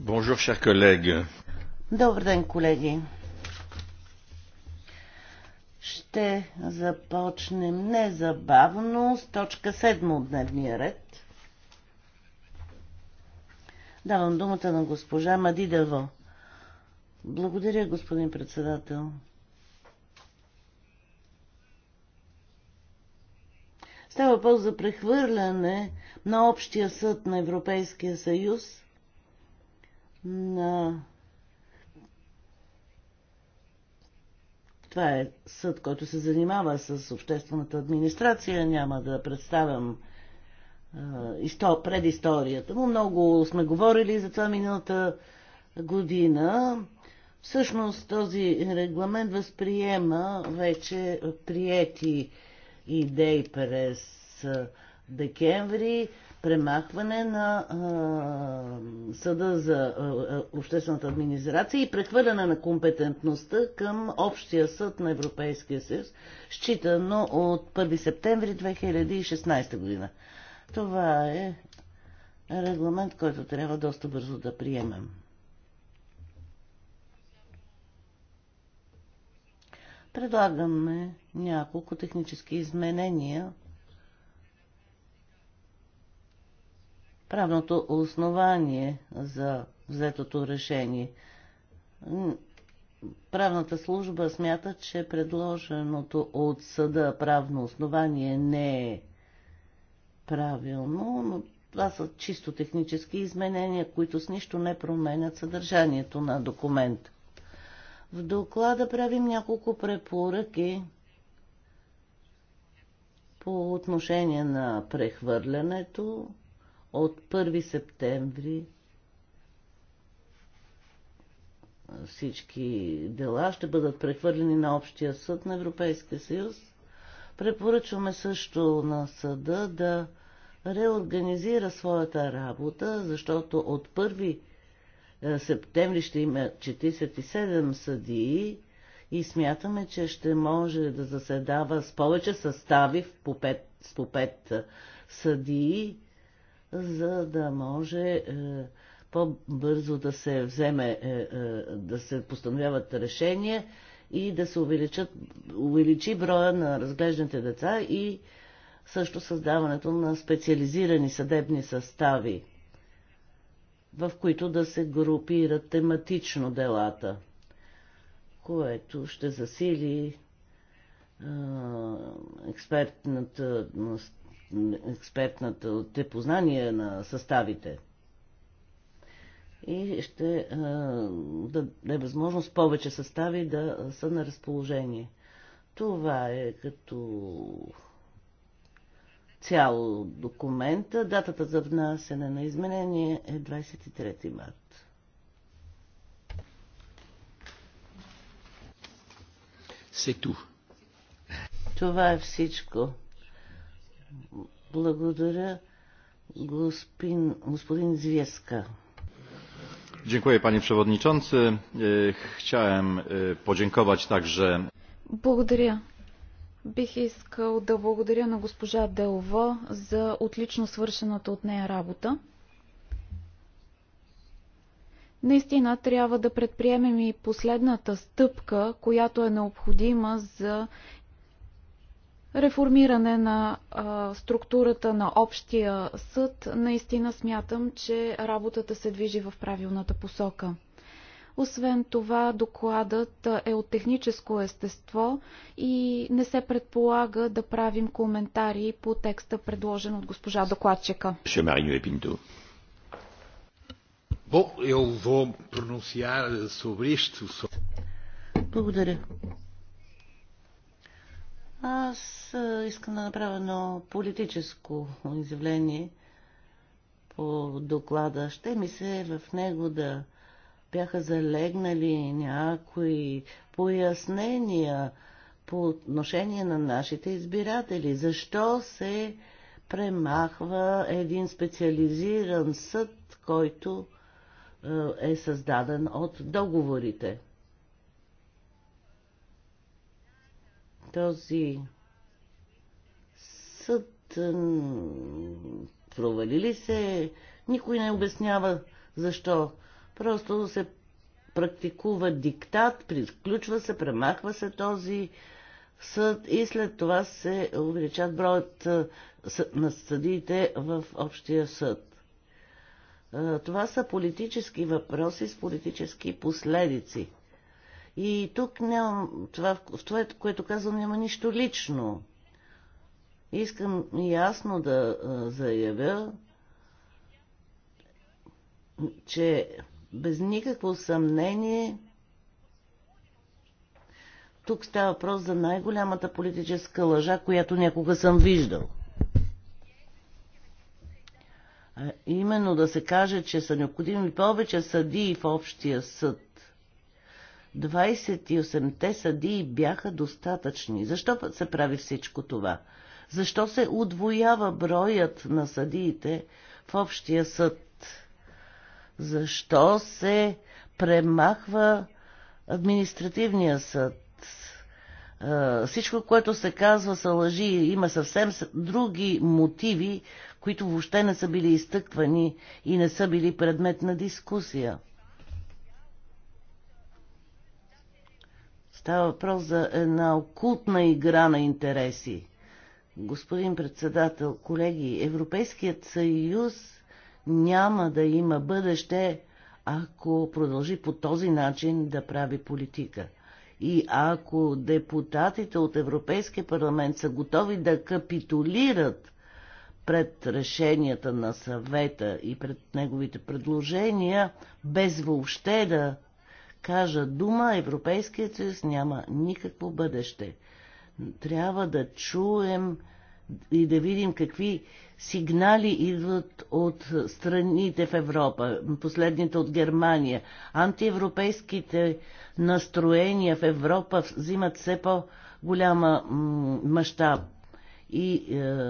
Bonjour, chers collègues. Добър ден, колеги. Ще започнем незабавно с точка 7 от дневния ред. Давам думата на госпожа Мадидево. Благодаря, господин председател. Става въпрос за прехвърляне на Общия съд на Европейския съюз на Това е съд, който се занимава с обществената администрация. Няма да представям предисторията му. Много сме говорили за това миналата година. Всъщност този регламент възприема вече приети идеи през декември премахване на а, съда за а, обществената администрация и прехвърляне на компетентността към Общия съд на Европейския съюз, считано от 1 септември 2016 година. Това е регламент, който трябва доста бързо да приемем. Предлагаме няколко технически изменения – правното основание за взетото решение. Правната служба смята, че предложеното от съда правно основание не е правилно, но това са чисто технически изменения, които с нищо не променят съдържанието на документ. В доклада правим няколко препоръки по отношение на прехвърлянето, от 1 септември всички дела ще бъдат прехвърлени на Общия съд на Европейския съюз. Препоръчваме също на съда да реорганизира своята работа, защото от 1 е, септември ще има 47 съдии и смятаме, че ще може да заседава с повече състави по 5, по 5 е, съдии за да може е, по-бързо да се вземе, е, е, да се постановяват решения и да се увеличат, увеличи броя на разглежданите деца и също създаването на специализирани съдебни състави, в които да се групират тематично делата, което ще засили експертната експертната те познания на съставите. И ще да даде възможност повече състави да са на разположение. Това е като цяло документа. Датата за внасене на изменение е 23 март. Сету. Това е всичко. Благодаря, господин, господин Звеска. Dziękuję panie przewodniczący. E, chciałem e, podziękować także. Благодаря. Бих искал да благодаря на госпожа Делова за отлично свършената от нея работа. Наистина трябва да предприемем и последната стъпка, която е необходима за реформиране на а, структурата на общия съд, наистина смятам, че работата се движи в правилната посока. Освен това, докладът е от техническо естество и не се предполага да правим коментари по текста, предложен от госпожа докладчика. Благодаря. Аз искам да направя едно политическо изявление по доклада. Ще ми се е в него да бяха залегнали някои пояснения по отношение на нашите избиратели. Защо се премахва един специализиран съд, който е, е създаден от договорите? Този съд провали ли се? Никой не обяснява защо. Просто се практикува диктат, приключва се, премахва се този съд и след това се увеличат броят на съдиите в общия съд. Това са политически въпроси с политически последици. И тук нямам, това, в това, което казвам, няма нищо лично. Искам ясно да заявя, че без никакво съмнение тук става въпрос за най-голямата политическа лъжа, която някога съм виждал. А именно да се каже, че са необходими повече съдии в общия съд. 28-те съдии бяха достатъчни. Защо се прави всичко това? Защо се удвоява броят на съдиите в общия съд? Защо се премахва административния съд? Всичко, което се казва, са лъжи. Има съвсем други мотиви, които въобще не са били изтъквани и не са били предмет на дискусия. Става въпрос за една окултна игра на интереси. Господин председател, колеги, Европейският съюз няма да има бъдеще, ако продължи по този начин да прави политика. И ако депутатите от Европейския парламент са готови да капитулират пред решенията на съвета и пред неговите предложения, без въобще да кажа дума, Европейският съюз няма никакво бъдеще. Трябва да чуем и да видим какви сигнали идват от страните в Европа, последните от Германия. Антиевропейските настроения в Европа взимат все по-голяма мащаб. И е, е,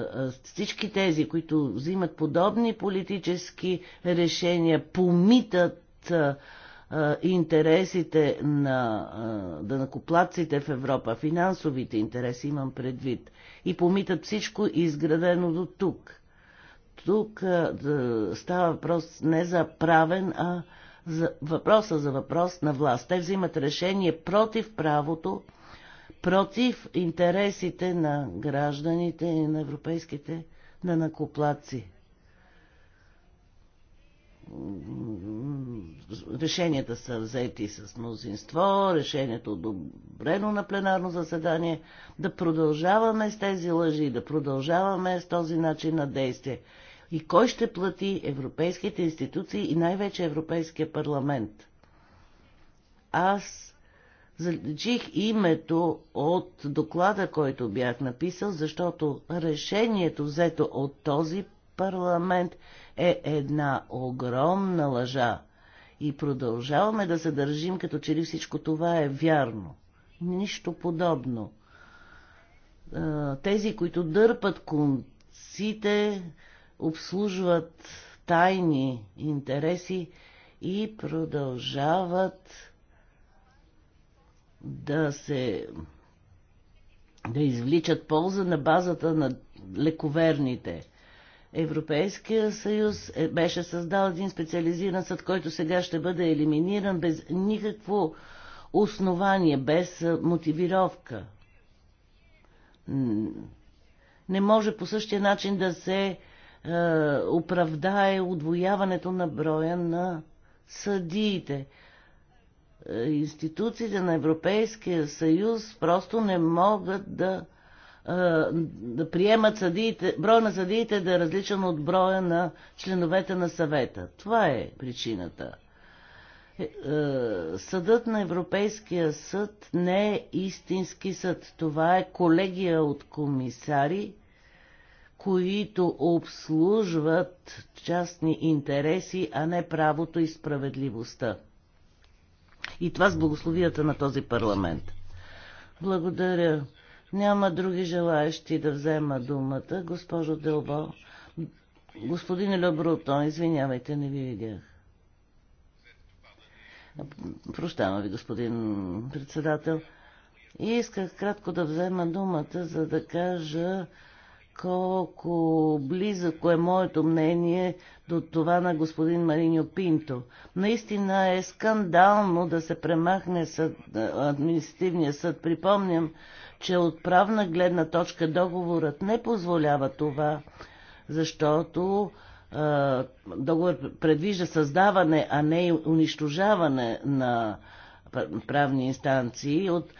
всички тези, които взимат подобни политически решения, помитат е, интересите на данакоплатците в Европа, финансовите интереси имам предвид, и помитат всичко изградено до тук. Тук да, става въпрос не за правен, а за въпроса за въпрос на власт. Те взимат решение против правото, против интересите на гражданите и на европейските данакоплаци решенията са взети с мнозинство, решението е одобрено на пленарно заседание, да продължаваме с тези лъжи, да продължаваме с този начин на действие. И кой ще плати европейските институции и най-вече Европейския парламент? Аз заличих името от доклада, който бях написал, защото решението взето от този парламент е една огромна лъжа. И продължаваме да се държим, като че ли всичко това е вярно. Нищо подобно. Тези, които дърпат конците, обслужват тайни интереси и продължават да се да извличат полза на базата на лековерните. Европейския съюз е, беше създал един специализиран съд, който сега ще бъде елиминиран без никакво основание, без мотивировка. Не може по същия начин да се е, оправдае отвояването на броя на съдиите. Е, институциите на Европейския съюз просто не могат да да приемат съдиите, броя на съдиите да е различен от броя на членовете на съвета. Това е причината. Е, съдът на Европейския съд не е истински съд. Това е колегия от комисари, които обслужват частни интереси, а не правото и справедливостта. И това с благословията на този парламент. Благодаря. Няма други желаещи да взема думата. Госпожо Делбо, господин Лебруто, извинявайте, не ви видях. Прощавам ви, господин председател. И исках кратко да взема думата, за да кажа колко близъко е моето мнение до това на господин Мариньо Пинто. Наистина е скандално да се премахне съд, административния съд. Припомням, че от правна гледна точка договорът не позволява това, защото а, договор предвижда създаване, а не унищожаване на правни инстанции. От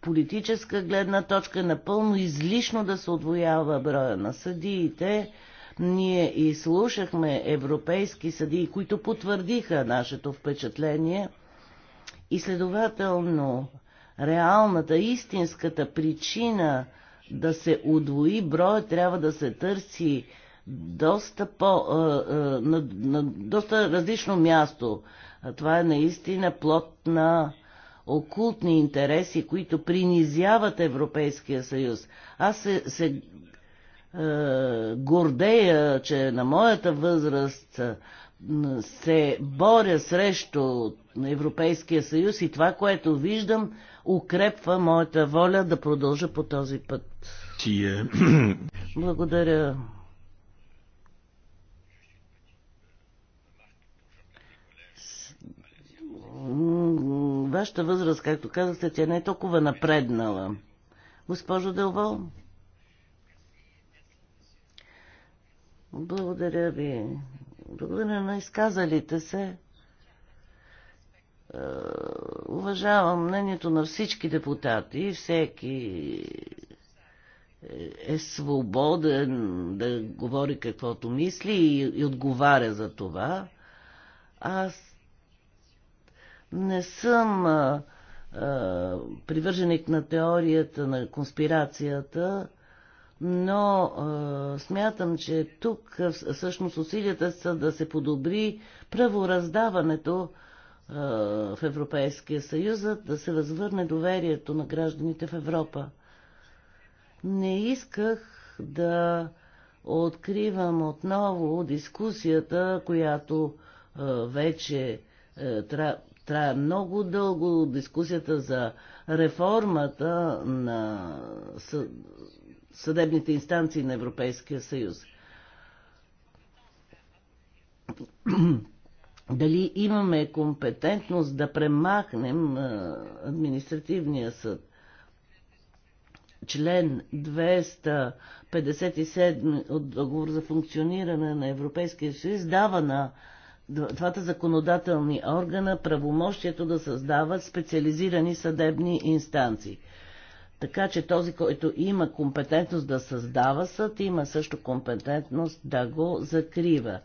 политическа гледна точка е напълно излишно да се отвоява броя на съдиите. Ние и слушахме европейски съдии, които потвърдиха нашето впечатление. И следователно, реалната, истинската причина да се удвои броя, трябва да се търси доста, по, на, на доста различно място. Това е наистина плод на окултни интереси, които принизяват Европейския съюз. Аз се, се е, гордея, че на моята възраст се боря срещу на Европейския съюз и това, което виждам, укрепва моята воля да продължа по този път. Благодаря. Вашата възраст, както казахте, тя не е толкова напреднала. Госпожо Дълвол. благодаря ви. Благодаря на изказалите се. Е, уважавам мнението на всички депутати. Всеки е, е свободен да говори каквото мисли и, и отговаря за това. Аз не съм а, а, привърженик на теорията на конспирацията, но а, смятам, че тук всъщност усилията са да се подобри правораздаването в Европейския съюз, да се възвърне доверието на гражданите в Европа. Не исках да откривам отново дискусията, която вече трае много дълго, дискусията за реформата на съдебните инстанции на Европейския съюз дали имаме компетентност да премахнем административния съд. Член 257 от договор за функциониране на Европейския съюз дава на двата законодателни органа правомощието да създават специализирани съдебни инстанции. Така че този, който има компетентност да създава съд, има също компетентност да го закрива.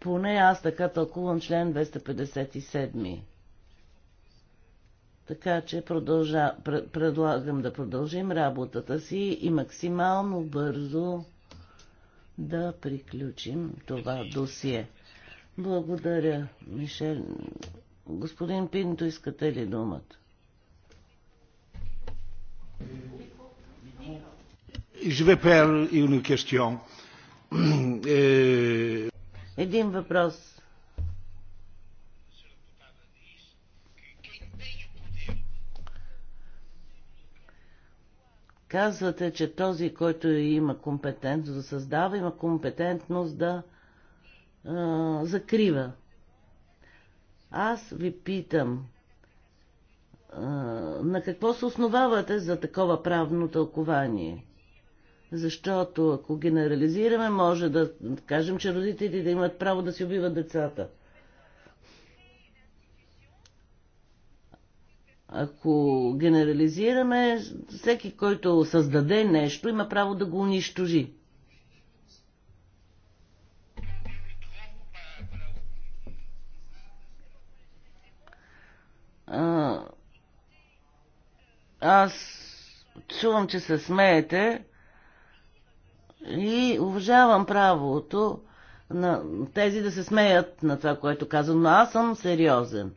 Поне аз така тълкувам член 257. Така че продължа, предлагам да продължим работата си и максимално бързо да приключим това досие. Благодаря, Мишел. Господин Пинто, искате ли думата? Je vais faire une question. Euh... Един въпрос. Казвате, че този, който има компетентност да създава, има компетентност да а, закрива. Аз ви питам, а, на какво се основавате за такова правно тълкование? Защото ако генерализираме, може да кажем, че родителите имат право да си убиват децата. Ако генерализираме, всеки, който създаде нещо, има право да го унищожи. А... Аз чувам, че се смеете. И уважавам правото на тези да се смеят на това, което казвам, но аз съм сериозен.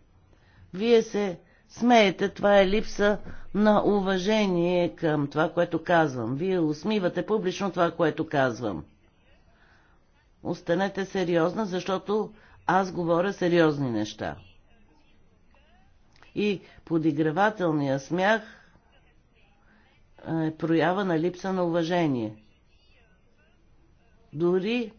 Вие се смеете, това е липса на уважение към това, което казвам. Вие усмивате публично това, което казвам. Останете сериозна, защото аз говоря сериозни неща. И подигравателният смях е проява на липса на уважение. Дори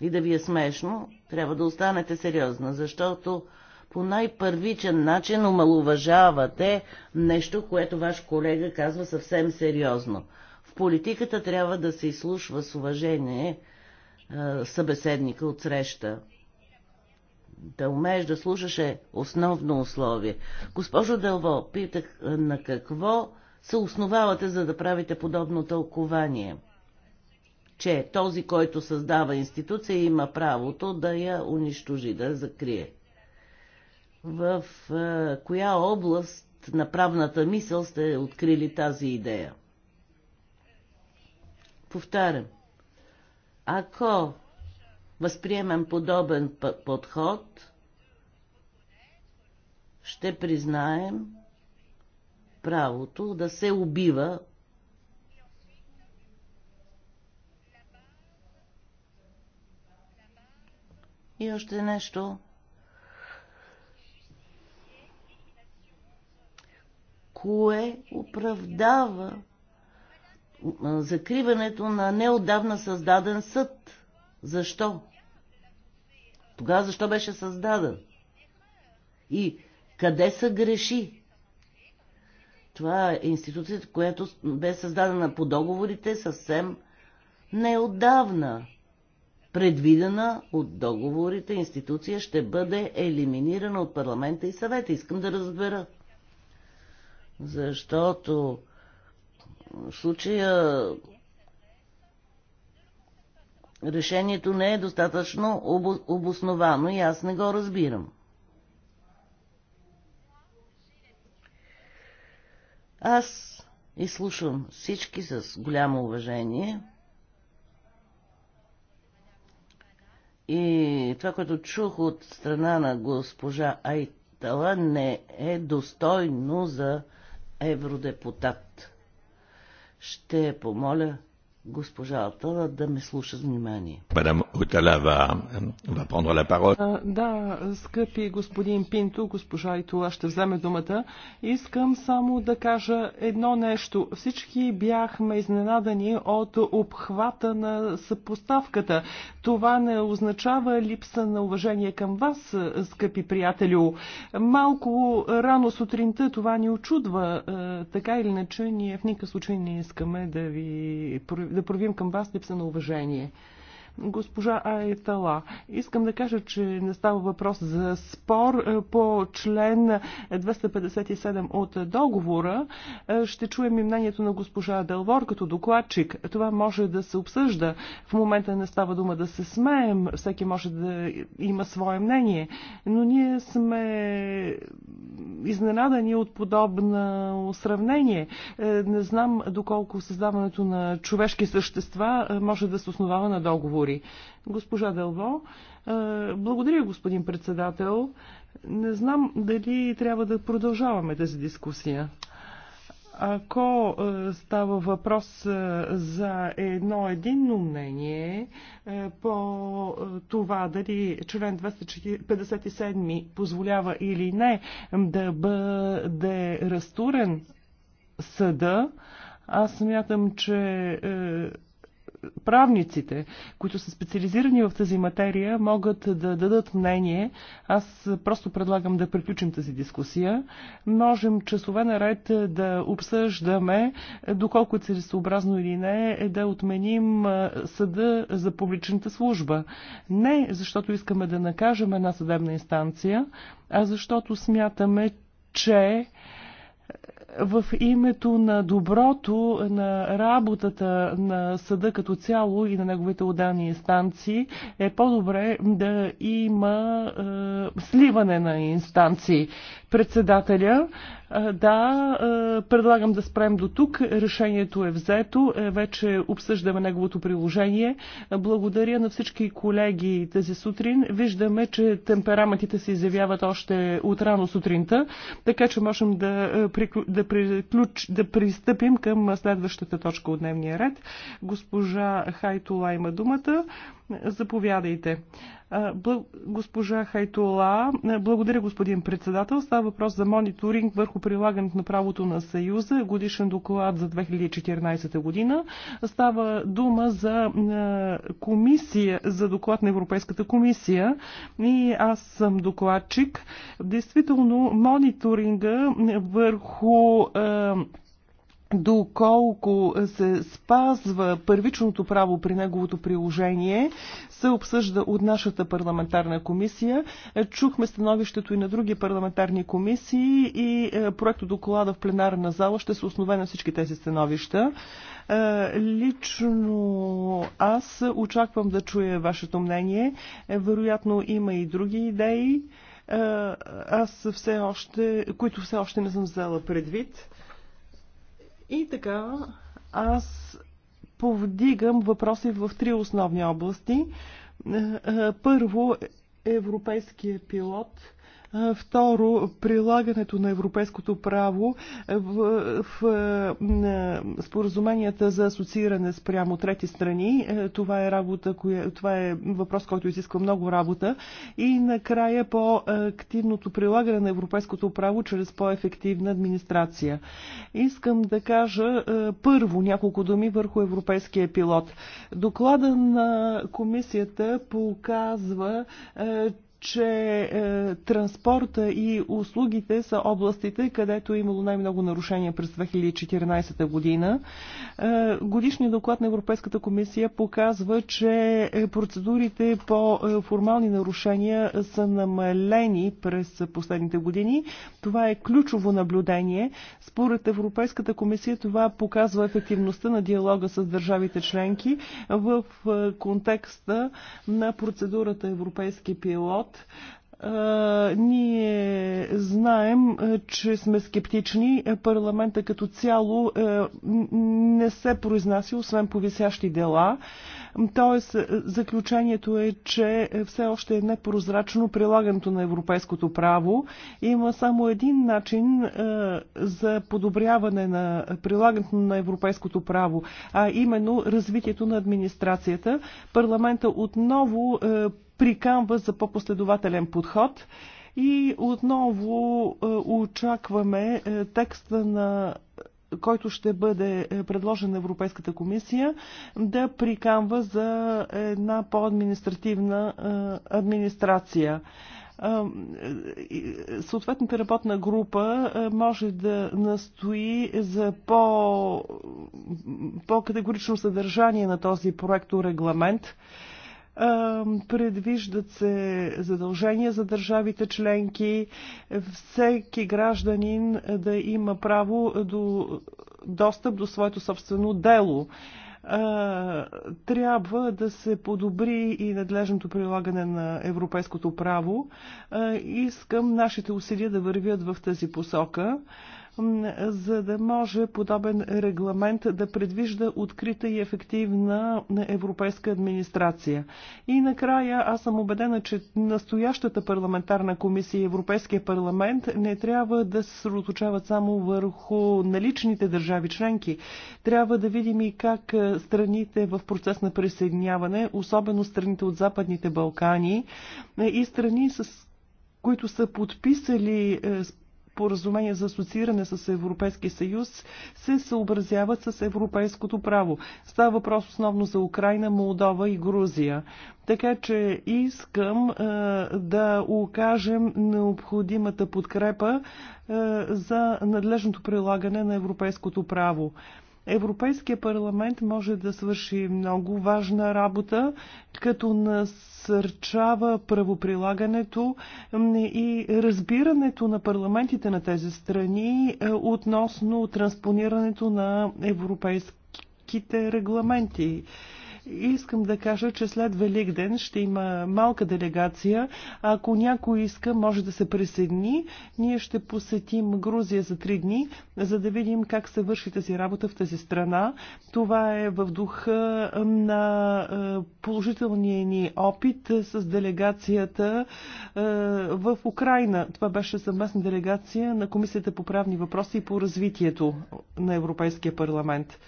и да ви е смешно, трябва да останете сериозна, защото по най-първичен начин омалуважавате нещо, което ваш колега казва съвсем сериозно. В политиката трябва да се изслушва с уважение събеседника от среща. Да умееш да слушаш е основно условие. Госпожо Дълво, питах на какво се основавате, за да правите подобно тълкование – че този, който създава институция, има правото да я унищожи, да я закрие. В е, коя област на правната мисъл сте открили тази идея? Повтарям. Ако възприемем подобен подход, ще признаем правото да се убива И още нещо. Кое оправдава закриването на неодавна създаден съд? Защо? Тогава защо беше създаден? И къде са греши? Това е институцията, която бе създадена по договорите съвсем неодавна предвидена от договорите институция ще бъде елиминирана от парламента и съвета. Искам да разбера. Защото в случая решението не е достатъчно обосновано и аз не го разбирам. Аз изслушвам всички с голямо уважение. И това, което чух от страна на госпожа Айтала, не е достойно за евродепутат. Ще помоля госпожа Алтала да ме слуша с внимание. Мадам Отала ва, ва Да, скъпи господин Пинто, госпожа Итола ще вземе думата. Искам само да кажа едно нещо. Всички бяхме изненадани от обхвата на съпоставката. Това не означава липса на уважение към вас, скъпи приятелю. Малко рано сутринта това ни очудва. Така или иначе, ние в никакъв случай не искаме да ви да проявим към вас липса на уважение. Госпожа Айтала, искам да кажа, че не става въпрос за спор е, по член 257 от договора. Е, ще чуем и мнението на госпожа Делвор като докладчик. Това може да се обсъжда. В момента не става дума да се смеем. Всеки може да има свое мнение. Но ние сме изненадани от подобно сравнение. Е, не знам доколко създаването на човешки същества може да се основава на договор преговори. Госпожа Дълво, е, благодаря, господин председател. Не знам дали трябва да продължаваме тази дискусия. Ако е, става въпрос е, за едно единно мнение по това дали член 257 позволява или не да бъде разтурен съда, аз смятам, че правниците, които са специализирани в тази материя, могат да дадат мнение. Аз просто предлагам да приключим тази дискусия. Можем часове наред да обсъждаме, доколко е целесообразно или не, е да отменим съда за публичната служба. Не защото искаме да накажем една съдебна инстанция, а защото смятаме, че в името на доброто, на работата на съда като цяло и на неговите отделни инстанции, е по-добре да има е, сливане на инстанции. Председателя, да, предлагам да спрем до тук. Решението е взето. Е, вече обсъждаме неговото приложение. Благодаря на всички колеги тази сутрин. Виждаме, че темпераментите се изявяват още от рано сутринта, така че можем да, приклю... да, приключ... да пристъпим към следващата точка от дневния ред. Госпожа Хайтола има думата. Заповядайте. Госпожа Хайтола, благодаря господин председател. Става въпрос за мониторинг върху прилагането на правото на Съюза, годишен доклад за 2014 година. Става дума за комисия, за доклад на Европейската комисия и аз съм докладчик. Действително, мониторинга върху доколко се спазва първичното право при неговото приложение, се обсъжда от нашата парламентарна комисия. Чухме становището и на други парламентарни комисии и е, проекто доклада в пленарна зала ще се основе на всички тези становища. Е, лично аз очаквам да чуя вашето мнение. Е, вероятно има и други идеи, аз все още, които все още не съм взела предвид. И така, аз повдигам въпроси в три основни области. Е, е, първо, е, европейския пилот – Второ, прилагането на европейското право в, в споразуменията за асоцииране спрямо трети страни. Е, това е, работа, коя, това е въпрос, който изисква много работа. И накрая по активното прилагане на европейското право чрез по-ефективна администрация. Искам да кажа е, първо няколко думи върху европейския пилот. Доклада на комисията показва, е, че е, транспорта и услугите са областите, където е имало най-много нарушения през 2014 година. Е, годишният доклад на Европейската комисия показва, че е, процедурите по е, формални нарушения са намалени през последните години. Това е ключово наблюдение. Според Европейската комисия това показва ефективността на диалога с държавите членки в е, контекста на процедурата Европейски пилот подход ние знаем, че сме скептични. Парламента като цяло не се произнася, освен по висящи дела. Тоест, заключението е, че все още е непрозрачно прилагането на европейското право. Има само един начин за подобряване на прилагането на европейското право, а именно развитието на администрацията. Парламента отново приканва за по-последователен подход. И отново е, очакваме е, текста на който ще бъде е, предложен на Европейската комисия, да приканва за една по-административна администрация. Съответната работна група може да настои за по, по-категорично съдържание на този проект регламент Предвиждат се задължения за държавите членки, всеки гражданин да има право до достъп до своето собствено дело. Трябва да се подобри и надлежното прилагане на европейското право. Искам нашите усилия да вървят в тази посока за да може подобен регламент да предвижда открита и ефективна европейска администрация. И накрая аз съм убедена, че настоящата парламентарна комисия и Европейския парламент не трябва да се съсредоточават само върху наличните държави членки. Трябва да видим и как е, страните в процес на присъединяване, особено страните от Западните Балкани е, и страни, с които са подписали е, споразумения за асоцииране с Европейския съюз се съобразяват с европейското право. Става въпрос основно за Украина, Молдова и Грузия. Така че искам е, да окажем необходимата подкрепа е, за надлежното прилагане на европейското право. Европейския парламент може да свърши много важна работа, като насърчава правоприлагането и разбирането на парламентите на тези страни е, относно транспонирането на европейските регламенти. Искам да кажа, че след Велик ден ще има малка делегация. Ако някой иска, може да се присъедини. Ние ще посетим Грузия за три дни, за да видим как се върши тази работа в тази страна. Това е в духа на е, положителния ни опит с делегацията е, в Украина. Това беше съвместна делегация на Комисията по правни въпроси и по развитието на Европейския парламент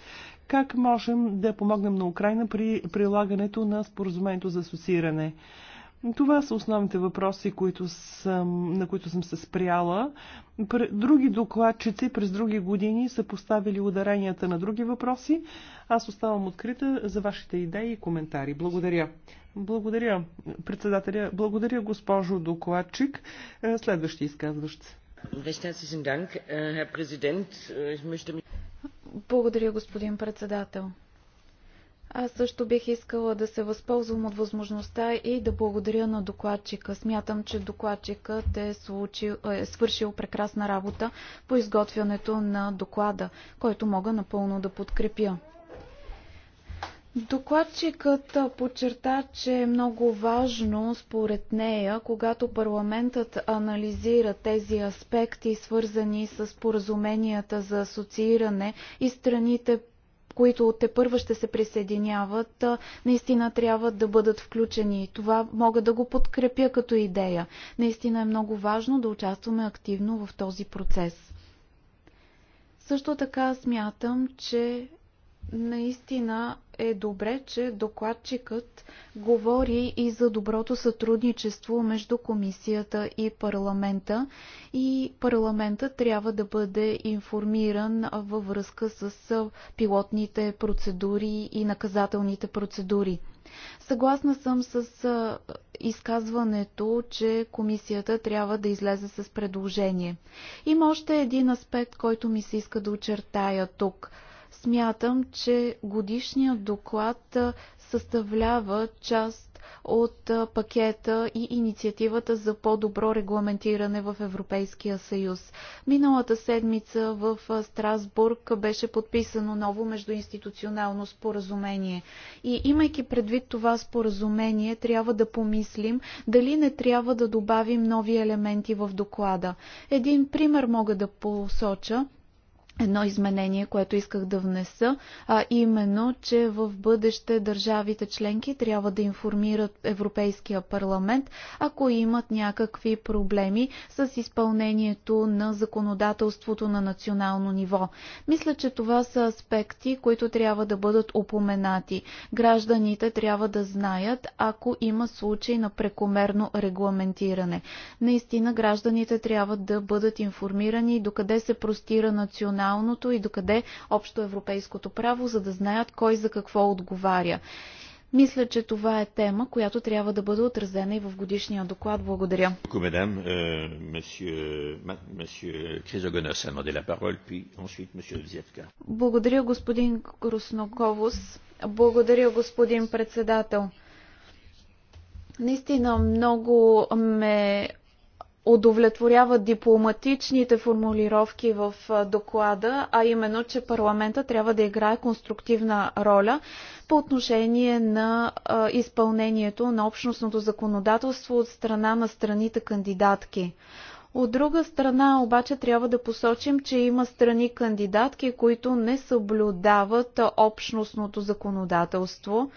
как можем да помогнем на Украина при прилагането на споразумението за асоцииране. Това са основните въпроси, които съм, на които съм се спряла. Други докладчици през други години са поставили ударенията на други въпроси. Аз оставам открита за вашите идеи и коментари. Благодаря. Благодаря, председателя. Благодаря, госпожо докладчик. Е, следващи изказващ. Recht herzlichen Dank, Herr Präsident. Äh, ich möchte благодаря, господин председател. Аз също бих искала да се възползвам от възможността и да благодаря на докладчика. Смятам, че докладчикът е, случил, е свършил прекрасна работа по изготвянето на доклада, който мога напълно да подкрепя. Докладчикът подчерта, че е много важно, според нея, когато парламентът анализира тези аспекти, свързани с поразуменията за асоцииране и страните които те първа ще се присъединяват, наистина трябва да бъдат включени. Това мога да го подкрепя като идея. Наистина е много важно да участваме активно в този процес. Също така смятам, че Наистина е добре, че докладчикът говори и за доброто сътрудничество между комисията и парламента и парламента трябва да бъде информиран във връзка с пилотните процедури и наказателните процедури. Съгласна съм с изказването, че комисията трябва да излезе с предложение. Има още един аспект, който ми се иска да очертая тук. Смятам, че годишният доклад съставлява част от пакета и инициативата за по-добро регламентиране в Европейския съюз. Миналата седмица в Страсбург беше подписано ново междуинституционално споразумение. И имайки предвид това споразумение, трябва да помислим дали не трябва да добавим нови елементи в доклада. Един пример мога да посоча едно изменение, което исках да внеса, а именно, че в бъдеще държавите членки трябва да информират Европейския парламент, ако имат някакви проблеми с изпълнението на законодателството на национално ниво. Мисля, че това са аспекти, които трябва да бъдат упоменати. Гражданите трябва да знаят, ако има случай на прекомерно регламентиране. Наистина, гражданите трябва да бъдат информирани докъде се простира национално националното и докъде общо европейското право, за да знаят кой за какво отговаря. Мисля, че това е тема, която трябва да бъде отразена и в годишния доклад. Благодаря. Euh, Благодаря, господин Крусноковус. Благодаря, господин председател. Наистина много ме удовлетворява дипломатичните формулировки в доклада, а именно, че парламента трябва да играе конструктивна роля по отношение на изпълнението на общностното законодателство от страна на страните кандидатки. От друга страна обаче трябва да посочим, че има страни кандидатки, които не съблюдават общностното законодателство.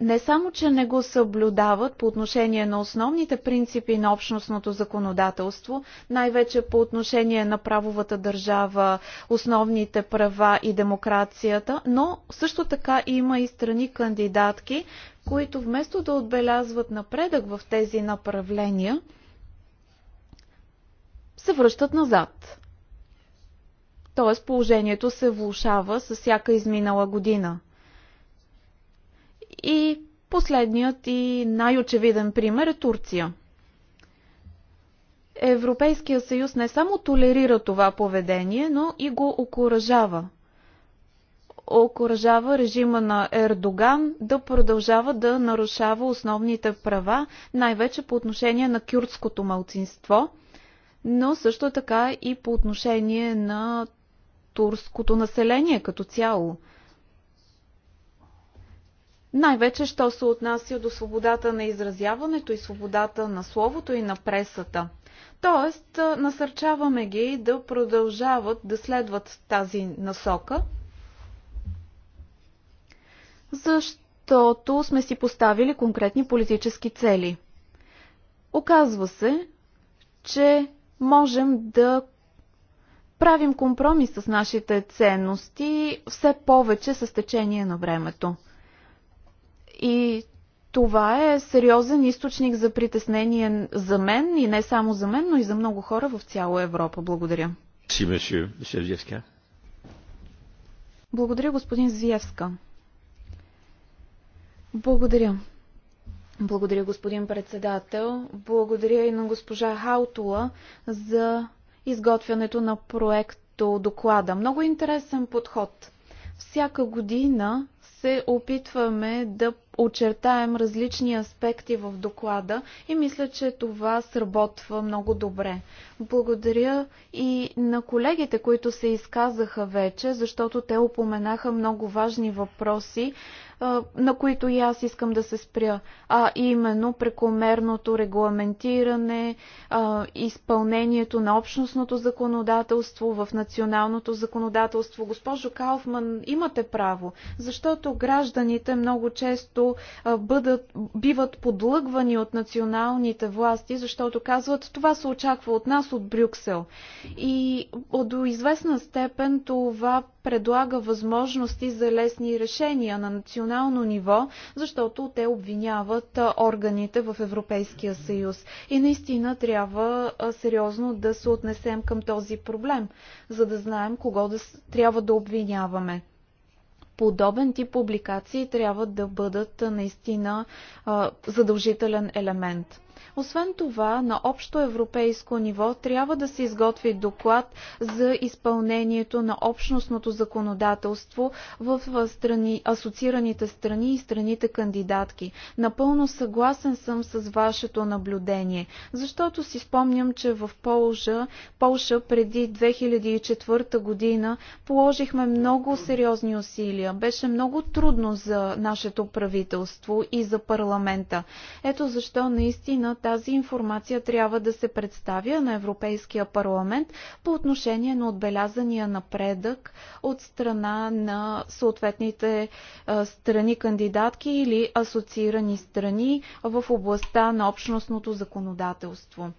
Не само, че не го съблюдават по отношение на основните принципи на общностното законодателство, най-вече по отношение на правовата държава, основните права и демокрацията, но също така има и страни кандидатки, които вместо да отбелязват напредък в тези направления, се връщат назад. Тоест положението се влушава с всяка изминала година. И последният и най-очевиден пример е Турция. Европейския съюз не само толерира това поведение, но и го окоръжава. Окоръжава режима на Ердоган да продължава да нарушава основните права, най-вече по отношение на кюрдското малцинство – но също така и по отношение на турското население като цяло. Най-вече, що се отнася до свободата на изразяването и свободата на словото и на пресата. Тоест, насърчаваме ги да продължават да следват тази насока, защото сме си поставили конкретни политически цели. Оказва се, че можем да правим компромис с нашите ценности все повече с течение на времето. И това е сериозен източник за притеснение за мен и не само за мен, но и за много хора в цяла Европа. Благодаря. Благодаря, господин Зиевска. Благодаря. Благодаря, господин председател. Благодаря и на госпожа Хаутула за изготвянето на проекто доклада. Много интересен подход. Всяка година се опитваме да очертаем различни аспекти в доклада и мисля, че това сработва много добре. Благодаря и на колегите, които се изказаха вече, защото те упоменаха много важни въпроси, на които и аз искам да се спря, а именно прекомерното регламентиране, изпълнението на общностното законодателство в националното законодателство. Госпожо Кауфман, имате право, защото гражданите много често бъдат, биват подлъгвани от националните власти, защото казват това се очаква от нас от Брюксел. И до известна степен това предлага възможности за лесни решения на национално ниво, защото те обвиняват органите в Европейския съюз. И наистина трябва сериозно да се отнесем към този проблем, за да знаем кого да, трябва да обвиняваме подобен тип публикации трябва да бъдат наистина задължителен елемент. Освен това, на общо европейско ниво трябва да се изготви доклад за изпълнението на общностното законодателство в страни, асоциираните страни и страните кандидатки. Напълно съгласен съм с вашето наблюдение, защото си спомням, че в Полша, Полша преди 2004 година положихме много сериозни усилия. Беше много трудно за нашето правителство и за парламента. Ето защо наистина тази тази информация трябва да се представя на Европейския парламент по отношение на отбелязания напредък от страна на съответните е, страни кандидатки или асоциирани страни в областта на общностното законодателство.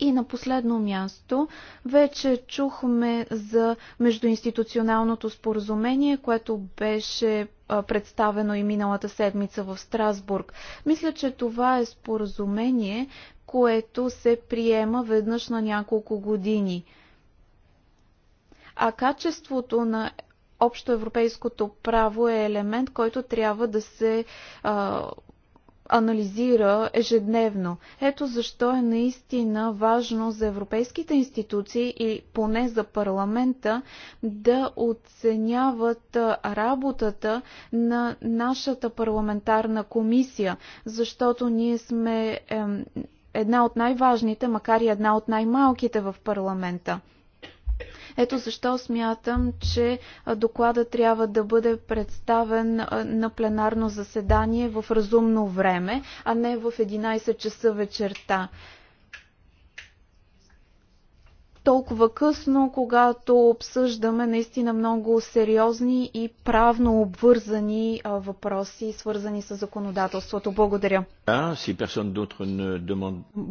И на последно място, вече чухме за междуинституционалното споразумение, което беше представено и миналата седмица в Страсбург. Мисля, че това е споразумение, което се приема веднъж на няколко години. А качеството на общоевропейското право е елемент, който трябва да се а, анализира ежедневно. Ето защо е наистина важно за европейските институции и поне за парламента да оценяват работата на нашата парламентарна комисия, защото ние сме една от най-важните, макар и една от най-малките в парламента. Ето защо смятам, че доклада трябва да бъде представен на пленарно заседание в разумно време, а не в 11 часа вечерта толкова късно, когато обсъждаме наистина много сериозни и правно обвързани въпроси, свързани с законодателството. Благодаря.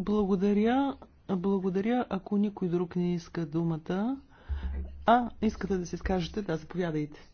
Благодаря. Благодаря. Ако никой друг не иска думата, а, искате да се скажете, Да, заповядайте.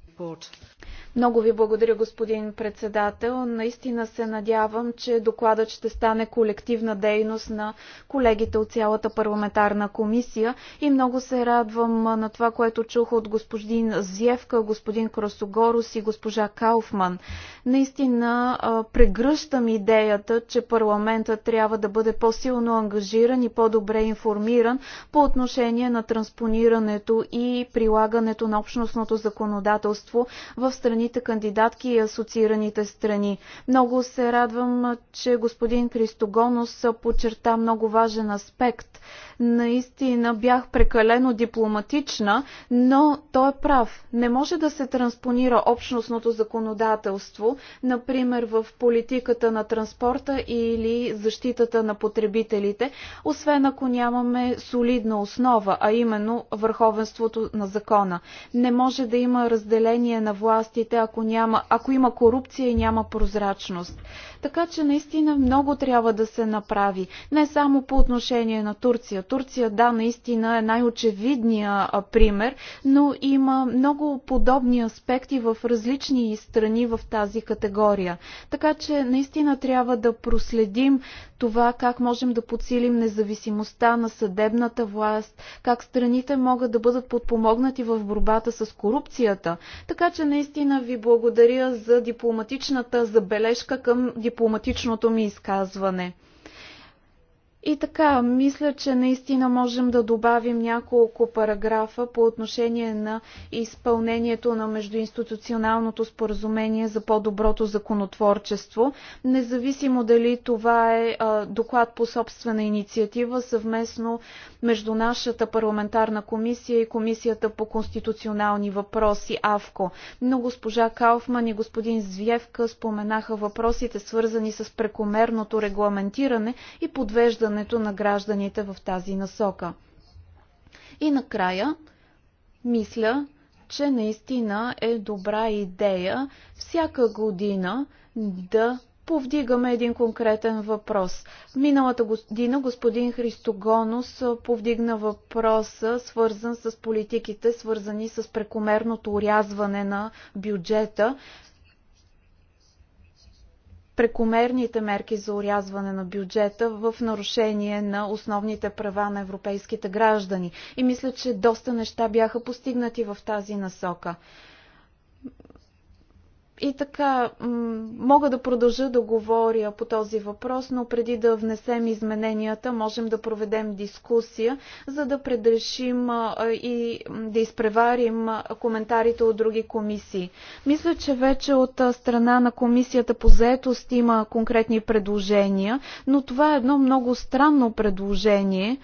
Много ви благодаря, господин председател. Наистина се надявам, че докладът ще стане колективна дейност на колегите от цялата парламентарна комисия и много се радвам на това, което чух от господин Зевка, господин Красогорус и госпожа Кауфман. Наистина прегръщам идеята, че парламента трябва да бъде по-силно ангажиран и по-добре информиран по отношение на транспонирането и прилагането на общностното законодателство партньорство в страните кандидатки и асоциираните страни. Много се радвам, че господин Кристогонос подчерта много важен аспект. Наистина бях прекалено дипломатична, но той е прав. Не може да се транспонира общностното законодателство, например в политиката на транспорта или защитата на потребителите, освен ако нямаме солидна основа, а именно върховенството на закона. Не може да има разделение управление на властите, ако, няма, ако има корупция и няма прозрачност. Така че наистина много трябва да се направи. Не само по отношение на Турция. Турция, да, наистина е най-очевидния пример, но има много подобни аспекти в различни страни в тази категория. Така че наистина трябва да проследим това как можем да подсилим независимостта на съдебната власт, как страните могат да бъдат подпомогнати в борбата с корупцията. Така че наистина ви благодаря за дипломатичната забележка към дипломатичното ми изказване. И така, мисля, че наистина можем да добавим няколко параграфа по отношение на изпълнението на междуинституционалното споразумение за по-доброто законотворчество, независимо дали това е доклад по собствена инициатива съвместно между нашата парламентарна комисия и комисията по конституционални въпроси АВКО. Но госпожа Кауфман и господин Звевка споменаха въпросите свързани с прекомерното регламентиране и подвеждане обслужването на гражданите в тази насока. И накрая, мисля, че наистина е добра идея всяка година да повдигаме един конкретен въпрос. Миналата година господин Христогонос повдигна въпроса, свързан с политиките, свързани с прекомерното урязване на бюджета прекомерните мерки за урязване на бюджета в нарушение на основните права на европейските граждани. И мисля, че доста неща бяха постигнати в тази насока. И така, мога да продължа да говоря по този въпрос, но преди да внесем измененията, можем да проведем дискусия, за да предрешим и да изпреварим коментарите от други комисии. Мисля, че вече от страна на комисията по заетост има конкретни предложения, но това е едно много странно предложение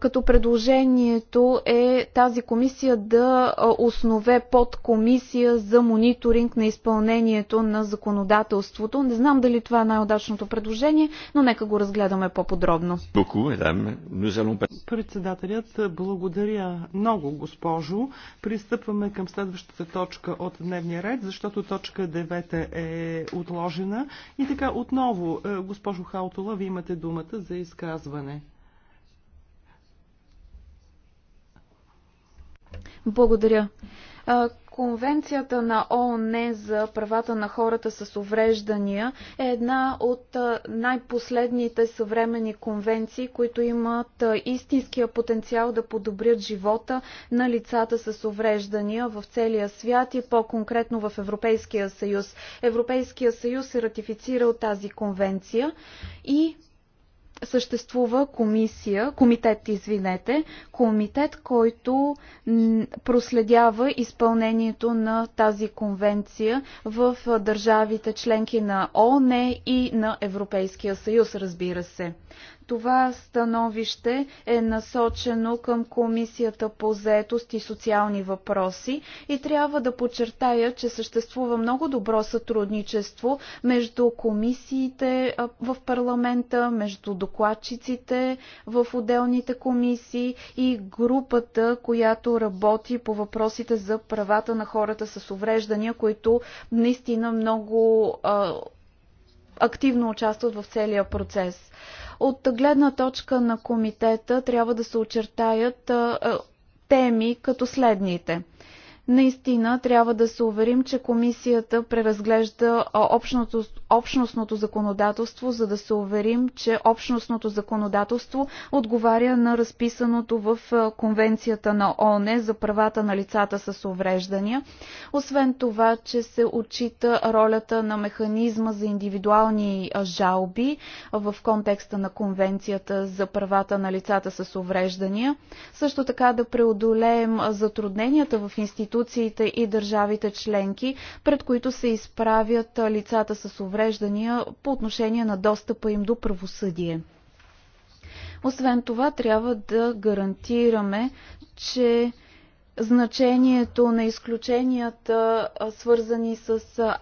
като предложението е тази комисия да основе под комисия за мониторинг на изпълнението на законодателството. Не знам дали това е най-удачното предложение, но нека го разгледаме по-подробно. Председателят, благодаря много, госпожо. Пристъпваме към следващата точка от дневния ред, защото точка 9 е отложена. И така, отново, е, госпожо Хаутола, ви имате думата за изказване. Благодаря. Конвенцията на ООН за правата на хората с увреждания е една от най-последните съвремени конвенции, които имат истинския потенциал да подобрят живота на лицата с увреждания в целия свят и по-конкретно в Европейския съюз. Европейския съюз е ратифицирал тази конвенция и съществува комисия, комитет, извинете, комитет, който проследява изпълнението на тази конвенция в държавите членки на ООН и на Европейския съюз, разбира се. Това становище е насочено към Комисията по заетост и социални въпроси и трябва да подчертая, че съществува много добро сътрудничество между комисиите в парламента, между докладчиците в отделните комисии и групата, която работи по въпросите за правата на хората с увреждания, които наистина много активно участват в целия процес. От гледна точка на комитета трябва да се очертаят теми като следните – Наистина трябва да се уверим, че комисията преразглежда общностното, общностното законодателство, за да се уверим, че общностното законодателство отговаря на разписаното в Конвенцията на ООН за правата на лицата с увреждания. Освен това, че се отчита ролята на механизма за индивидуални жалби в контекста на Конвенцията за правата на лицата с увреждания. Също така да преодолеем затрудненията в институцията институциите и държавите членки, пред които се изправят лицата с увреждания по отношение на достъпа им до правосъдие. Освен това, трябва да гарантираме, че значението на изключенията, свързани с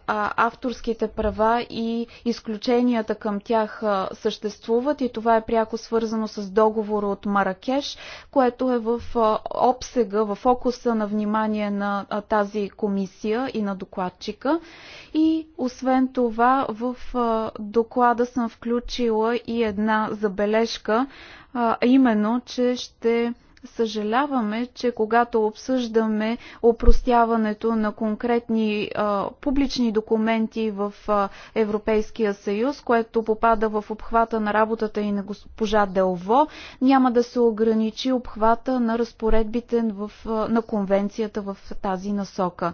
авторските права и изключенията към тях съществуват и това е пряко свързано с договора от Маракеш, което е в обсега, в фокуса на внимание на тази комисия и на докладчика. И освен това в доклада съм включила и една забележка, а именно, че ще Съжаляваме, че когато обсъждаме опростяването на конкретни а, публични документи в а, Европейския съюз, което попада в обхвата на работата и на госпожа Делво, няма да се ограничи обхвата на разпоредбите в, а, на конвенцията в тази насока.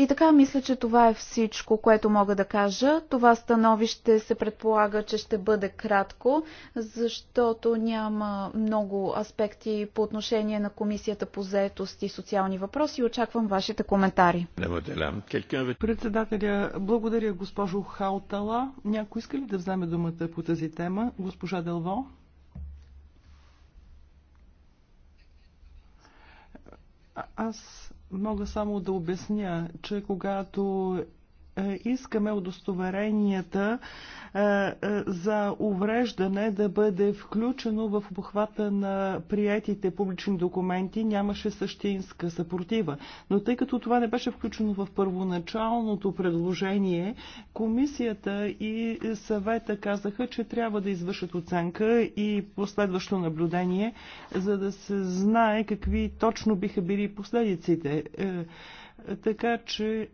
И така, мисля, че това е всичко, което мога да кажа. Това становище се предполага, че ще бъде кратко, защото няма много аспекти по отношение на Комисията по заетост и социални въпроси. Очаквам вашите коментари. Председателя, благодаря госпожо Хаутала. Някой иска ли да вземе думата по тази тема? Госпожа Делво? аз Мога само да обясня, че когато е, искаме удостоверенията е, е, за увреждане да бъде включено в обхвата на приятите публични документи, нямаше същинска съпротива. Но тъй като това не беше включено в първоначалното предложение, комисията и съвета казаха, че трябва да извършат оценка и последващо наблюдение, за да се знае какви точно биха били последиците. Така че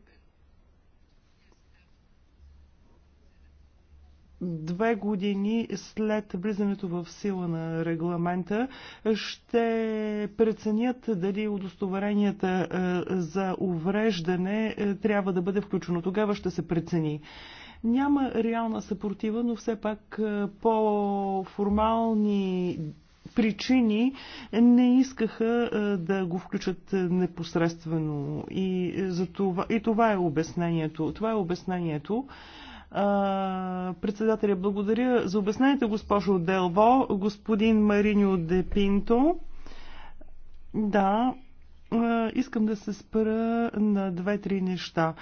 две години след влизането в сила на регламента ще преценят дали удостоверенията е, за увреждане е, трябва да бъде включено. Тогава ще се прецени. Няма реална съпротива, но все пак е, по формални причини не искаха да го включат непосредствено. И, за това, и това е обяснението. Това е обяснението. Председателя, благодаря за обяснението, госпожо Делво, господин Мариньо Депинто. Да, искам да се спра на две-три неща.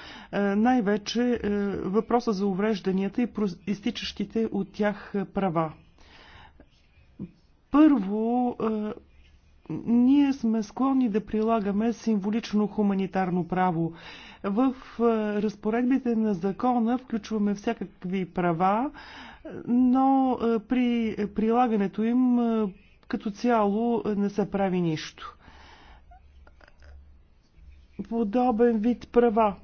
Най-вече въпроса за уврежданията и изтичащите от тях права. Първо, ние сме склонни да прилагаме символично хуманитарно право. В разпоредбите на закона включваме всякакви права, но при прилагането им като цяло не се прави нищо. Подобен вид права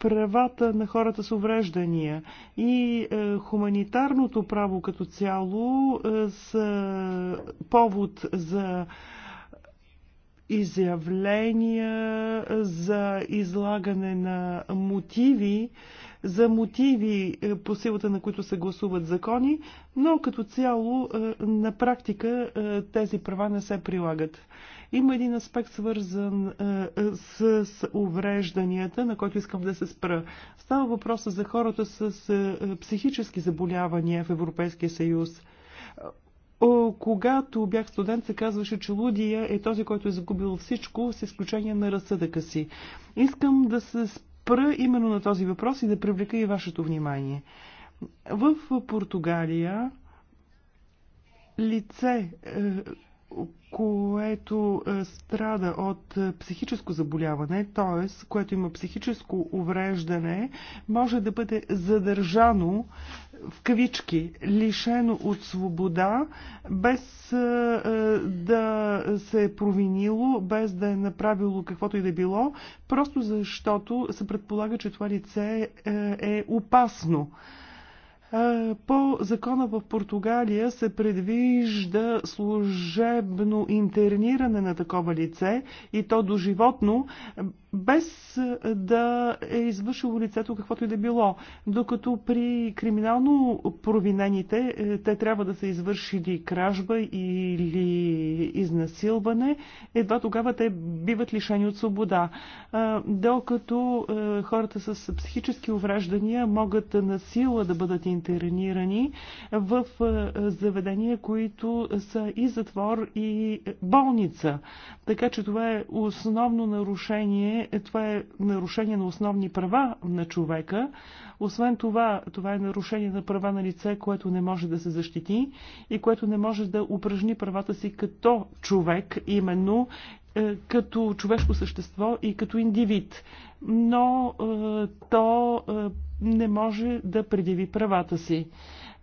правата на хората с увреждания и е, хуманитарното право като цяло е, са повод за изявления, за излагане на мотиви, за мотиви е, по силата на които се гласуват закони, но като цяло е, на практика е, тези права не се прилагат. Има един аспект свързан е, е, с, с уврежданията, на който искам да се спра. Става въпроса за хората с е, психически заболявания в Европейския съюз. Когато бях студент, се казваше, че лудия е този, който е загубил всичко, с изключение на разсъдъка си. Искам да се спра именно на този въпрос и да привлека и вашето внимание. В Португалия лице, което е, страда от е, психическо заболяване, т.е. което има психическо увреждане, може да бъде задържано в кавички, лишено от свобода, без е, да се е провинило, без да е направило каквото и да било, просто защото се предполага, че това лице е опасно. По закона в Португалия се предвижда служебно интерниране на такова лице и то доживотно, без е, да е извършило лицето каквото и да било. Докато при криминално провинените е, те трябва да са извършили кражба или изнасилване, едва тогава те биват лишени от свобода. Е, докато хората с психически увреждания могат на сила да бъдат интернирани в заведения, които са и затвор, и болница. Така че това е основно нарушение е, Това е нарушение на основни права на човека. Освен това, това е нарушение на права на лице, което не може да се защити и което не може да упражни правата си като човек, именно е, като човешко същество и като индивид. Но е, то е, не може да предяви правата си.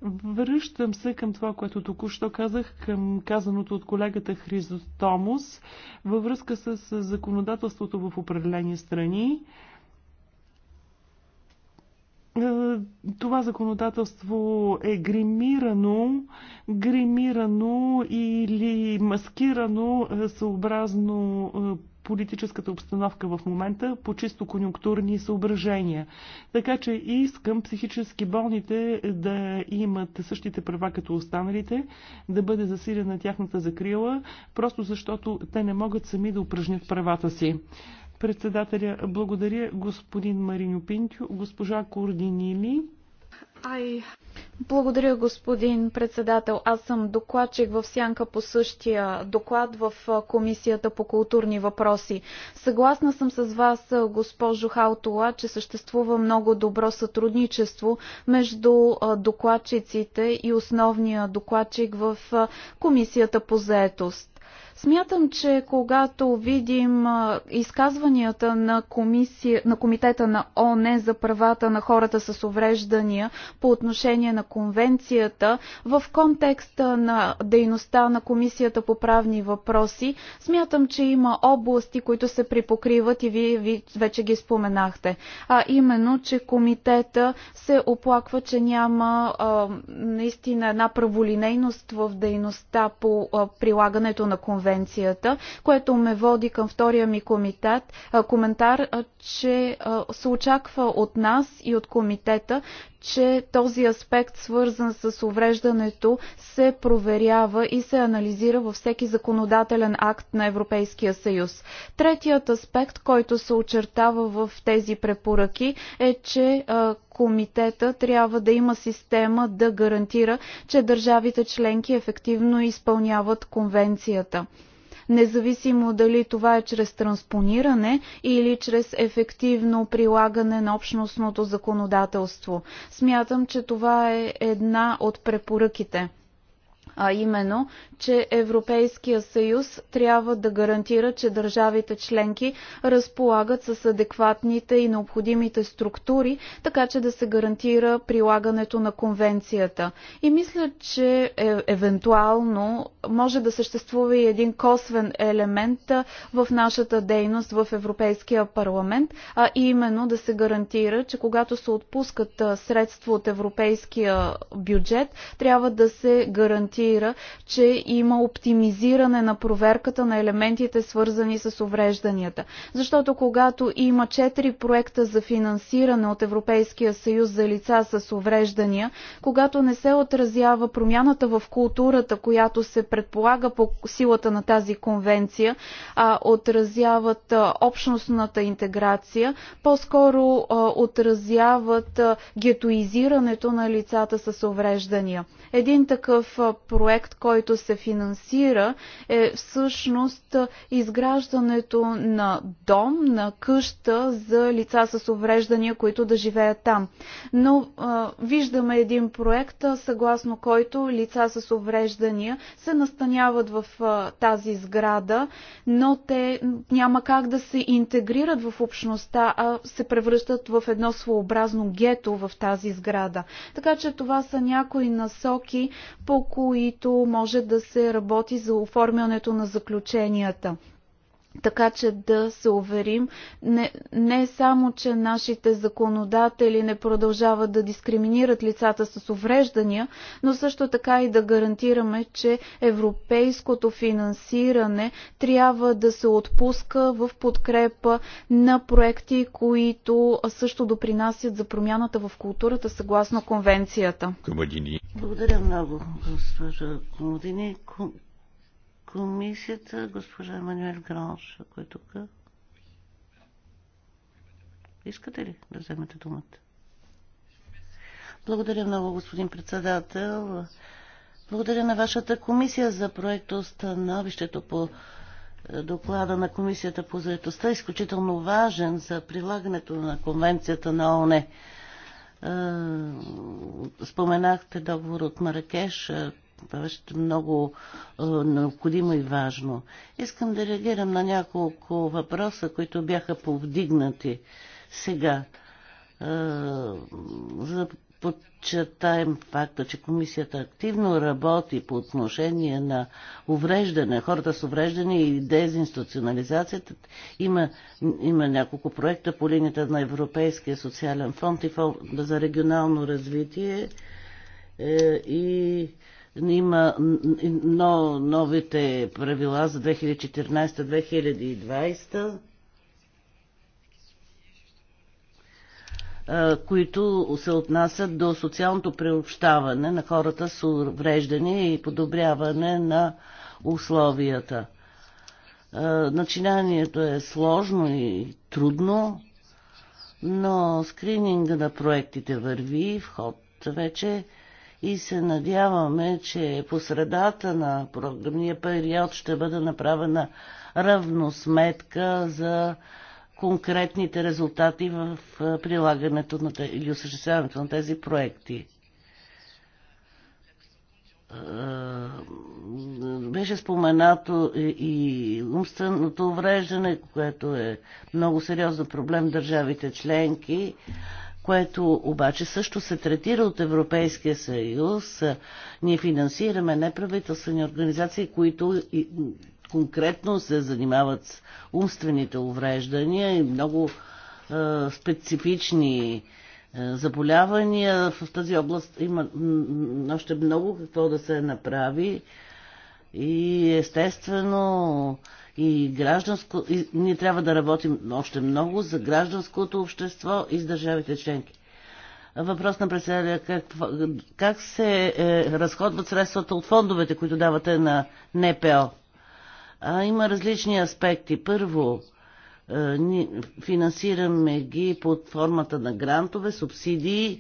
Връщам се към това, което току-що казах, към казаното от колегата Хризотомус във връзка с законодателството в определени страни. Е, това законодателство е гримирано, гримирано или маскирано е, съобразно е, политическата обстановка в момента по чисто конюнктурни съображения. Така че искам психически болните да имат същите права като останалите, да бъде засилена тяхната закрила, просто защото те не могат сами да упражнят правата си. Председателя, благодаря господин Мариньо Пинтю, госпожа Кординили. Благодаря, господин председател. Аз съм докладчик в Сянка по същия доклад в Комисията по културни въпроси. Съгласна съм с вас, госпожо Халтова, че съществува много добро сътрудничество между докладчиците и основния докладчик в Комисията по заетост. Смятам, че когато видим изказванията на, комисия, на Комитета на ОНЕ за правата на хората с увреждания по отношение на конвенцията в контекста на дейността на Комисията по правни въпроси, смятам, че има области, които се припокриват и вие вече ги споменахте. А именно, че комитета се оплаква, че няма а, наистина една праволинейност в дейността по а, прилагането на конвенцията конвенцията, което ме води към втория ми комитет, коментар, че се очаква от нас и от комитета, че този аспект, свързан с увреждането, се проверява и се анализира във всеки законодателен акт на Европейския съюз. Третият аспект, който се очертава в тези препоръки е, че комитета трябва да има система да гарантира, че държавите членки ефективно изпълняват конвенцията независимо дали това е чрез транспониране или чрез ефективно прилагане на общностното законодателство. Смятам, че това е една от препоръките а именно, че Европейския съюз трябва да гарантира, че държавите членки разполагат с адекватните и необходимите структури, така че да се гарантира прилагането на конвенцията. И мисля, че е, евентуално може да съществува и един косвен елемент в нашата дейност в Европейския парламент, а именно да се гарантира, че когато се отпускат средства от европейския бюджет, трябва да се гарантира демонстрира, че има оптимизиране на проверката на елементите, свързани с уврежданията. Защото когато има 4 проекта за финансиране от Европейския съюз за лица с увреждания, когато не се отразява промяната в културата, която се предполага по силата на тази конвенция, а отразяват общностната интеграция, по-скоро отразяват гетоизирането на лицата с увреждания. Един такъв проект, който се финансира, е всъщност изграждането на дом, на къща за лица с увреждания, които да живеят там. Но а, виждаме един проект, съгласно който лица с увреждания се настаняват в а, тази сграда, но те няма как да се интегрират в общността, а се превръщат в едно своеобразно гето в тази сграда. Така че това са някои насоки, по които които може да се работи за оформянето на заключенията така че да се уверим не, не само, че нашите законодатели не продължават да дискриминират лицата с увреждания, но също така и да гарантираме, че европейското финансиране трябва да се отпуска в подкрепа на проекти, които също допринасят за промяната в културата съгласно конвенцията. Благодаря много, госпожа Комодини комисията, госпожа Емануел Гранш, ако е тук. Искате ли да вземете думата? Благодаря много, господин председател. Благодаря на вашата комисия за проекто становището по е, доклада на комисията по заедостта. Изключително важен за прилагането на конвенцията на ОНЕ. Споменахте договор от Маракеш, е, това беше много е, необходимо и важно. Искам да реагирам на няколко въпроса, които бяха повдигнати сега. Е, за подчертаем факта, че комисията активно работи по отношение на увреждане, хората с увреждане и дезинституционализацията. Има, има няколко проекта по линията на Европейския социален фонд и фонд за регионално развитие е, и има но, новите правила за 2014-2020, които се отнасят до социалното приобщаване на хората с увреждане и подобряване на условията. Начинанието е сложно и трудно, но скрининга на проектите върви в ход вече и се надяваме, че по средата на програмния период ще бъде направена равносметка за конкретните резултати в прилагането на, или осъществяването на тези проекти беше споменато и умственото увреждане, което е много сериозен проблем в държавите членки което обаче също се третира от Европейския съюз. Ние финансираме неправителствени организации, които конкретно се занимават с умствените увреждания и много е, специфични е, заболявания. В тази област има още много какво да се направи и естествено и гражданско... И ние трябва да работим още много за гражданското общество и с държавите членки. Въпрос на председателя. Как, как се е, разходват средствата от фондовете, които давате на НПО? А, има различни аспекти. Първо, е, финансираме ги под формата на грантове, субсидии, е,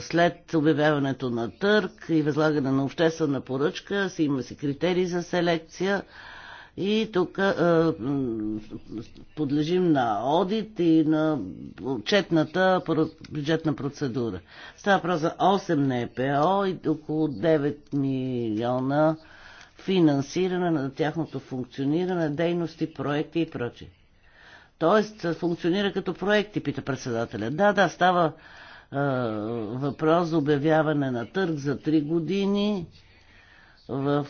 след обявяването на търг и възлагане на обществена поръчка, си има си критерии за селекция. И тук подлежим на одит и на отчетната бюджетна процедура. Става въпрос за 8 НПО и около 9 милиона финансиране на тяхното функциониране, дейности, проекти и прочие. Тоест, функционира като проекти, пита председателя. Да, да, става е, въпрос за обявяване на търг за 3 години в,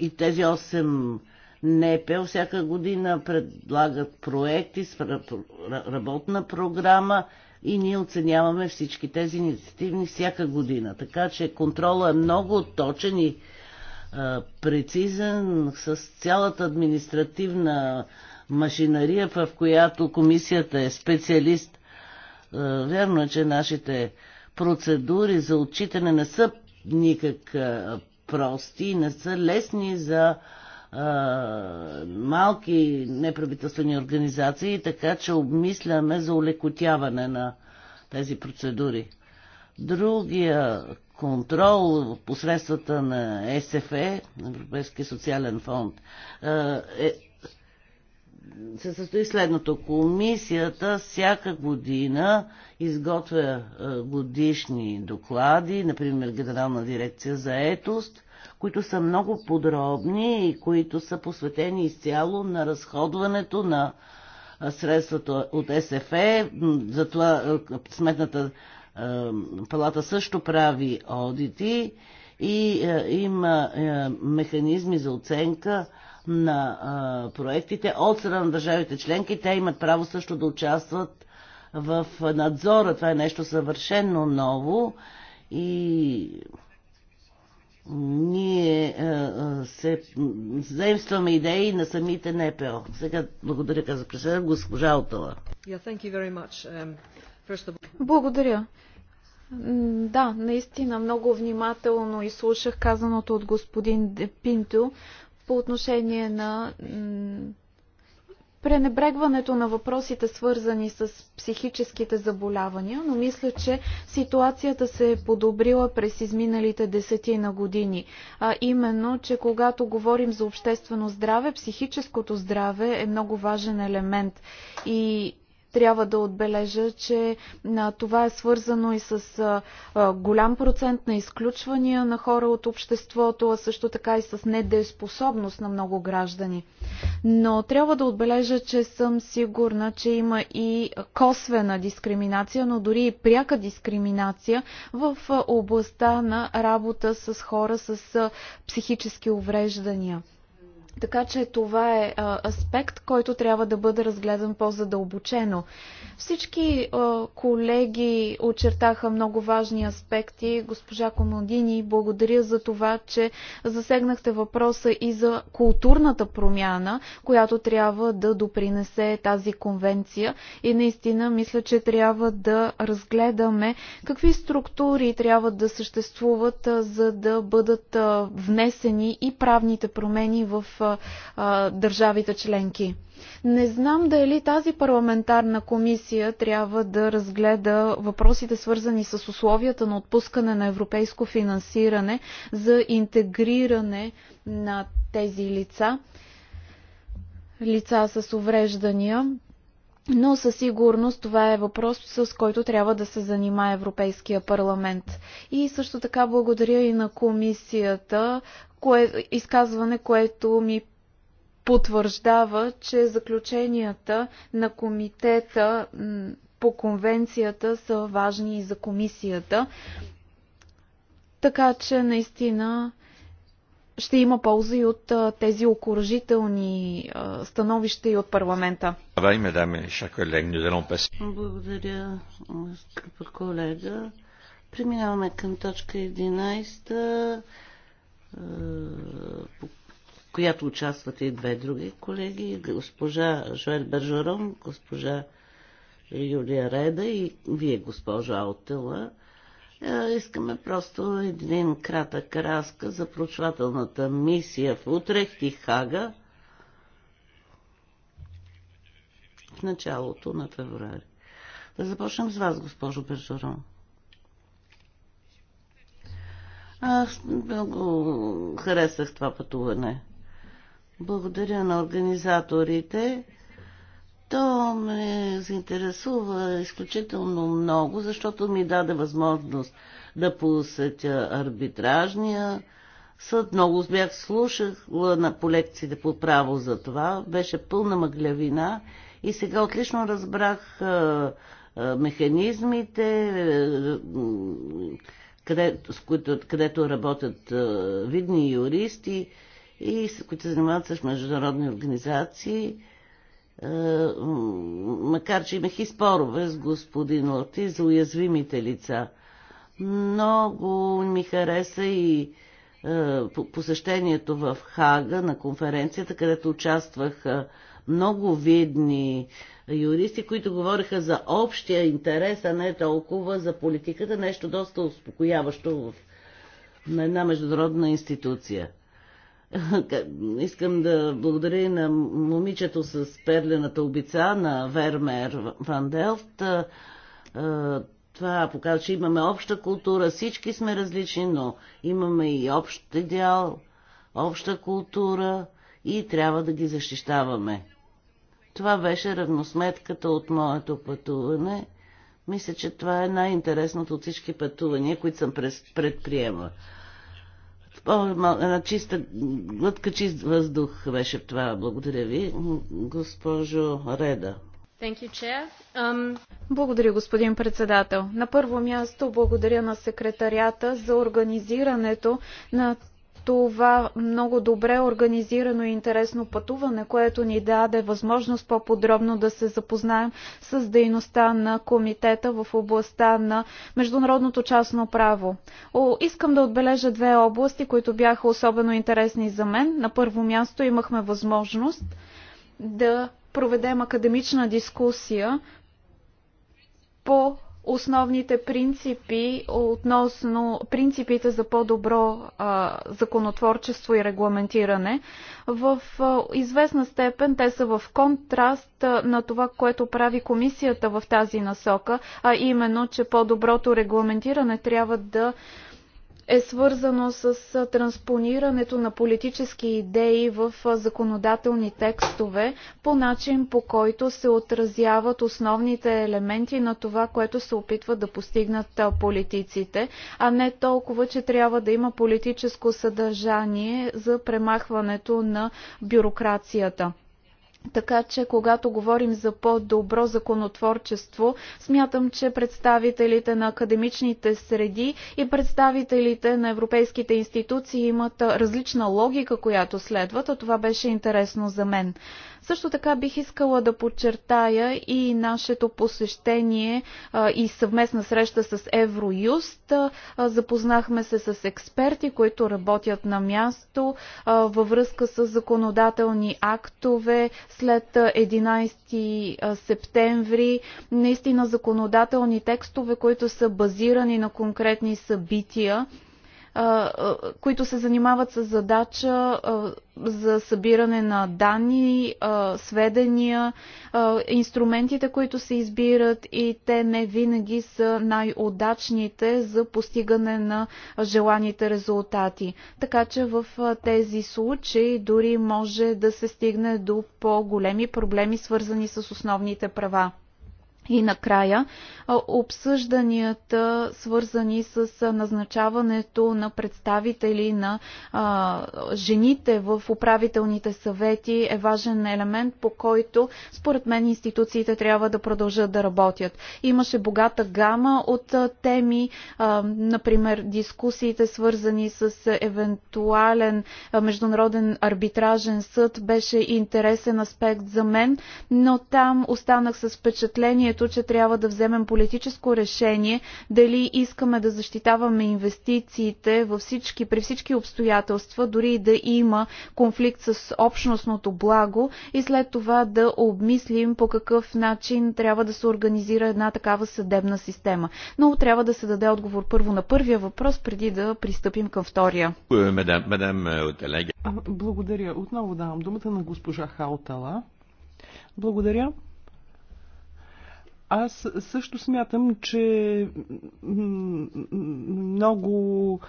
и тези 8 НПО всяка година предлагат проекти с работна програма и ние оценяваме всички тези инициативни всяка година. Така че контролът е много точен и а, прецизен с цялата административна машинария, в която комисията е специалист. А, верно е, че нашите процедури за отчитане не са никак а, прости, не са лесни за а, малки неправителствени организации, така че обмисляме за улекотяване на тези процедури. Другия контрол посредствата на СФЕ, Европейския социален фонд, е, се състои следното. Комисията всяка година изготвя годишни доклади, например Генерална дирекция за етост – които са много подробни и които са посветени изцяло на разходването на средствата от СФЕ. Затова сметната палата също прави одити и има механизми за оценка на проектите от страна на държавите членки. Те имат право също да участват в надзора. Това е нещо съвършенно ново и ние е, е, се заимстваме идеи на самите НПО. Сега благодаря, каза председател, госпожа Отала. Yeah, um, Благодаря. Да, наистина много внимателно изслушах казаното от господин Пинто по отношение на пренебрегването на въпросите, свързани с психическите заболявания, но мисля, че ситуацията се е подобрила през изминалите десетина години. А именно, че когато говорим за обществено здраве, психическото здраве е много важен елемент. И трябва да отбележа, че това е свързано и с голям процент на изключвания на хора от обществото, а също така и с недееспособност на много граждани. Но трябва да отбележа, че съм сигурна, че има и косвена дискриминация, но дори и пряка дискриминация в областта на работа с хора с психически увреждания. Така че това е а, аспект, който трябва да бъде разгледан по-задълбочено. Всички а, колеги очертаха много важни аспекти. Госпожа Комодини, благодаря за това, че засегнахте въпроса и за културната промяна, която трябва да допринесе тази конвенция. И наистина мисля, че трябва да разгледаме какви структури трябва да съществуват, а, за да бъдат а, внесени и правните промени в държавите членки. Не знам дали тази парламентарна комисия трябва да разгледа въпросите свързани с условията на отпускане на европейско финансиране за интегриране на тези лица, лица с увреждания, но със сигурност това е въпрос, с който трябва да се занимае Европейския парламент. И също така благодаря и на комисията, кое, изказване, което ми потвърждава, че заключенията на комитета по конвенцията са важни и за комисията. Така че наистина ще има полза и от тези окоръжителни становища и от парламента. Благодаря, скъпа колега. Преминаваме към точка 11 по която участват и две други колеги, госпожа Жоел Бержорон, госпожа Юлия Реда и вие, госпожа Аутела. Е, искаме просто един кратък разказ за прочвателната мисия в Утрехт и Хага в началото на февруари. Да започнем с вас, госпожо Бержорон. Аз много харесах това пътуване. Благодаря на организаторите. То ме заинтересува изключително много, защото ми даде възможност да посетя арбитражния съд. Много бях слушала на полекциите по право за това. Беше пълна мъглявина и сега отлично разбрах механизмите, където, с които, където работят а, видни юристи и с които се занимават с международни организации. А, макар, че имах и спорове с господин Лати за уязвимите лица. Много ми хареса и а, посещението в Хага на конференцията, където участваха много видни юристи, които говориха за общия интерес, а не толкова за политиката, нещо доста успокояващо в на една международна институция. Искам да благодаря и на момичето с перлената обица на Вермер Ван Делфт. Това показва, че имаме обща култура, всички сме различни, но имаме и общ идеал, обща култура и трябва да ги защищаваме. Това беше равносметката от моето пътуване. Мисля, че това е най-интересното от всички пътувания, които съм предприемала. Една чиста глътка чист въздух беше в това. Благодаря ви, госпожо Реда. You, um... Благодаря, господин председател. На първо място благодаря на секретарията за организирането на това много добре организирано и интересно пътуване, което ни даде възможност по-подробно да се запознаем с дейността на комитета в областта на международното частно право. О, искам да отбележа две области, които бяха особено интересни за мен. На първо място имахме възможност да проведем академична дискусия по основните принципи относно принципите за по-добро законотворчество и регламентиране. В а, известна степен те са в контраст а, на това, което прави комисията в тази насока, а именно, че по-доброто регламентиране трябва да е свързано с транспонирането на политически идеи в законодателни текстове по начин по който се отразяват основните елементи на това, което се опитват да постигнат политиците, а не толкова, че трябва да има политическо съдържание за премахването на бюрокрацията. Така че, когато говорим за по-добро законотворчество, смятам, че представителите на академичните среди и представителите на европейските институции имат различна логика, която следват, а това беше интересно за мен. Също така бих искала да подчертая и нашето посещение и съвместна среща с Евроюст. запознахме се с експерти, които работят на място във връзка с законодателни актове, след 11 септември, наистина законодателни текстове, които са базирани на конкретни събития които се занимават с задача за събиране на данни, сведения, инструментите, които се избират и те не винаги са най-удачните за постигане на желаните резултати. Така че в тези случаи дори може да се стигне до по-големи проблеми, свързани с основните права. И накрая обсъжданията, свързани с назначаването на представители на а, жените в управителните съвети, е важен елемент, по който според мен институциите трябва да продължат да работят. Имаше богата гама от теми, а, например дискусиите, свързани с евентуален международен арбитражен съд, беше интересен аспект за мен, но там останах с впечатлението, чувството, че трябва да вземем политическо решение дали искаме да защитаваме инвестициите във всички, при всички обстоятелства, дори и да има конфликт с общностното благо и след това да обмислим по какъв начин трябва да се организира една такава съдебна система. Но трябва да се даде отговор първо на първия въпрос, преди да пристъпим към втория. Благодаря. Отново давам думата на госпожа Хаутала. Благодаря. Аз също смятам, че много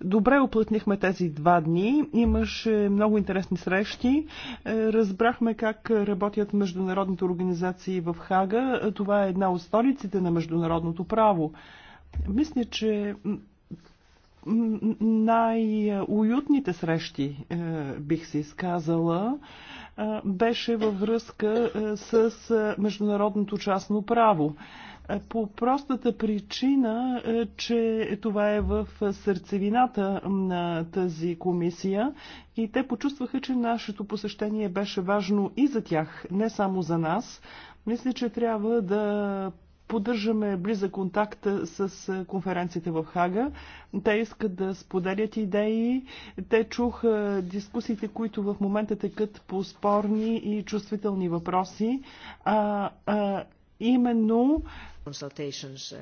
добре оплътнихме тези два дни. Имаше много интересни срещи. Е, разбрахме как работят международните организации в Хага. Това е една от столиците на международното право. Мисля, че най-уютните срещи, е, бих се изказала, е, беше във връзка е, с международното частно право. По простата причина, че това е в сърцевината на тази комисия и те почувстваха, че нашето посещение беше важно и за тях, не само за нас. Мисля, че трябва да Поддържаме близък контакт с конференцията в Хага. Те искат да споделят идеи. Те чуха дискусиите, които в момента текат по спорни и чувствителни въпроси. А, а, именно е,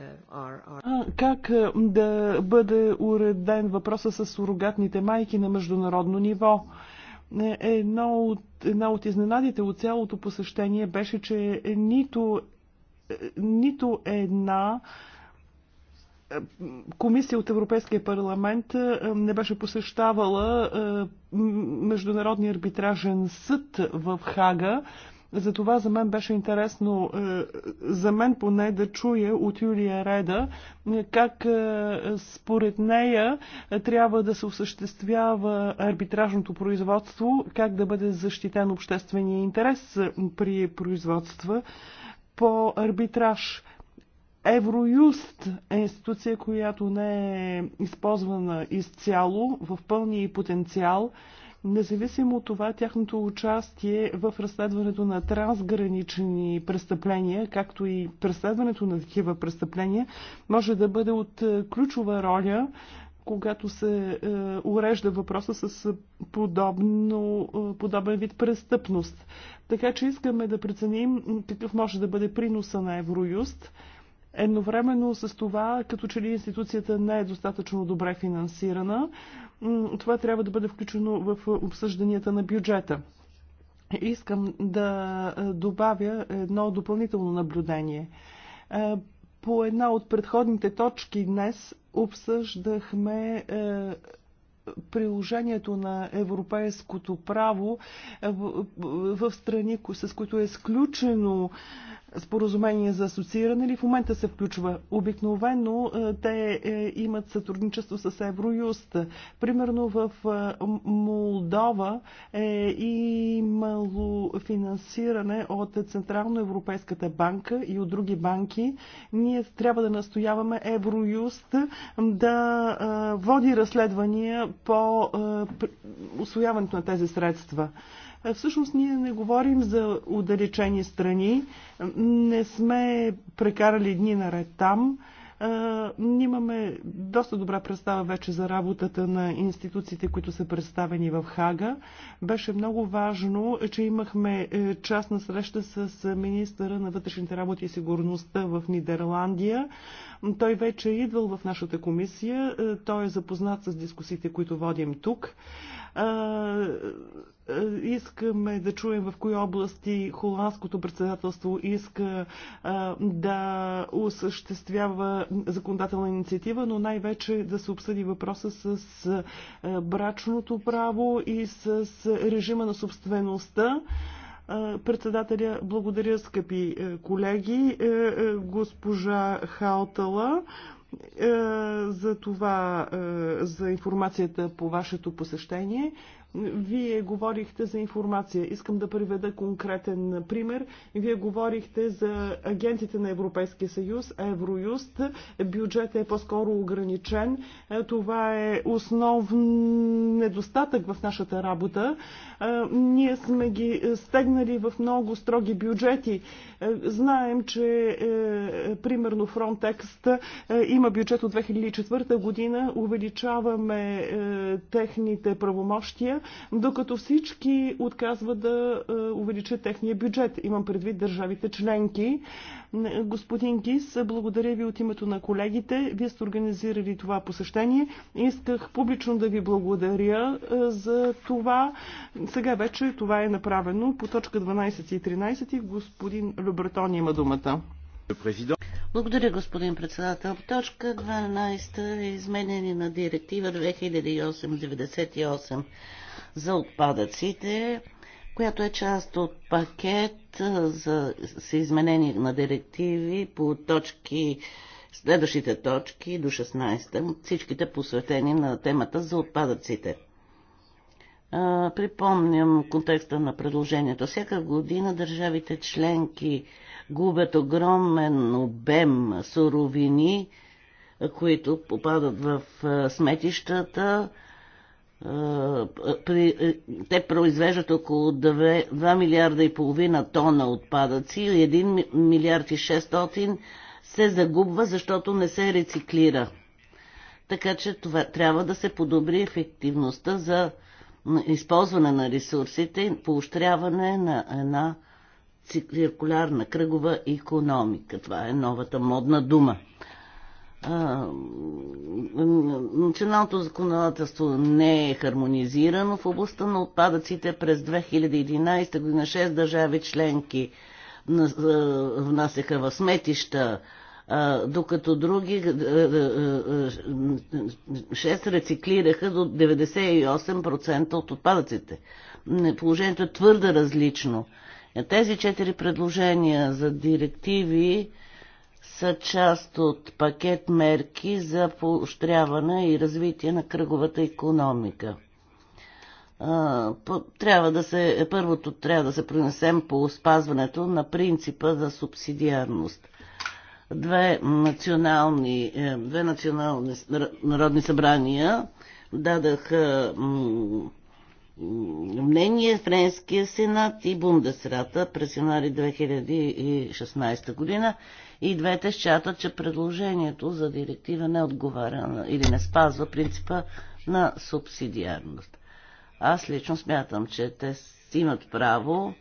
как да бъде уреден въпроса с сурогатните майки на международно ниво? Е, едно от, една от изненадите от цялото посещение беше, че нито нито една е, комисия от Европейския парламент е, не беше посещавала е, Международния арбитражен съд в Хага. Затова за мен беше интересно, за мен поне да чуя от Юлия Реда, как според нея трябва да се осъществява арбитражното производство, как да бъде защитен обществения интерес при производства по арбитраж. Евроюст е институция, която не е използвана изцяло, в пълния и потенциал. Независимо от това, тяхното участие в разследването на трансгранични престъпления, както и преследването на такива престъпления, може да бъде от ключова роля когато се е, урежда въпроса с е, подобно, е, подобен вид престъпност. Така че искаме да преценим какъв може да бъде приноса на Евроюст. Едновременно с това, като че ли институцията не е достатъчно добре финансирана, това трябва да бъде включено в е, обсъжданията на бюджета. Искам да е, добавя едно допълнително наблюдение. По една от предходните точки днес обсъждахме е, приложението на европейското право е, в страни, с които е сключено споразумение за асоцииране ли в момента се включва? Обикновено е, те е, имат сътрудничество с Евроюст. Примерно в е, Молдова е имало финансиране от Централно Европейската банка и от други банки. Ние трябва да настояваме Евроюст да води разследвания по освояването на тези средства. Всъщност ние не говорим за удалечени страни, не сме прекарали дни наред там. Ние имаме доста добра представа вече за работата на институциите, които са представени в Хага. Беше много важно, че имахме е, частна среща с е, министъра на вътрешните работи и сигурността в Нидерландия. Той вече е идвал в нашата комисия. Е, той е запознат с дискусиите, които водим тук е, искаме да чуем в кои области холандското председателство иска а, е, да осъществява законодателна инициатива, но най-вече да се обсъди въпроса с а, е, брачното право и с режима на собствеността. Председателя, благодаря, скъпи колеги, госпожа Хаутала за това, за информацията по вашето посещение. Вие говорихте за информация. Искам да приведа конкретен пример. Вие говорихте за агентите на Европейския съюз, Евроюст. Бюджетът е по-скоро ограничен. Е, това е основен недостатък в нашата работа. Е, ние сме ги стегнали в много строги бюджети. Е, знаем, че примерно Фронтекст има бюджет от 2004 година. Увеличаваме техните правомощия докато всички отказват да е, увеличат техния бюджет. Имам предвид държавите членки. Господин Кис, благодаря ви от името на колегите. Вие сте организирали това посещение. Исках публично да ви благодаря е, за това. Сега вече това е направено по точка 12 и 13 и господин Любертон има думата. Благодаря, господин председател. Точка 12 е изменение на директива 2008-98 за отпадъците, която е част от пакет за, изменени изменение на директиви по точки, следващите точки до 16, всичките посветени на темата за отпадъците. Припомням контекста на предложението. Всяка година държавите членки губят огромен обем суровини, които попадат в сметищата при, е, те произвеждат около 2, 2 милиарда и половина тона отпадъци и 1 милиард и 600 се загубва, защото не се рециклира. Така че това трябва да се подобри ефективността за използване на ресурсите и поощряване на една циркулярна кръгова економика. Това е новата модна дума националното законодателство не е хармонизирано в областта на отпадъците. През 2011 година 6 държави членки внасяха в сметища, докато други 6 рециклираха до 98% от отпадъците. Положението е твърде различно. Тези четири предложения за директиви са част от пакет мерки за поощряване и развитие на кръговата економика. Трябва да се, първото трябва да се принесем по спазването на принципа за субсидиарност. Две национални, е, две национални народни събрания дадаха мнение Френския сенат и Бундесрата през януари 2016 година и двете счатат, че предложението за директива не отговаря или не спазва принципа на субсидиарност. Аз лично смятам, че те имат право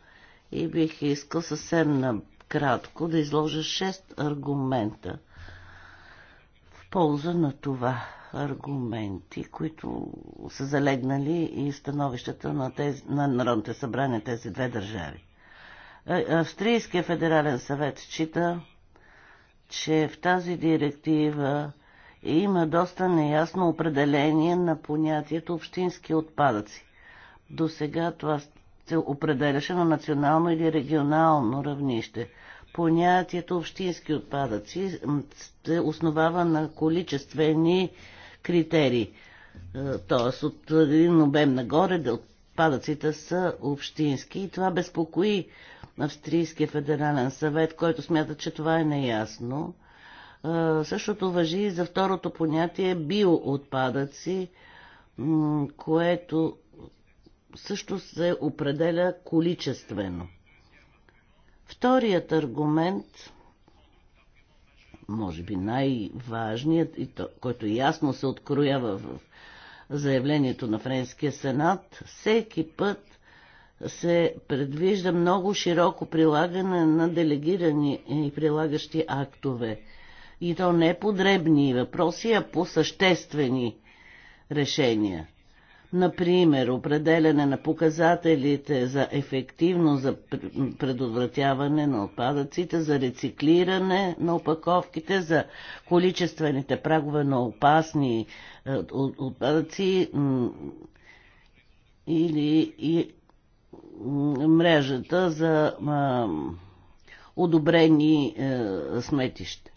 и бих искал съвсем кратко да изложа шест аргумента в полза на това. Аргументи, които са залегнали и становищата на, тези, на Народните събрания тези две държави. Е, Австрийския федерален съвет счита, че в тази директива има доста неясно определение на понятието общински отпадъци. До сега това се определяше на национално или регионално равнище. Понятието общински отпадъци се основава на количествени критерии. Е, тоест от един обем нагоре отпадъците са общински и това безпокои Австрийския федерален съвет, който смята, че това е неясно. Същото въжи и за второто понятие биоотпадъци, което също се определя количествено. Вторият аргумент, може би най-важният, и то, който ясно се откроява в заявлението на Френския сенат, всеки път, се предвижда много широко прилагане на делегирани и прилагащи актове. И то не по дребни въпроси, а по съществени решения. Например, определяне на показателите за ефективно за предотвратяване на отпадъците, за рециклиране на опаковките, за количествените прагове на опасни е, отпадъци или мрежата за а, одобрени а, е, сметища.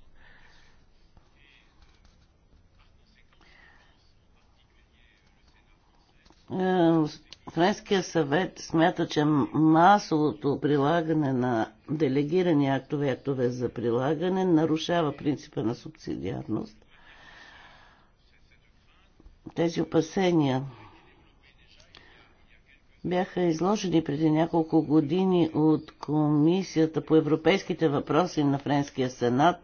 Е, Френския съвет смята, че масовото прилагане на делегирани актове и актове за прилагане нарушава принципа на субсидиарност. Тези опасения бяха изложени преди няколко години от Комисията по европейските въпроси на Френския сенат,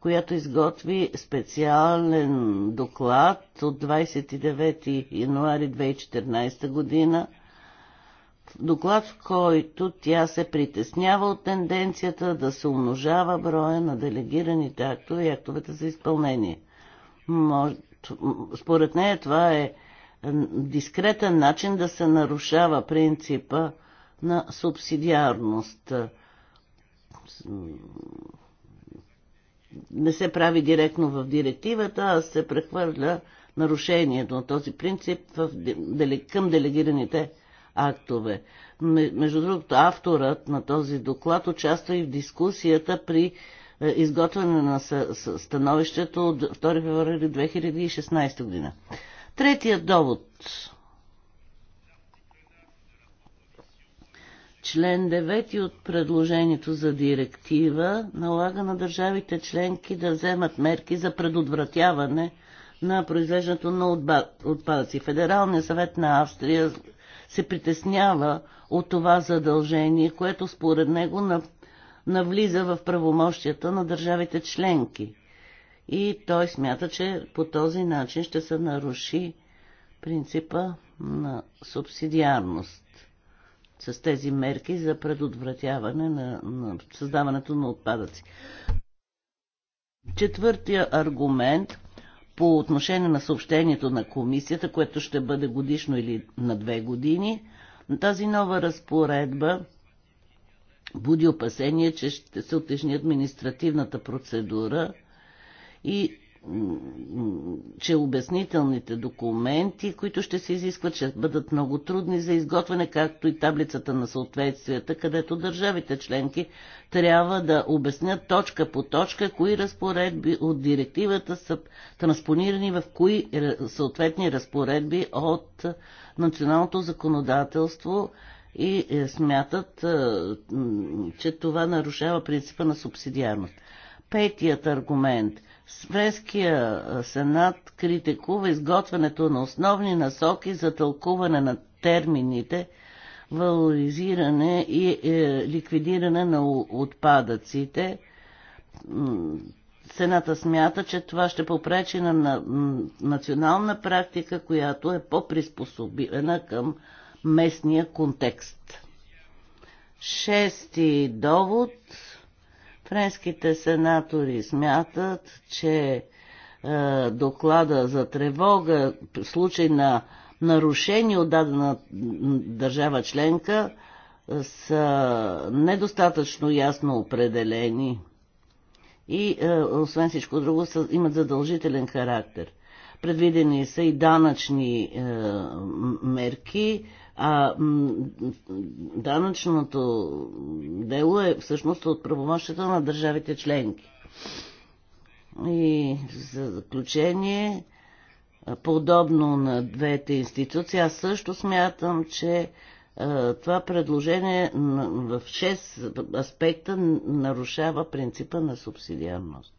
която изготви специален доклад от 29 януари 2014 година, доклад в който тя се притеснява от тенденцията да се умножава броя на делегираните актове и актовете за изпълнение. Според нея това е дискретен начин да се нарушава принципа на субсидиарност. Не се прави директно в директивата, а се прехвърля нарушението на този принцип в, към делегираните актове. Между другото, авторът на този доклад участва и в дискусията при е, изготвяне на становището от 2 февруари 2016 година. Третия довод. Член 9 от предложението за директива налага на държавите членки да вземат мерки за предотвратяване на произвеждането на отпадъци. Федералният съвет на Австрия се притеснява от това задължение, което според него навлиза в правомощията на държавите членки. И той смята, че по този начин ще се наруши принципа на субсидиарност с тези мерки за предотвратяване на, на създаването на отпадъци. Четвъртия аргумент по отношение на съобщението на комисията, което ще бъде годишно или на две години, тази нова разпоредба буди опасение, че ще се отежни административната процедура – и че обяснителните документи, които ще се изискват, ще бъдат много трудни за изготвяне, както и таблицата на съответствията, където държавите членки трябва да обяснят точка по точка, кои разпоредби от директивата са транспонирани в кои е, съответни разпоредби от националното законодателство и е, смятат, е, че това нарушава принципа на субсидиарност. Петият аргумент – Френския сенат критикува изготвянето на основни насоки за тълкуване на термините валоризиране и е, ликвидиране на отпадъците. Сената смята, че това ще попречи на, на национална практика, която е по-приспособена към местния контекст. Шести довод Френските сенатори смятат, че е, доклада за тревога в случай на нарушение от дадена държава членка е, са недостатъчно ясно определени и е, освен всичко друго са, имат задължителен характер. Предвидени са и данъчни е, мерки, а данъчното дело е всъщност от правомощията на държавите членки. И за заключение, подобно на двете институции, аз също смятам, че това предложение в 6 аспекта нарушава принципа на субсидиарност.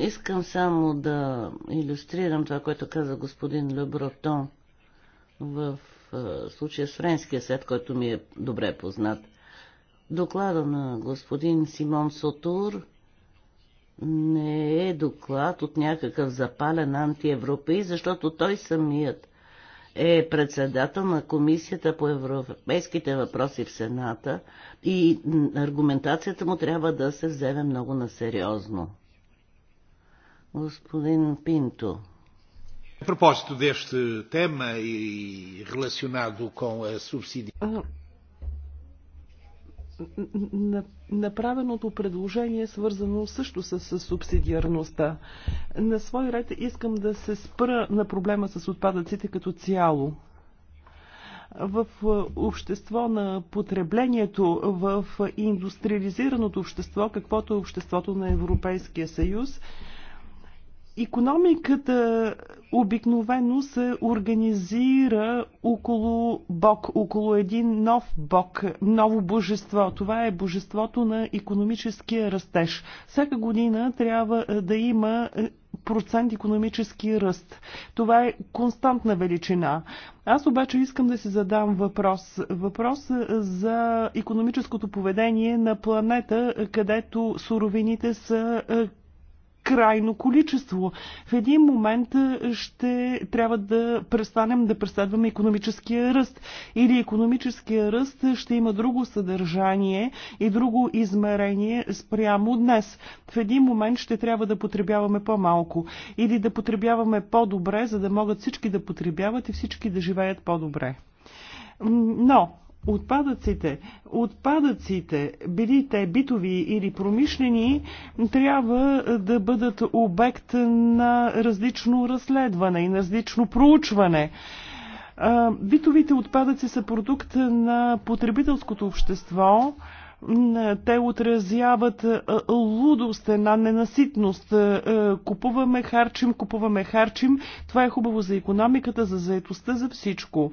искам само да иллюстрирам това, което каза господин Лебротон в случая с френския свет, който ми е добре познат. Доклада на господин Симон Сотур не е доклад от някакъв запален антиевропей, защото той самият е председател на Комисията по европейските въпроси в Сената и аргументацията му трябва да се вземе много на сериозно. Господин Пинто. A propósito deste tema e relacionado com a subsidiariedade направеното предложение е свързано също с, с субсидиарността. На свой ред искам да се спра на проблема с отпадъците като цяло в е, общество на потреблението, в индустриализираното общество, каквото е обществото на Европейския съюз, Економиката обикновено се организира около Бог, около един нов Бог, ново божество. Това е божеството на економическия растеж. Всяка година трябва е, да има е, процент економически ръст. Това е константна величина. Аз обаче искам да си задам въпрос. Въпрос е, за економическото поведение на планета, където суровините са крайно количество. В един момент ще трябва да престанем да преследваме економическия ръст. Или економическия ръст ще има друго съдържание и друго измерение спрямо днес. В един момент ще трябва да потребяваме по-малко. Или да потребяваме по-добре, за да могат всички да потребяват и всички да живеят по-добре. Но Отпадъците, отпадъците, били те битови или промишлени, трябва да бъдат обект на различно разследване и на различно проучване. Битовите отпадъци са продукт на потребителското общество, те отразяват е, лудост, една ненаситност. Е, е, купуваме, харчим, купуваме, харчим. Това е хубаво за економиката, за заетостта, за всичко.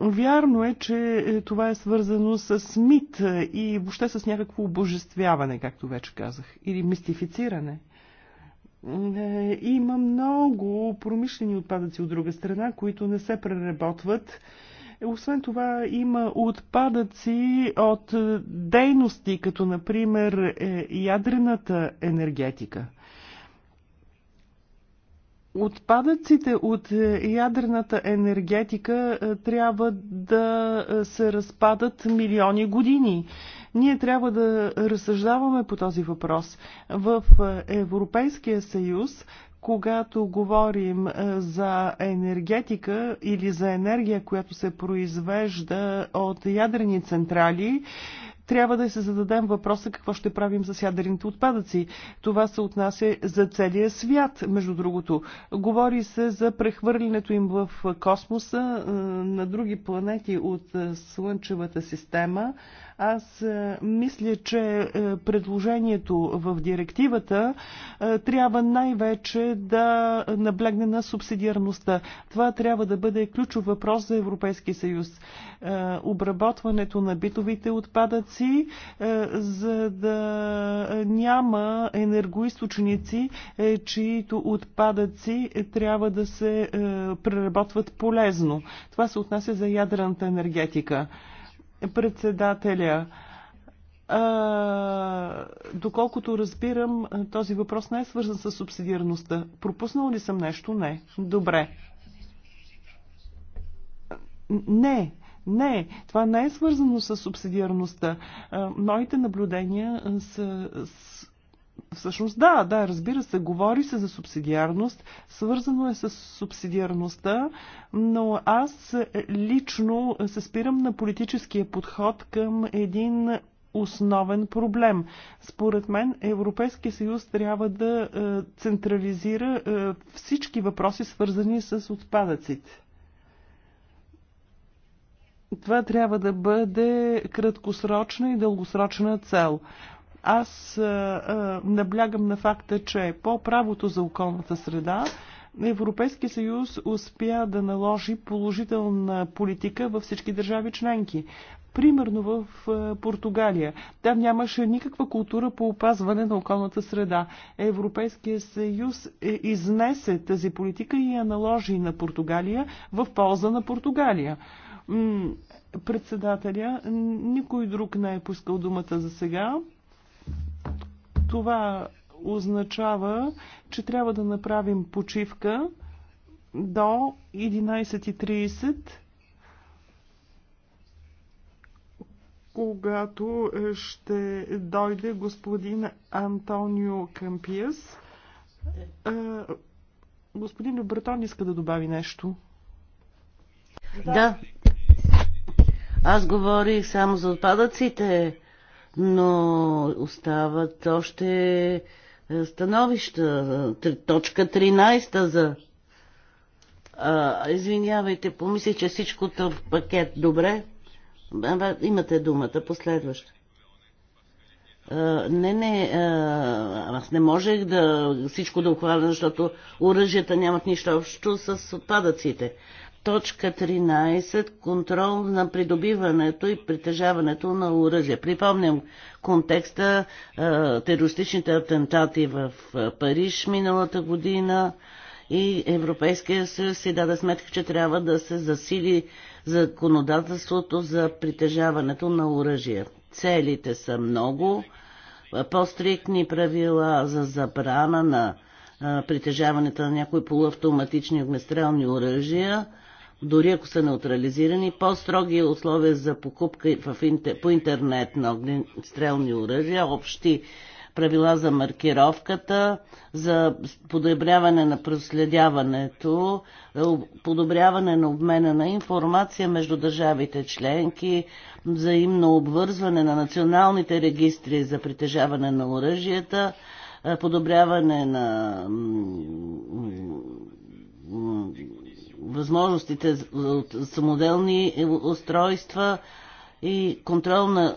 Вярно е, че това е свързано с мит и въобще с някакво обожествяване, както вече казах, или мистифициране. Има много промишлени отпадъци от друга страна, които не се преработват освен това има отпадъци от дейности, като например е, ядрената енергетика. Отпадъците от ядрената енергетика е, трябва да е, се разпадат милиони години. Ние трябва да разсъждаваме по този въпрос. В Европейския съюз когато говорим е, за енергетика или за енергия, която се произвежда от ядрени централи, трябва да се зададем въпроса какво ще правим с ядрените отпадъци. Това се отнася за целия свят, между другото. Говори се за прехвърлянето им в космоса е, на други планети от е, Слънчевата система, аз е, мисля, че е, предложението в директивата е, трябва най-вече да наблегне на субсидиарността. Това трябва да бъде ключов въпрос за Европейския съюз. Обработването на битовите отпадъци, за да няма енергоисточници, чието отпадъци трябва да се преработват полезно. Това се отнася за ядрената енергетика председателя. А, доколкото разбирам, този въпрос не е свързан с субсидиарността. Пропуснал ли съм нещо? Не. Добре. Не. Не, това не е свързано с субсидиарността. Моите наблюдения са Всъщност да, да, разбира се, говори се за субсидиарност, свързано е с субсидиарността, но аз лично се спирам на политическия подход към един основен проблем. Според мен Европейския съюз трябва да е, централизира е, всички въпроси, свързани с отпадъците. Това трябва да бъде краткосрочна и дългосрочна цел. Аз наблягам на факта, че по правото за околната среда Европейския съюз успя да наложи положителна политика във всички държави членки. Примерно в Португалия. Там нямаше никаква култура по опазване на околната среда. Европейския съюз е изнесе тази политика и я наложи на Португалия в полза на Португалия председателя. Никой друг не е пускал думата за сега. Това означава, че трябва да направим почивка до 11.30, когато ще дойде господин Антонио Кампиас. Господин Любретон иска да добави нещо. Да. Аз говорих само за отпадъците но остават още е, становища. Точка 13 за... А, извинявайте, помислих, че всичкото в пакет. Добре? Имате думата, последваща. Не, не, аз не можех да всичко да охваля, защото оръжията нямат нищо общо с отпадъците. Точка 13. Контрол на придобиването и притежаването на оръжие. Припомням контекста терористичните атентати в Париж миналата година и Европейския съюз си даде сметка, че трябва да се засили законодателството за притежаването на оръжие. Целите са много. По-стриктни правила за забрана на притежаването на някои полуавтоматични огнестрелни оръжия – дори ако са неутрализирани, по-строги условия за покупка в интер, по интернет на огнестрелни оръжия, общи правила за маркировката, за подобряване на проследяването, е, подобряване на обмена на информация между държавите членки, взаимно обвързване на националните регистри за притежаване на оръжията, е, подобряване на възможностите от самоделни устройства и контрол на,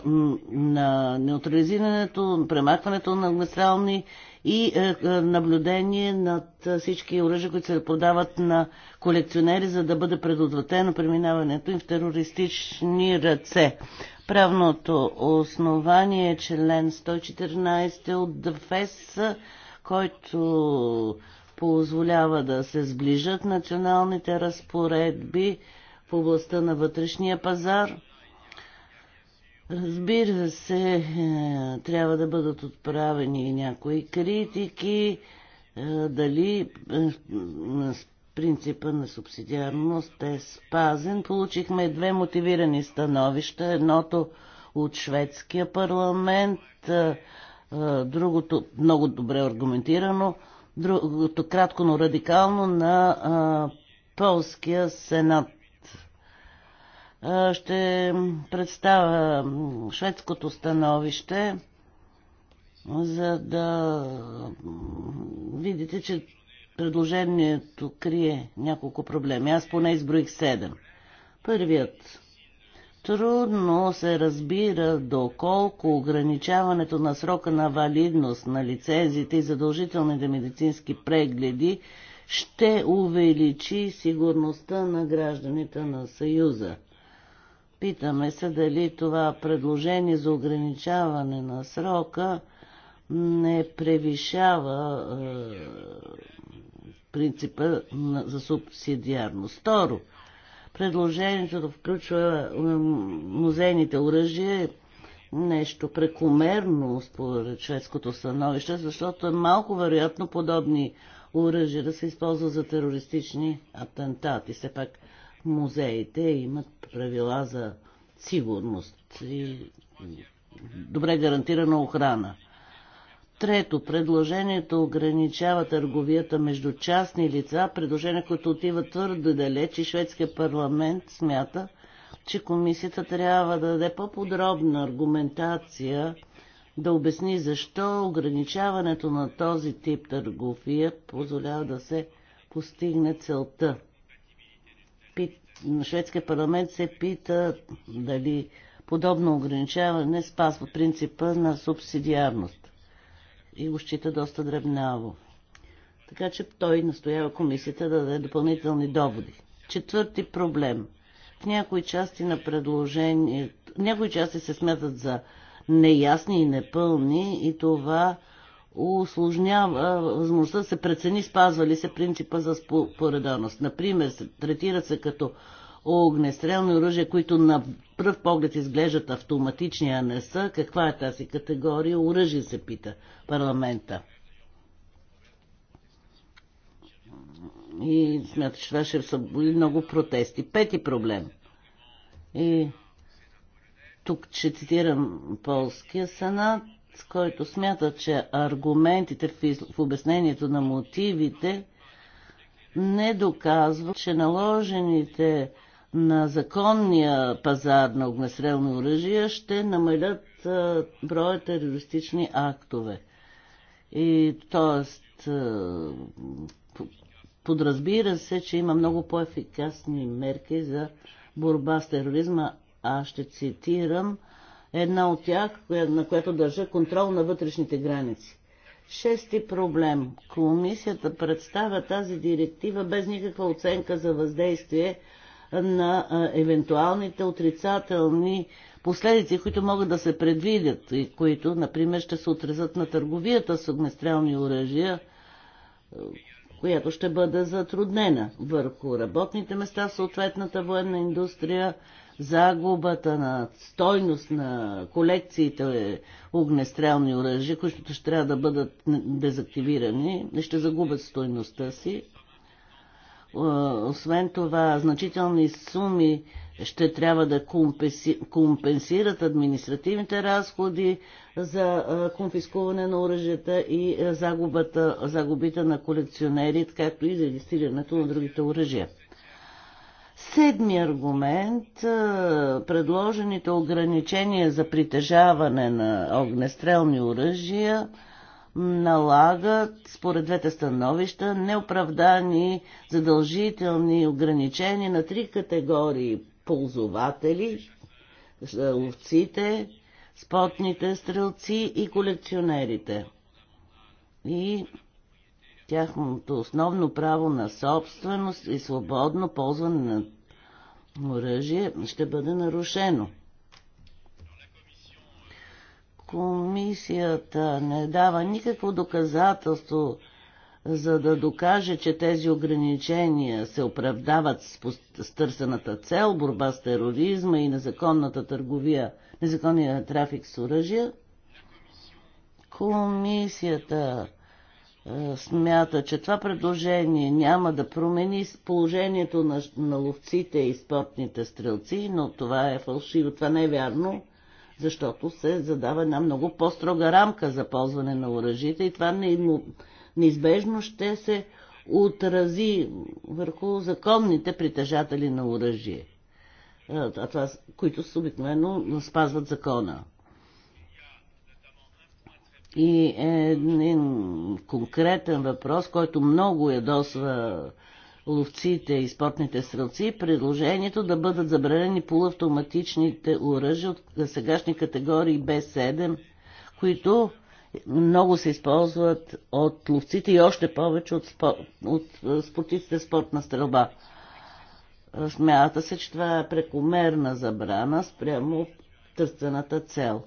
на неутрализирането, премахването на огнестрални и е, е, наблюдение над всички оръжия, които се продават на колекционери, за да бъде предотвратено преминаването им в терористични ръце. Правното основание е член 114 от ДФЕС, който позволява да се сближат националните разпоредби в областта на вътрешния пазар. Разбира се, е, трябва да бъдат отправени някои критики, е, дали е, принципа на субсидиарност е спазен. Получихме две мотивирани становища. Едното от шведския парламент, другото много добре аргументирано другото кратко, но радикално на а, Полския сенат. А, ще представя шведското становище, за да видите, че предложението крие няколко проблеми. Аз поне изброих седем. Първият Трудно се разбира доколко ограничаването на срока на валидност на лицензите и задължителните медицински прегледи ще увеличи сигурността на гражданите на Съюза. Питаме се дали това предложение за ограничаване на срока не превишава е, принципа за субсидиарност. Второ, Предложението да включва музейните оръжия е нещо прекомерно според шведското становище, защото е малко вероятно подобни оръжия да се използва за терористични атентати. Все пак музеите имат правила за сигурност и добре гарантирана охрана. Трето, предложението ограничава търговията между частни лица, предложение, което отива твърде далеч и шведския парламент смята, че комисията трябва да даде по-подробна аргументация, да обясни защо ограничаването на този тип търговия позволява да се постигне целта. Пит... Шведския парламент се пита дали подобно ограничаване спазва принципа на субсидиарност и го счита доста дребнаво. Така че той настоява комисията да даде допълнителни доводи. Четвърти проблем. В някои части на предложението, някои части се смятат за неясни и непълни и това усложнява възможността да се прецени спазва ли се принципа за споредоност. Например, третират се като огнестрелни оръжия, които на пръв поглед изглеждат автоматични, а не са. Каква е тази категория? Оръжие се пита парламента. И смята, че това ще са били много протести. Пети проблем. И тук ще цитирам полския сенат, който смята, че аргументите в обяснението на мотивите не доказва, че наложените на законния пазар на огнестрелни оръжия ще намалят броя терористични актове. И т.е. подразбира се, че има много по-ефикасни мерки за борба с тероризма. Аз ще цитирам една от тях, на която държа контрол на вътрешните граници. Шести проблем. Комисията представя тази директива без никаква оценка за въздействие на евентуалните отрицателни последици, които могат да се предвидят и които, например, ще се отрезат на търговията с огнестрелни оръжия, която ще бъде затруднена върху работните места в съответната военна индустрия, загубата на стойност на колекциите огнестрелни оръжия, които ще трябва да бъдат дезактивирани, ще загубят стойността си. Е, освен това, значителни суми ще трябва да компенсират административните разходи за е, конфискуване на оръжията и е, загубата, загубите на колекционери, както и за регистрирането на другите оръжия. Седми аргумент предложените ограничения за притежаване на огнестрелни оръжия – налагат, според двете становища, неоправдани задължителни ограничения на три категории ползователи, ловците, спортните стрелци и колекционерите. И тяхното основно право на собственост и свободно ползване на оръжие ще бъде нарушено. Комисията не дава никакво доказателство, за да докаже, че тези ограничения се оправдават с, търсената цел, борба с тероризма и незаконната търговия, незаконния трафик с оръжия. Комисията е, смята, че това предложение няма да промени положението на, на ловците и спортните стрелци, но това е фалшиво, това не е вярно защото се задава една много по-строга рамка за ползване на оръжията и това неизбежно ще се отрази върху законните притежатели на оръжие, а това, които са обикновено спазват закона. И един конкретен въпрос, който много ядосва е ловците и спортните стрелци, предложението да бъдат забранени полуавтоматичните оръжия от сегашни категории Б7, които много се използват от ловците и още повече от, спор... от е, спортистите спортна стрелба. Смята се, че това е прекомерна забрана спрямо търсената цел.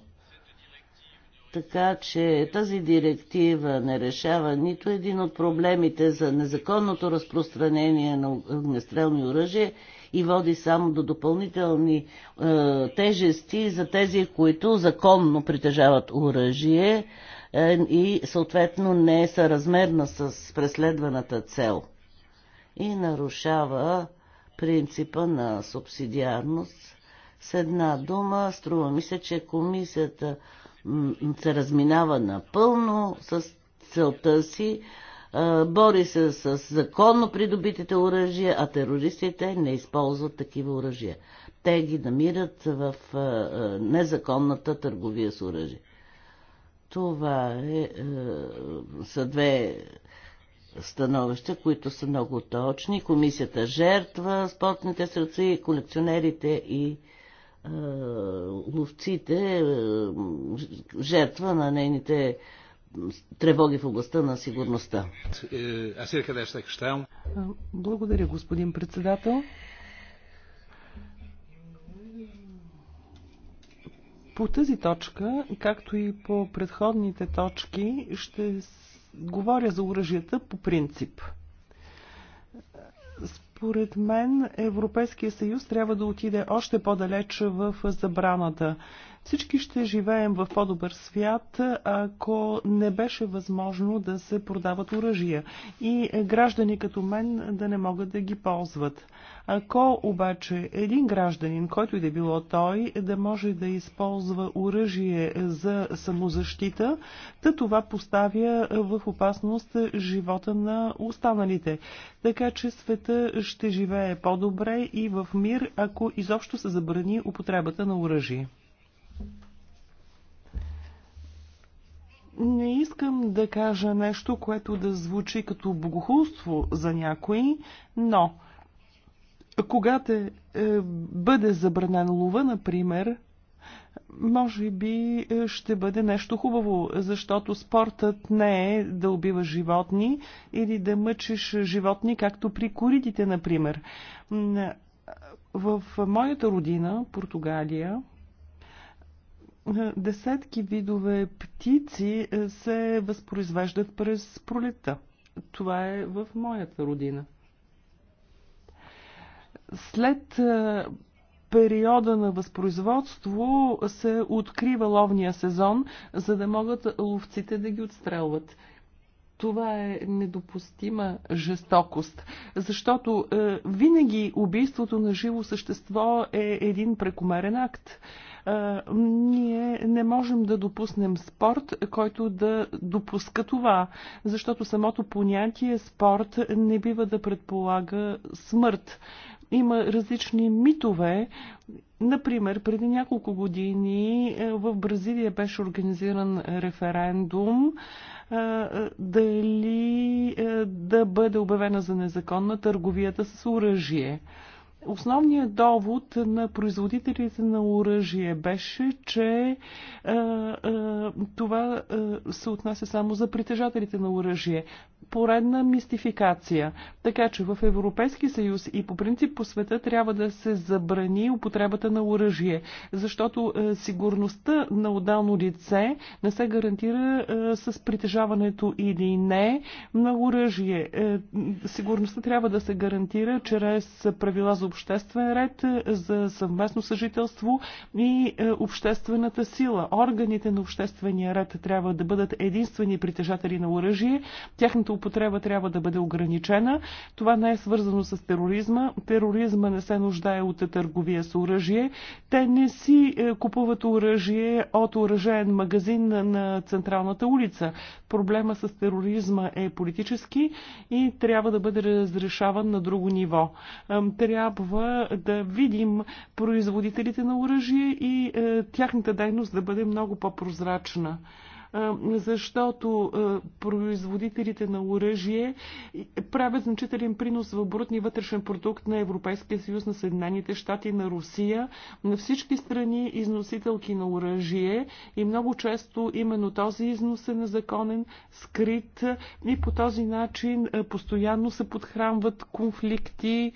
Така че тази директива не решава нито един от проблемите за незаконното разпространение на огнестрелни оръжия и води само до допълнителни е, тежести за тези, които законно притежават оръжие е, и съответно не е съразмерна с преследваната цел и нарушава принципа на субсидиарност. С една дума, струва ми се, че комисията се разминава напълно с целта си, бори се с законно придобитите оръжия, а терористите не използват такива оръжия. Те ги намират в незаконната търговия с оръжие. Това е, е, са две становища, които са много точни. Комисията жертва спортните сърци, колекционерите и е, ловците е, жертва на нейните тревоги в областта на сигурността. Благодаря, господин председател. По тази точка, както и по предходните точки, ще говоря за оръжията по принцип. Според мен Европейския съюз трябва да отиде още по-далеч в забраната. Всички ще живеем в по-добър свят, ако не беше възможно да се продават оръжия и граждани като мен да не могат да ги ползват. Ако обаче един гражданин, който и да било той, да може да използва оръжие за самозащита, да това поставя в опасност живота на останалите. Така че света ще живее по-добре и в мир, ако изобщо се забрани употребата на оръжие. Не искам да кажа нещо, което да звучи като богохулство за някои, но когато е, е бъде забранен лова, например, може би е, ще бъде нещо хубаво, защото спортът не е да убива животни или да мъчиш животни, както при коридите, например. В моята родина, Португалия, десетки видове птици е, се възпроизвеждат през пролета. Това е в моята родина. След е, периода на възпроизводство се открива ловния сезон, за да могат ловците да ги отстрелват. Това е недопустима жестокост, защото е, винаги убийството на живо същество е един прекомерен акт. Е, ние не можем да допуснем спорт, който да допуска това, защото самото понятие спорт не бива да предполага смърт има различни митове. Например, преди няколко години е, в Бразилия беше организиран референдум е, е, дали да бъде обявена за незаконна търговията с оръжие. Основният довод на производителите на оръжие беше, че е, е, това е, се отнася само за притежателите на оръжие. Поредна мистификация. Така че в Европейски съюз и по принцип по света трябва да се забрани употребата на оръжие, защото е, сигурността на отдално лице не се гарантира е, с притежаването или не на оръжие. Е, сигурността трябва да се гарантира чрез правила за обществен ред, за съвместно съжителство и е, обществената сила. Органите на обществения ред трябва да бъдат единствени притежатели на оръжие, тяхната употреба трябва да бъде ограничена. Това не е свързано с тероризма. Тероризма не се нуждае от търговия с оръжие. Те не си е, купуват оръжие от оръжен магазин на централната улица. Проблема с тероризма е политически и трябва да бъде разрешаван на друго ниво. Трябва трябва да видим производителите на оръжие и е, тяхната дейност да бъде много по-прозрачна е, защото е, производителите на оръжие правят значителен принос в брутния вътрешен продукт на Европейския съюз, на Съединените щати, на Русия, на всички страни износителки на оръжие и много често именно този износ е незаконен, скрит и по този начин постоянно се подхранват конфликти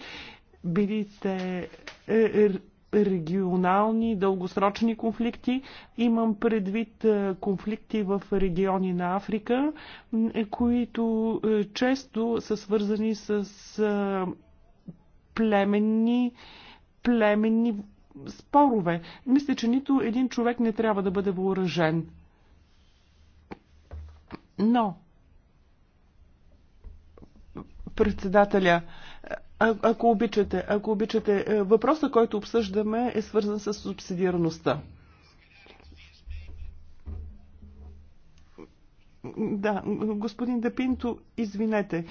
били те е, е, регионални, дългосрочни конфликти. Имам предвид е, конфликти в региони на Африка, които често са свързани с племенни, племенни спорове. Мисля, че нито един човек не трябва да бъде въоръжен. Но председателя а, ако обичате, ако обичате, е, въпросът, който обсъждаме е свързан с субсидиарността. Да, господин Депинто, извинете.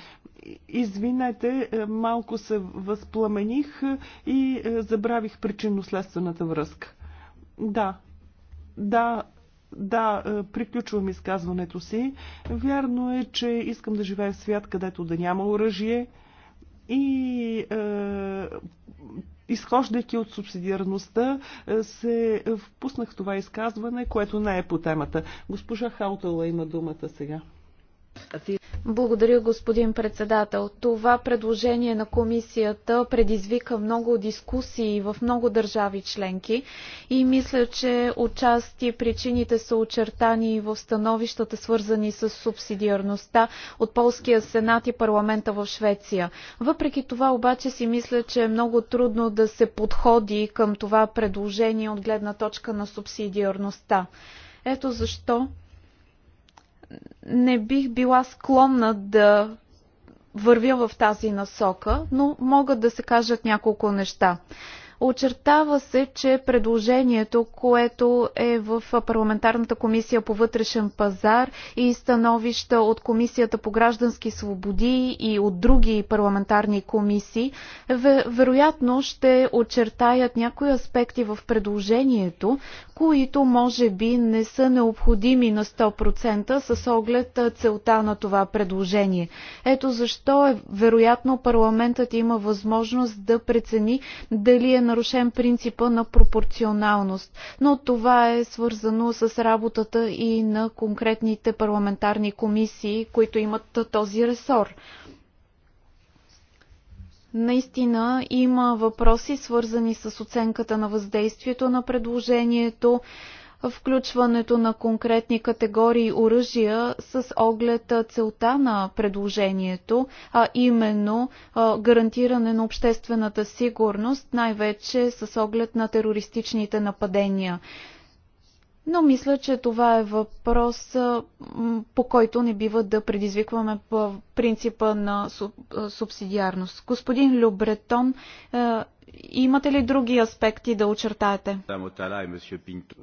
Извинете, е, малко се възпламених и е, забравих причинно-следствената връзка. Да, да, да, приключвам изказването си. Вярно е, че искам да живея в свят, където да няма оръжие, и е, изхождайки от субсидиарността, е, се впуснах това изказване, което не е по темата. Госпожа Хаутала има думата сега. Благодаря, господин председател. Това предложение на комисията предизвика много дискусии в много държави членки и мисля, че отчасти причините са очертани в становищата, свързани с субсидиарността от Полския сенат и парламента в Швеция. Въпреки това обаче си мисля, че е много трудно да се подходи към това предложение от гледна точка на субсидиарността. Ето защо не бих била склонна да вървя в тази насока, но могат да се кажат няколко неща. Очертава се, че предложението, което е в парламентарната комисия по вътрешен пазар и становища от комисията по граждански свободи и от други парламентарни комисии, вероятно ще очертаят някои аспекти в предложението, които може би не са необходими на 100% с оглед целта на това предложение. Ето защо е вероятно парламентът има възможност да прецени дали е нарушен принципа на пропорционалност. Но това е свързано с работата и на конкретните парламентарни комисии, които имат този ресор. Наистина има въпроси, свързани с оценката на въздействието на предложението, включването на конкретни категории оръжия с оглед целта на предложението, а именно гарантиране на обществената сигурност, най-вече с оглед на терористичните нападения. Но мисля, че това е въпрос, по който не бива да предизвикваме принципа на субсидиарност. Господин Любретон Имате ли други аспекти да очертаете?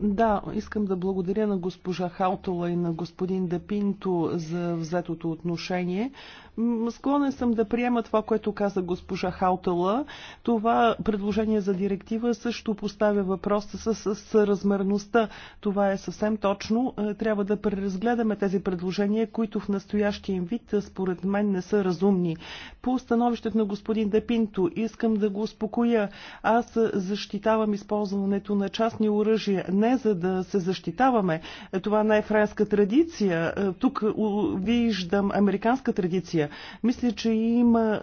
Да, искам да благодаря на госпожа Халтола и на господин Депинто за взетото отношение. Склонен съм да приема това, което каза госпожа Халтала. Това предложение за директива също поставя въпроса с, с размерността. Това е съвсем точно. Е, трябва да преразгледаме тези предложения, които в настоящия им вид, е, според мен, не са разумни. По становището на господин Депинто искам да го успокоя оръжия. Аз защитавам използването на частни оръжия, не за да се защитаваме. Това не е френска традиция. Тук виждам американска традиция. Мисля, че има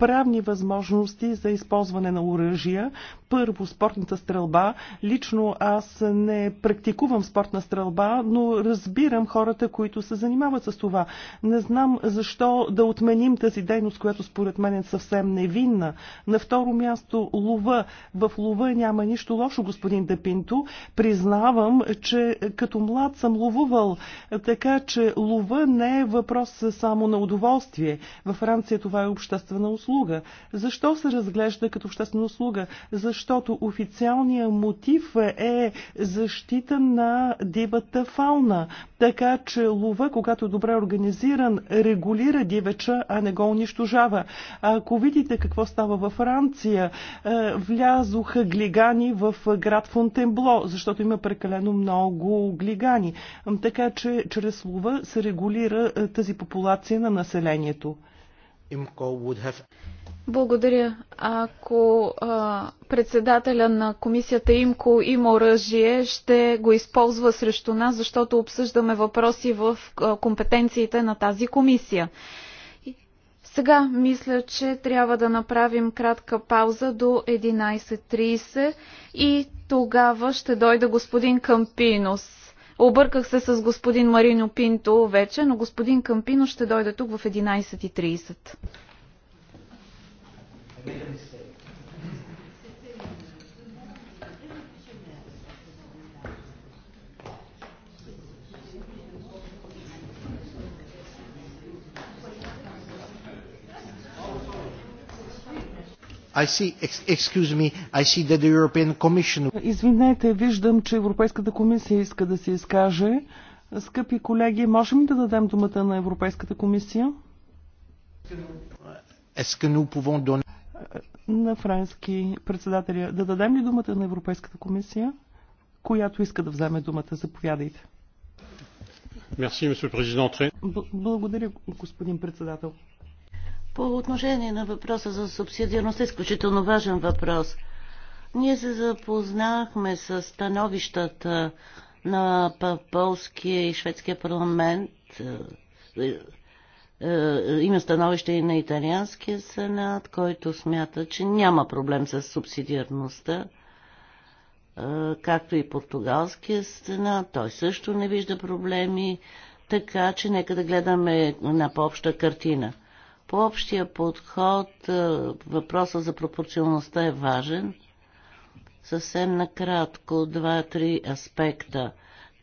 правни възможности за използване на оръжия. Първо, спортната стрелба. Лично аз не практикувам спортна стрелба, но разбирам хората, които се занимават с това. Не знам защо да отменим тази дейност, която според мен е съвсем невинна. На второ място, лова. В лова няма нищо лошо, господин Депинто. Признавам, че като млад съм ловувал, така че лова не е въпрос само на удоволствие. Във Франция това е обществена услуга услуга. Защо се разглежда като обществена услуга? Защото официалният мотив е защита на дивата фауна. Така че лова, когато е добре организиран, регулира дивеча, а не го унищожава. Ако видите какво става във Франция, е, влязоха глигани в град Фонтенбло, защото има прекалено много глигани. Така че чрез лова се регулира е, тази популация на населението. Благодаря. Ако а, председателя на комисията ИМКО има оръжие, ще го използва срещу нас, защото обсъждаме въпроси в а, компетенциите на тази комисия. Сега мисля, че трябва да направим кратка пауза до 11.30 и тогава ще дойде господин Кампинос. Обърках се с господин Марино Пинто вече, но господин Кампино ще дойде тук в 11.30. I see, excuse me, I see that the European Commission... Извинете, виждам, че Европейската комисия иска да се изкаже. Скъпи колеги, можем да дадем думата на Европейската комисия? На френски председателя. Да дадем ли думата на Европейската комисия, която иска да вземе думата? Заповядайте. Merci, Благодаря, господин председател. По отношение на въпроса за субсидиарност, е изключително важен въпрос. Ние се запознахме с становищата на полския и шведския парламент. Е, е, е, има становище и на италианския сенат, който смята, че няма проблем с субсидиарността, както и португалския сенат. Той също не вижда проблеми, така че нека да гледаме на по-обща картина – по общия подход е, въпроса за пропорционалността е важен. Съвсем накратко, два-три аспекта.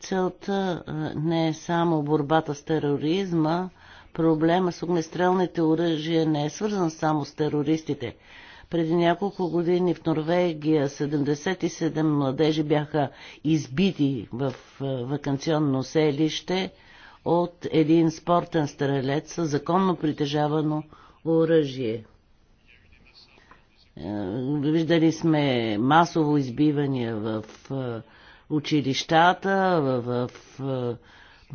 Целта е, не е само борбата с тероризма, проблема с огнестрелните оръжия не е свързан само с терористите. Преди няколко години в Норвегия 77 младежи бяха избити в е, вакансионно селище от един спортен стрелец с законно притежавано оръжие. Е, виждали сме масово избивания в е, училищата, в, в е,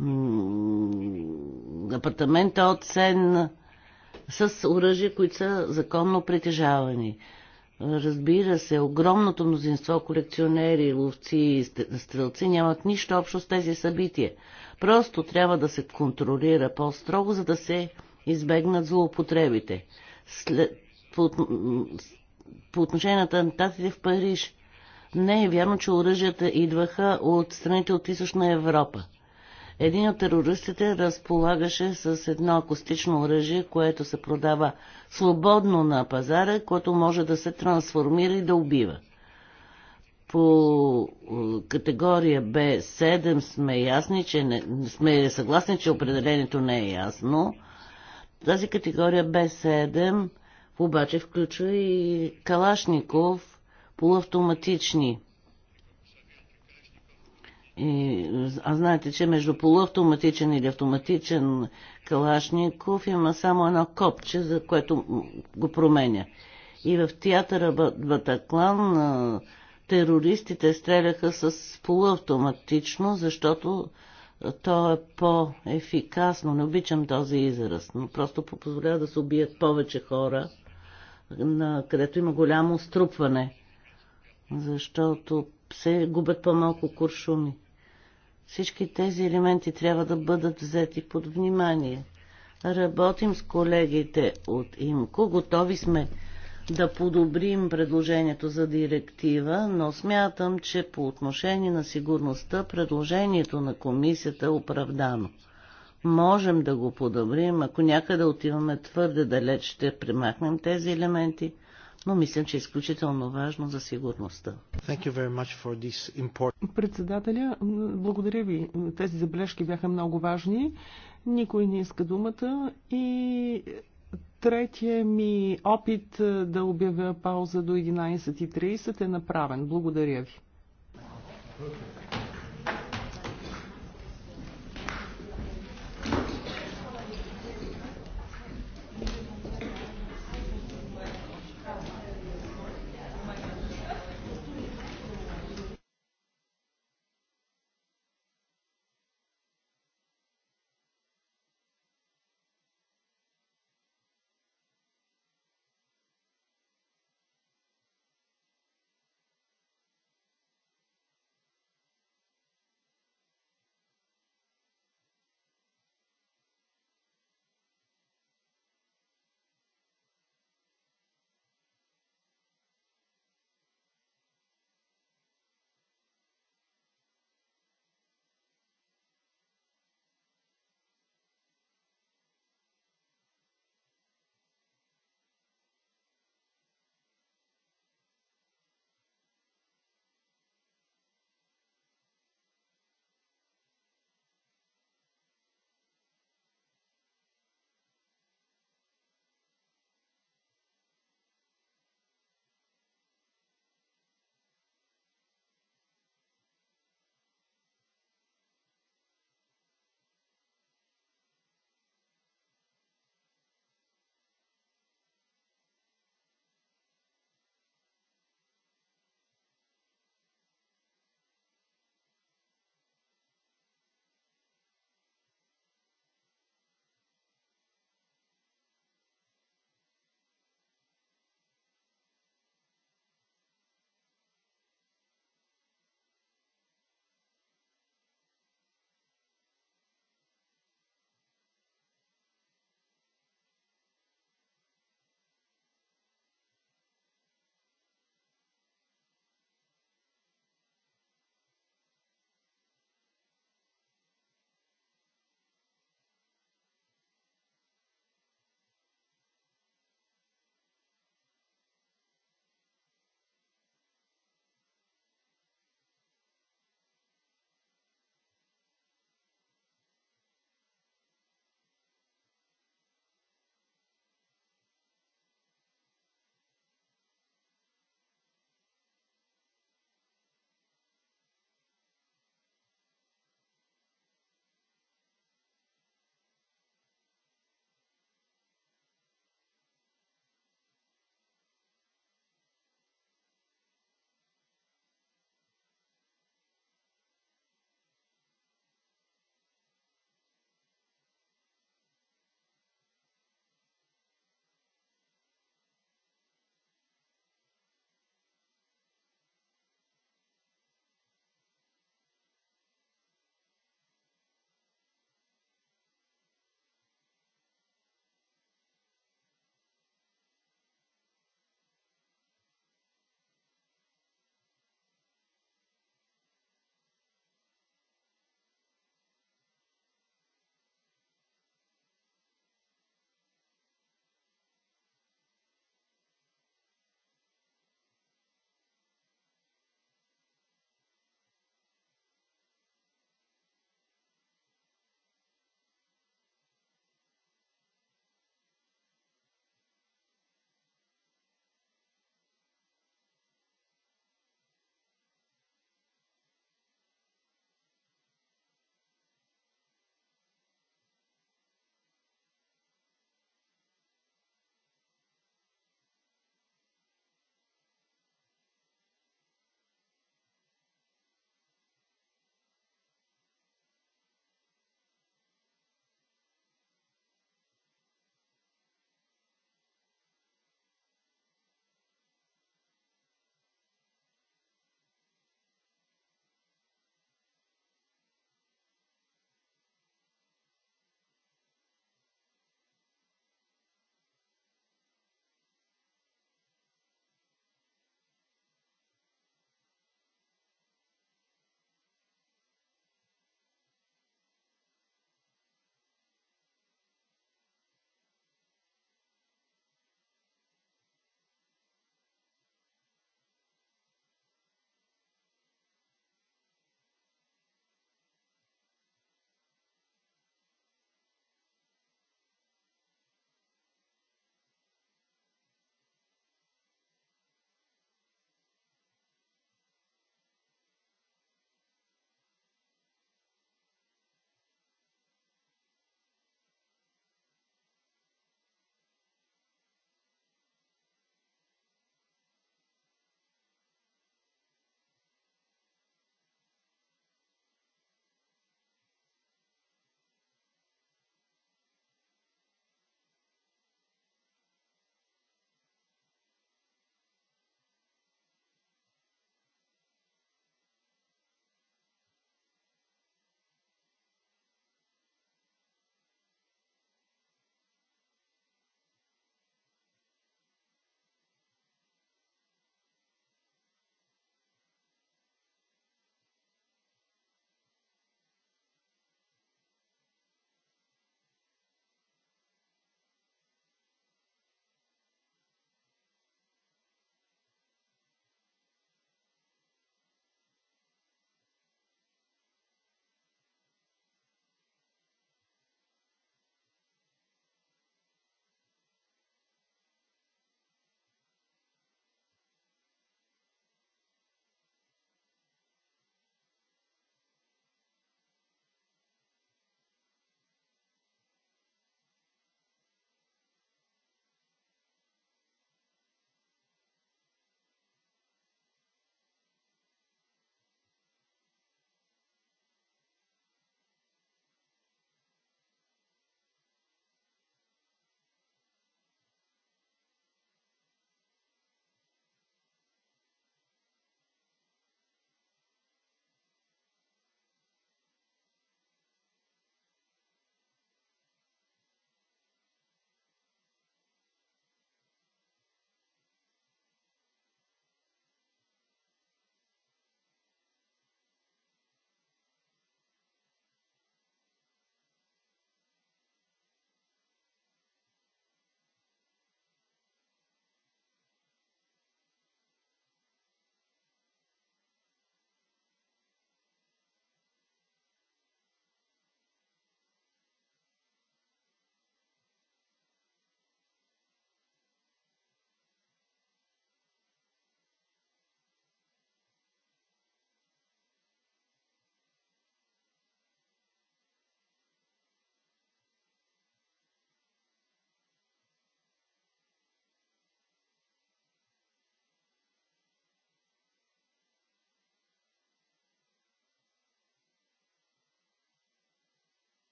апартамента от Сен с оръжия, които са законно притежавани. Разбира се, огромното мнозинство колекционери, ловци и стрелци нямат нищо общо с тези събития. Просто трябва да се контролира по-строго, за да се избегнат злоупотребите. След, по, по отношение на тантатите в Париж, не е вярно, че оръжията идваха от страните от Източна Европа. Един от терористите разполагаше с едно акустично оръжие, което се продава свободно на пазара, което може да се трансформира и да убива. По е, категория Б7 сме ясни, че не, сме съгласни, че определението не е ясно. Тази категория Б7 обаче включва и Калашников полуавтоматични и, а знаете, че между полуавтоматичен или автоматичен калашников има само едно копче, за което го променя. И в театъра Батаклан терористите стреляха с полуавтоматично, защото то е по-ефикасно. Не обичам този израз, но просто позволява да се убият повече хора, на, където има голямо струпване, защото се губят по-малко куршуми. Всички тези елементи трябва да бъдат взети под внимание. Работим с колегите от ИМКО. Готови сме да подобрим предложението за директива, но смятам, че по отношение на сигурността предложението на комисията е оправдано. Можем да го подобрим, ако някъде отиваме твърде далеч, ще премахнем тези елементи, но мисля, че е изключително важно за сигурността. Important... Председателя, благодаря ви. Тези забележки бяха много важни. Никой не иска думата и третия ми опит е, да обявя пауза до 11.30 е направен. Благодаря ви. Okay.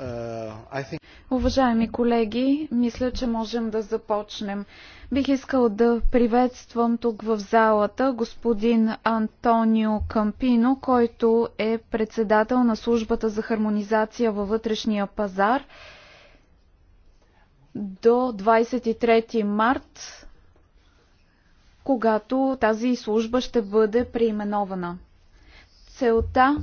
Uh, Уважаеми колеги, мисля, че можем да започнем. Бих искал да приветствам тук в залата господин Антонио Кампино, който е председател на службата за хармонизация във вътрешния пазар до 23 март, когато тази служба ще бъде преименована. Целта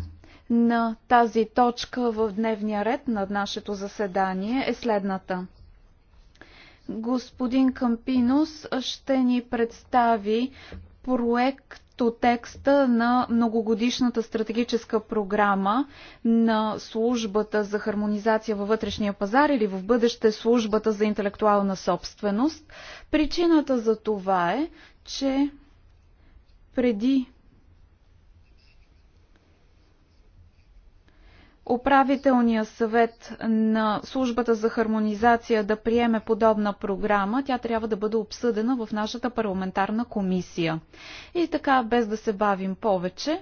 на тази точка в дневния ред на нашето заседание е следната. Господин Кампинус ще ни представи проекто текста на многогодишната стратегическа програма на службата за хармонизация във вътрешния пазар или в бъдеще службата за интелектуална собственост. Причината за това е, че преди управителния съвет на службата за хармонизация да приеме подобна програма, тя трябва да бъде обсъдена в нашата парламентарна комисия. И така, без да се бавим повече,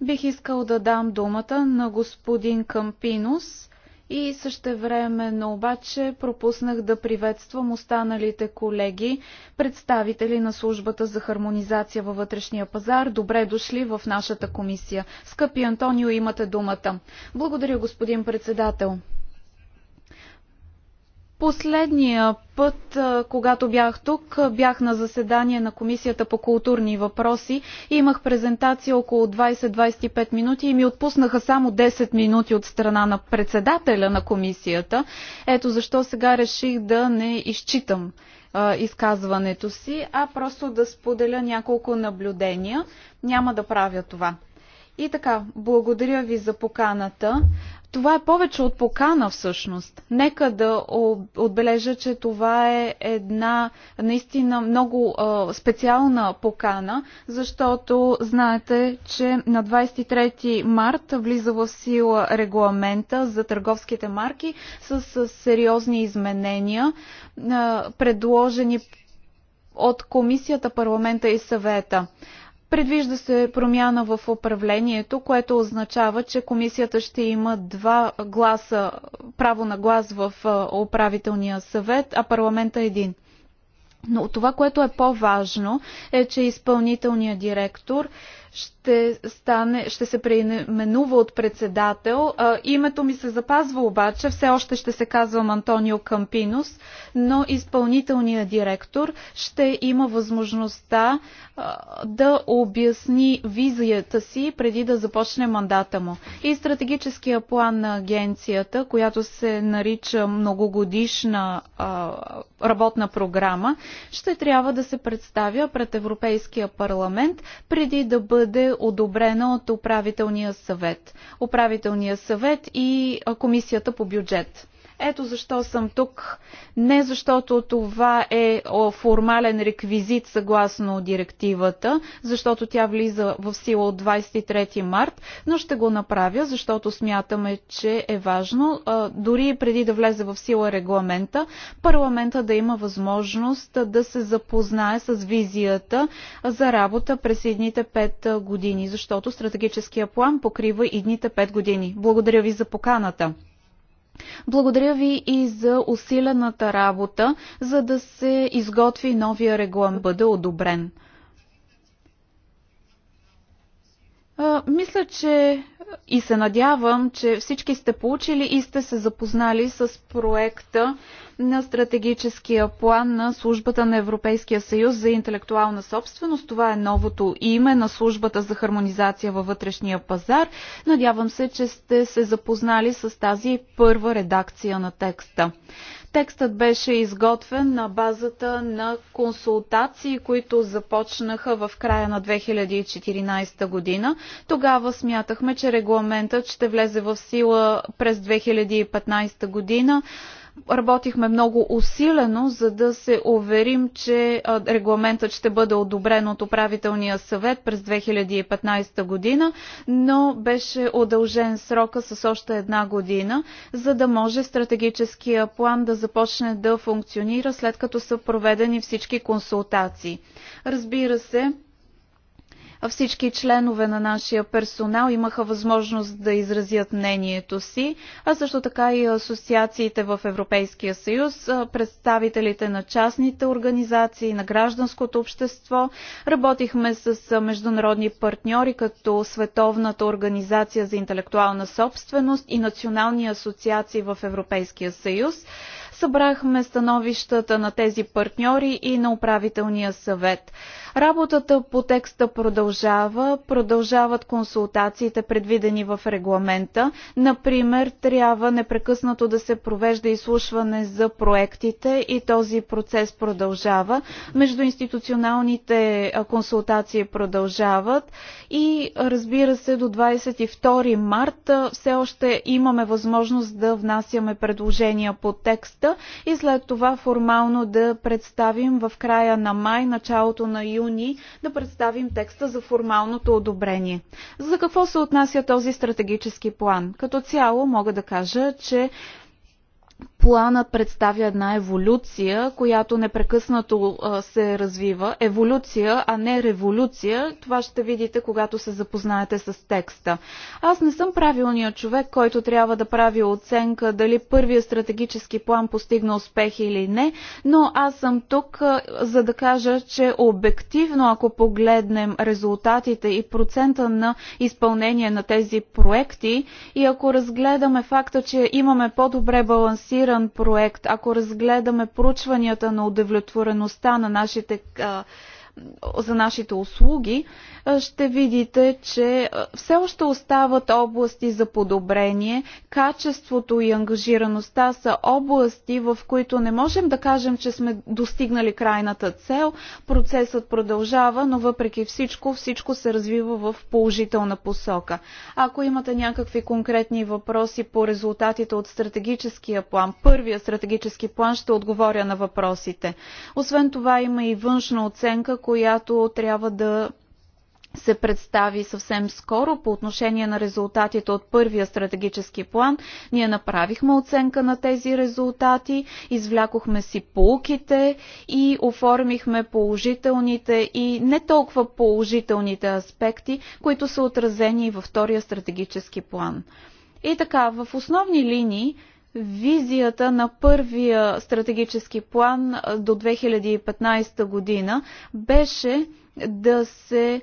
бих искал да дам думата на господин Кампинус, и също но обаче пропуснах да приветствам останалите колеги, представители на службата за хармонизация във вътрешния пазар. Добре дошли в нашата комисия. Скъпи Антонио, имате думата. Благодаря, господин председател. Последния път, когато бях тук, бях на заседание на Комисията по културни въпроси. и Имах презентация около 20-25 минути и ми отпуснаха само 10 минути от страна на председателя на комисията. Ето защо сега реших да не изчитам а, изказването си, а просто да споделя няколко наблюдения. Няма да правя това. И така, благодаря ви за поканата. Това е повече от покана всъщност. Нека да отбележа, че това е една наистина много специална покана, защото знаете, че на 23 март влиза в сила регламента за търговските марки с сериозни изменения, предложени от Комисията, парламента и съвета. Предвижда се промяна в управлението, което означава, че комисията ще има два гласа, право на глас в управителния съвет, а парламента един. Но това, което е по-важно, е, че изпълнителният директор ще, стане, ще се преименува от председател. А, името ми се запазва обаче, все още ще се казвам Антонио Кампинус, но изпълнителният директор ще има възможността а, да обясни визията си преди да започне мандата му. И стратегическия план на агенцията, която се нарича многогодишна а, работна програма, ще трябва да се представя пред Европейския парламент преди да бъде бъде одобрена от управителния съвет. Управителния съвет и комисията по бюджет. Ето защо съм тук. Не защото това е формален реквизит съгласно директивата, защото тя влиза в сила от 23 март, но ще го направя, защото смятаме, че е важно, дори преди да влезе в сила регламента, парламента да има възможност да се запознае с визията за работа през едните 5 години, защото стратегическия план покрива идните 5 години. Благодаря ви за поканата. Благодаря ви и за усилената работа, за да се изготви новия регламент бъде одобрен. Мисля, че и се надявам, че всички сте получили и сте се запознали с проекта на стратегическия план на службата на Европейския съюз за интелектуална собственост. Това е новото име на службата за хармонизация във вътрешния пазар. Надявам се, че сте се запознали с тази първа редакция на текста. Текстът беше изготвен на базата на консултации, които започнаха в края на 2014 година. Тогава смятахме, че регламентът ще влезе в сила през 2015 година Работихме много усилено, за да се уверим, че регламентът ще бъде одобрен от управителния съвет през 2015 година, но беше удължен срока с още една година, за да може стратегическия план да започне да функционира след като са проведени всички консултации. Разбира се, всички членове на нашия персонал имаха възможност да изразят мнението си, а също така и асоциациите в Европейския съюз, представителите на частните организации, на гражданското общество. Работихме с международни партньори, като Световната организация за интелектуална собственост и национални асоциации в Европейския съюз. Събрахме становищата на тези партньори и на управителния съвет. Работата по текста продължава, продължават консултациите предвидени в регламента. Например, трябва непрекъснато да се провежда изслушване за проектите и този процес продължава. Междуинституционалните консултации продължават и разбира се до 22 марта все още имаме възможност да внасяме предложения по текста проекта и след това формално да представим в края на май, началото на юни, да представим текста за формалното одобрение. За какво се отнася този стратегически план? Като цяло мога да кажа, че Планът представя една еволюция, която непрекъснато се развива. Еволюция, а не революция. Това ще видите, когато се запознаете с текста. Аз не съм правилният човек, който трябва да прави оценка дали първият стратегически план постигна успехи или не, но аз съм тук, за да кажа, че обективно, ако погледнем резултатите и процента на изпълнение на тези проекти и ако разгледаме факта, че имаме по-добре балансиране, фокусиран проект, ако разгледаме проучванията на удовлетвореността на нашите а, за нашите услуги, ще видите, че все още остават области за подобрение. Качеството и ангажираността са области, в които не можем да кажем, че сме достигнали крайната цел. Процесът продължава, но въпреки всичко, всичко се развива в положителна посока. Ако имате някакви конкретни въпроси по резултатите от стратегическия план, първия стратегически план, ще отговоря на въпросите. Освен това има и външна оценка, която трябва да се представи съвсем скоро по отношение на резултатите от първия стратегически план. Ние направихме оценка на тези резултати, извлякохме си полуките и оформихме положителните и не толкова положителните аспекти, които са отразени и във втория стратегически план. И така, в основни линии визията на първия стратегически план до 2015 година беше да се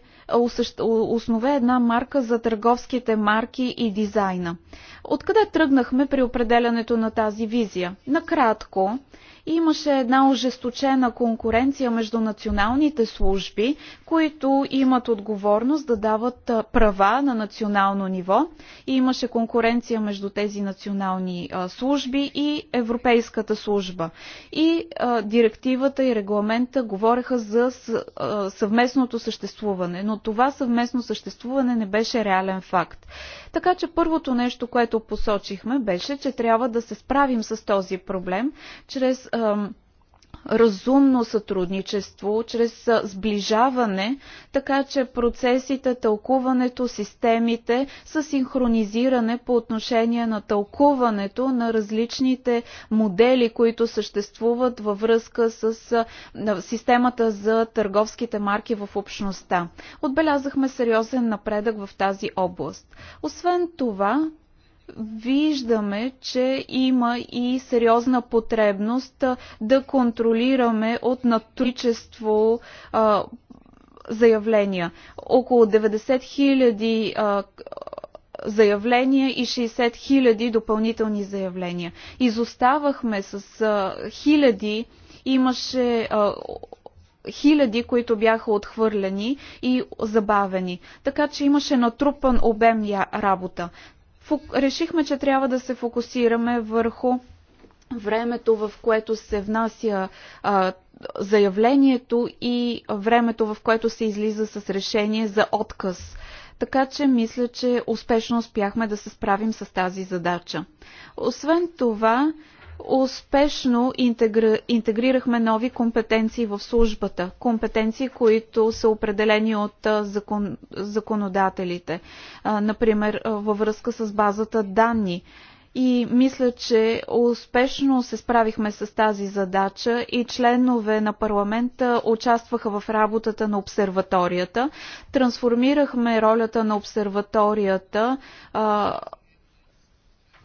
основе една марка за търговските марки и дизайна. Откъде тръгнахме при определянето на тази визия? Накратко, имаше една ожесточена конкуренция между националните служби, които имат отговорност да дават права на национално ниво. И имаше конкуренция между тези национални служби и Европейската служба. И а, директивата и регламента говореха за съвместното съществуване, но това съвместно съществуване не беше реален факт. Така че първото нещо, което посочихме, беше, че трябва да се справим с този проблем чрез разумно сътрудничество, чрез сближаване, така че процесите, тълкуването, системите са синхронизиране по отношение на тълкуването на различните модели, които съществуват във връзка с системата за търговските марки в общността. Отбелязахме сериозен напредък в тази област. Освен това, виждаме, че има и сериозна потребност да контролираме от натричество заявления. Около 90 хиляди заявления и 60 хиляди допълнителни заявления. Изоставахме с хиляди, имаше хиляди, които бяха отхвърлени и забавени. Така че имаше натрупан обем работа решихме, че трябва да се фокусираме върху времето, в което се внася а, заявлението и времето, в което се излиза с решение за отказ. Така че мисля, че успешно успяхме да се справим с тази задача. Освен това, успешно интегри... интегрирахме нови компетенции в службата. Компетенции, които са определени от закон... законодателите. Например, във връзка с базата данни и мисля, че успешно се справихме с тази задача и членове на парламента участваха в работата на обсерваторията. Трансформирахме ролята на обсерваторията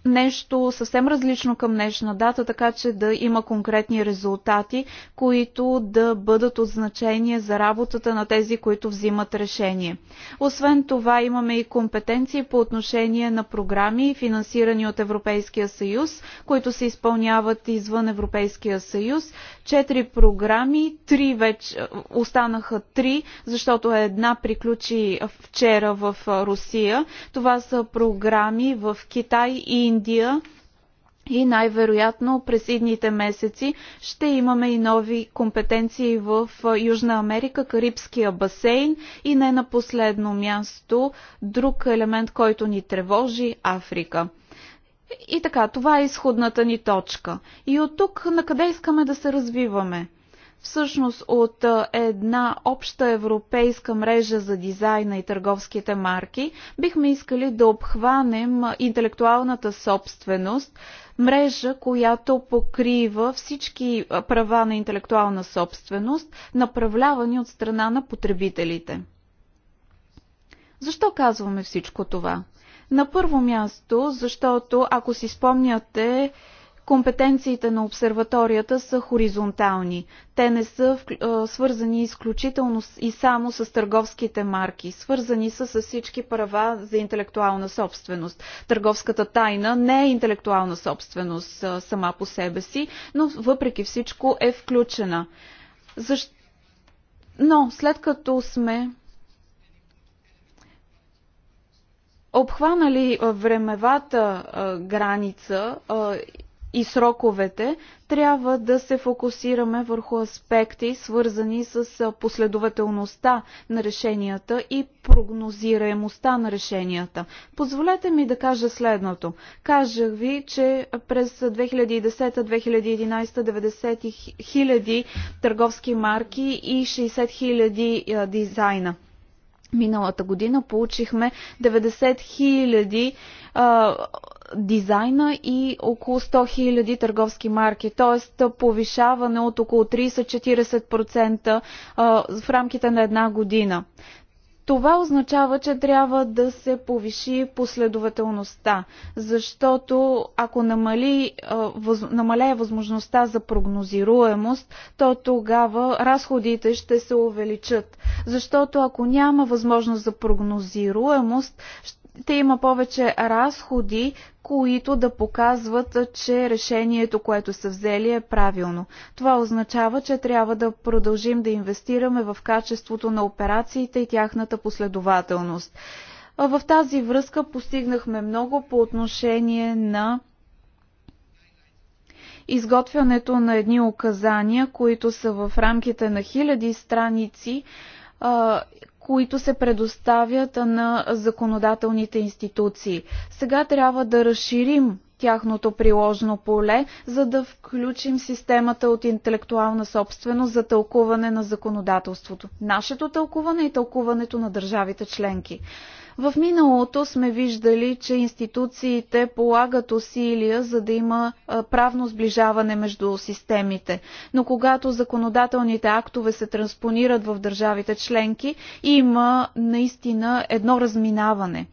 нещо съвсем различно към днешна дата, така че да има конкретни резултати, които да бъдат от значение за работата на тези, които взимат решение. Освен това имаме и компетенции по отношение на програми, финансирани от Европейския съюз, които се изпълняват извън Европейския съюз. Четири програми, три вече останаха три, защото една приключи вчера в Русия. Това са програми в Китай и Индия Индия и най-вероятно през идните месеци ще имаме и нови компетенции в Южна Америка, Карибския басейн и не на последно място друг елемент, който ни тревожи Африка. И така, това е изходната ни точка. И от тук на къде искаме да се развиваме? всъщност от една обща европейска мрежа за дизайна и търговските марки, бихме искали да обхванем интелектуалната собственост, мрежа, която покрива всички права на интелектуална собственост, направлявани от страна на потребителите. Защо казваме всичко това? На първо място, защото ако си спомняте, Компетенциите на обсерваторията са хоризонтални. Те не са свързани изключително и само с търговските марки. Свързани са с всички права за интелектуална собственост. Търговската тайна не е интелектуална собственост сама по себе си, но въпреки всичко е включена. Защо? Но след като сме обхванали времевата граница и сроковете, трябва да се фокусираме върху аспекти, свързани с последователността на решенията и прогнозираемостта на решенията. Позволете ми да кажа следното. Кажах ви, че през 2010-2011 90 хиляди търговски марки и 60 хиляди дизайна. Миналата година получихме 90 хиляди 000 а, дизайна и около 100 000 търговски марки, т.е. повишаване от около 30-40% в рамките на една година. Това означава, че трябва да се повиши последователността, защото ако намали, въз, намаляе възможността за прогнозируемост, то тогава разходите ще се увеличат. Защото ако няма възможност за прогнозируемост, те има повече разходи, които да показват, че решението, което са взели е правилно. Това означава, че трябва да продължим да инвестираме в качеството на операциите и тяхната последователност. В тази връзка постигнахме много по отношение на изготвянето на едни указания, които са в рамките на хиляди страници, които се предоставят на законодателните институции. Сега трябва да разширим тяхното приложно поле, за да включим системата от интелектуална собственост за тълкуване на законодателството. Нашето тълкуване и е тълкуването на държавите членки. В миналото сме виждали, че институциите полагат усилия, за да има правно сближаване между системите. Но когато законодателните актове се транспонират в държавите членки, има наистина едно разминаване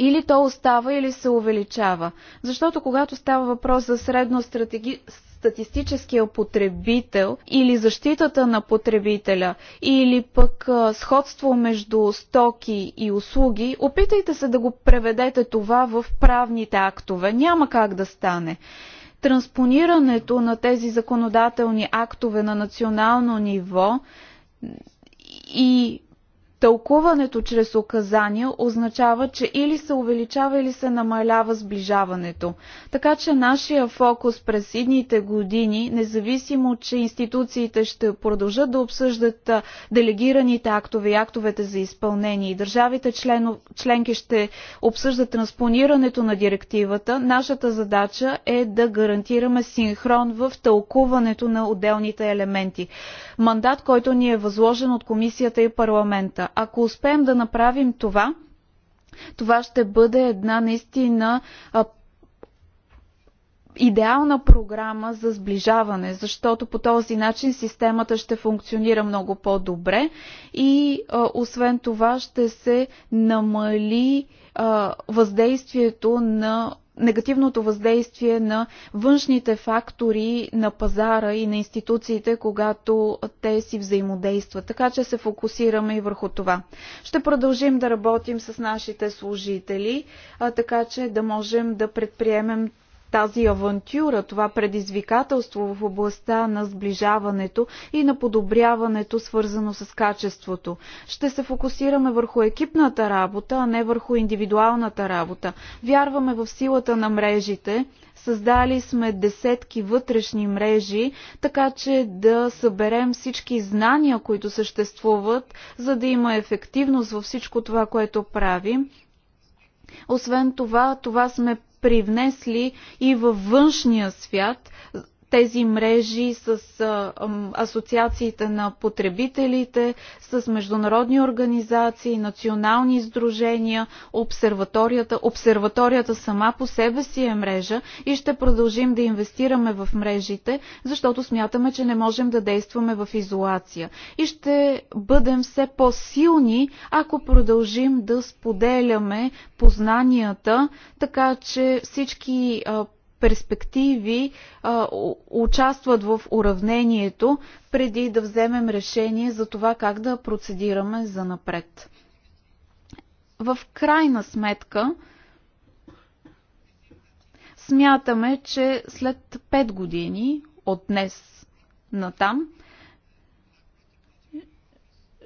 или то остава, или се увеличава. Защото когато става въпрос за средно стратеги статистическия потребител или защитата на потребителя или пък сходство между стоки и услуги, опитайте се да го преведете това в правните актове. Няма как да стане. Транспонирането на тези законодателни актове на национално ниво и Тълкуването чрез указания означава, че или се увеличава, или се намалява сближаването. Така че нашия фокус през идните години, независимо, че институциите ще продължат да обсъждат делегираните актове и актовете за изпълнение и държавите членов, членки ще обсъждат транспонирането на директивата, нашата задача е да гарантираме синхрон в тълкуването на отделните елементи. Мандат, който ни е възложен от комисията и парламента ако успеем да направим това, това ще бъде една наистина идеална програма за сближаване, защото по този начин системата ще функционира много по-добре и а, освен това ще се намали а, въздействието на негативното въздействие на външните фактори на пазара и на институциите, когато те си взаимодействат. Така че се фокусираме и върху това. Ще продължим да работим с нашите служители, така че да можем да предприемем тази авантюра, това предизвикателство в областта на сближаването и на подобряването, свързано с качеството. Ще се фокусираме върху екипната работа, а не върху индивидуалната работа. Вярваме в силата на мрежите. Създали сме десетки вътрешни мрежи, така че да съберем всички знания, които съществуват, за да има ефективност във всичко това, което правим. Освен това, това сме привнесли и във външния свят, тези мрежи с асоциациите на потребителите, с международни организации, национални издружения, обсерваторията. Обсерваторията сама по себе си е мрежа и ще продължим да инвестираме в мрежите, защото смятаме, че не можем да действаме в изолация. И ще бъдем все по-силни, ако продължим да споделяме познанията, така че всички перспективи а, участват в уравнението, преди да вземем решение за това как да процедираме за напред. В крайна сметка, смятаме, че след 5 години от днес натам,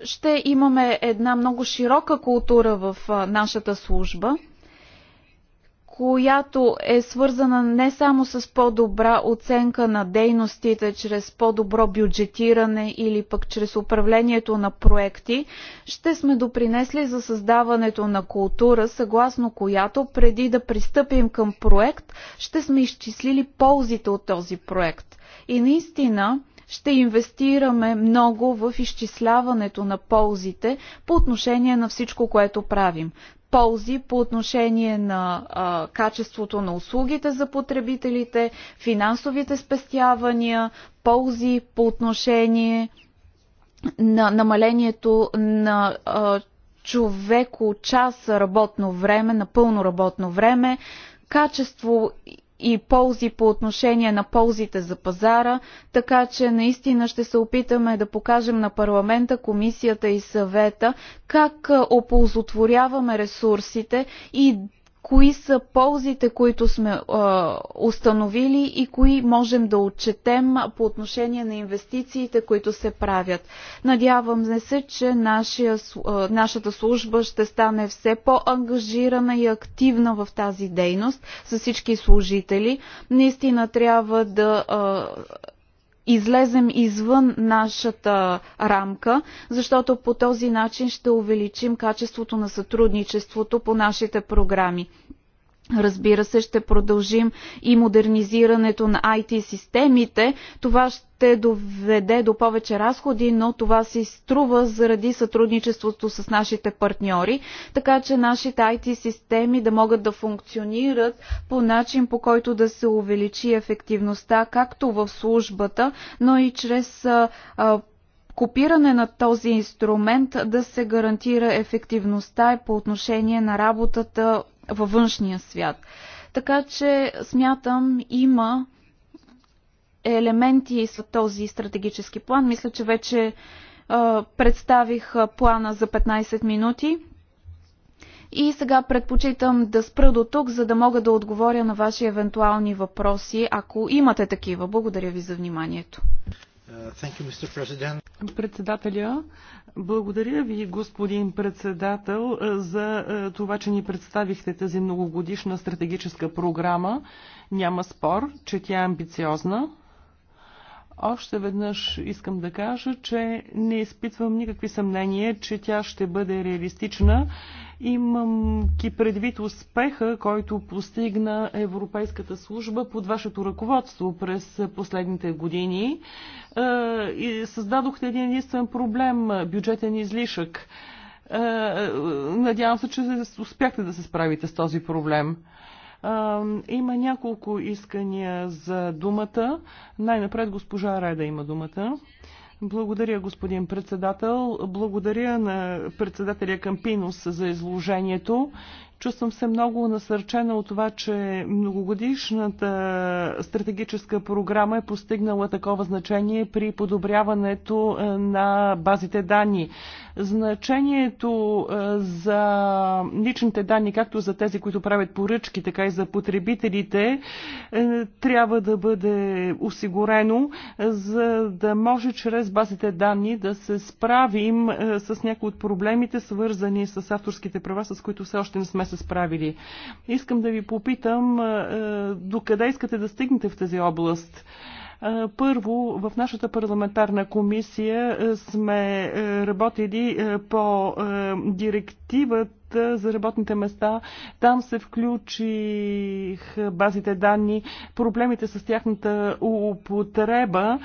ще имаме една много широка култура в нашата служба – която е свързана не само с по-добра оценка на дейностите, чрез по-добро бюджетиране или пък чрез управлението на проекти, ще сме допринесли за създаването на култура, съгласно която преди да пристъпим към проект, ще сме изчислили ползите от този проект. И наистина, ще инвестираме много в изчисляването на ползите по отношение на всичко, което правим ползи по отношение на а, качеството на услугите за потребителите, финансовите спестявания, ползи по отношение на намалението на а, човеко час работно време, на пълно работно време, качество и ползи по отношение на ползите за пазара, така че наистина ще се опитаме да покажем на парламента, комисията и съвета как оползотворяваме ресурсите и кои са ползите, които сме установили и кои можем да отчетем по отношение на инвестициите, които се правят. Надявам се, че нашия, нашата служба ще стане все по-ангажирана и активна в тази дейност с всички служители. Наистина трябва да излезем извън нашата рамка, защото по този начин ще увеличим качеството на сътрудничеството по нашите програми. Разбира се, ще продължим и модернизирането на IT системите. Това ще ще доведе до повече разходи, но това си струва заради сътрудничеството с нашите партньори, така че нашите IT системи да могат да функционират по начин, по който да се увеличи ефективността, както в службата, но и чрез копиране на този инструмент да се гарантира ефективността и по отношение на работата във външния свят. Така че смятам има елементи са този стратегически план. Мисля, че вече а, представих плана за 15 минути. И сега предпочитам да спра до тук, за да мога да отговоря на ваши евентуални въпроси, ако имате такива. Благодаря ви за вниманието. Uh, you, Председателя, благодаря ви, господин председател, за това, че ни представихте тази многогодишна стратегическа програма. Няма спор, че тя е амбициозна. Още веднъж искам да кажа, че не изпитвам никакви съмнения, че тя ще бъде реалистична. Имам ки предвид успеха, който постигна Европейската служба под вашето ръководство през последните години. Е, и създадохте един единствен проблем – бюджетен излишък. Е, надявам се, че успяхте да се справите с този проблем. Има няколко искания за думата. Най-напред госпожа Райда има думата. Благодаря, господин председател. Благодаря на председателя Кампинус за изложението. Чувствам се много насърчена от това, че многогодишната стратегическа програма е постигнала такова значение при подобряването е, на базите данни. Значението е, за личните данни, както за тези, които правят поръчки, така и за потребителите, е, трябва да бъде осигурено, за да може чрез базите данни да се справим с някои от проблемите, свързани с авторските права, с които все още не сме се справили. Искам да ви попитам докъде искате да стигнете в тази област. Първо, в нашата парламентарна комисия сме работили по директивата за работните места. Там се включих базите данни. Проблемите с тяхната употреба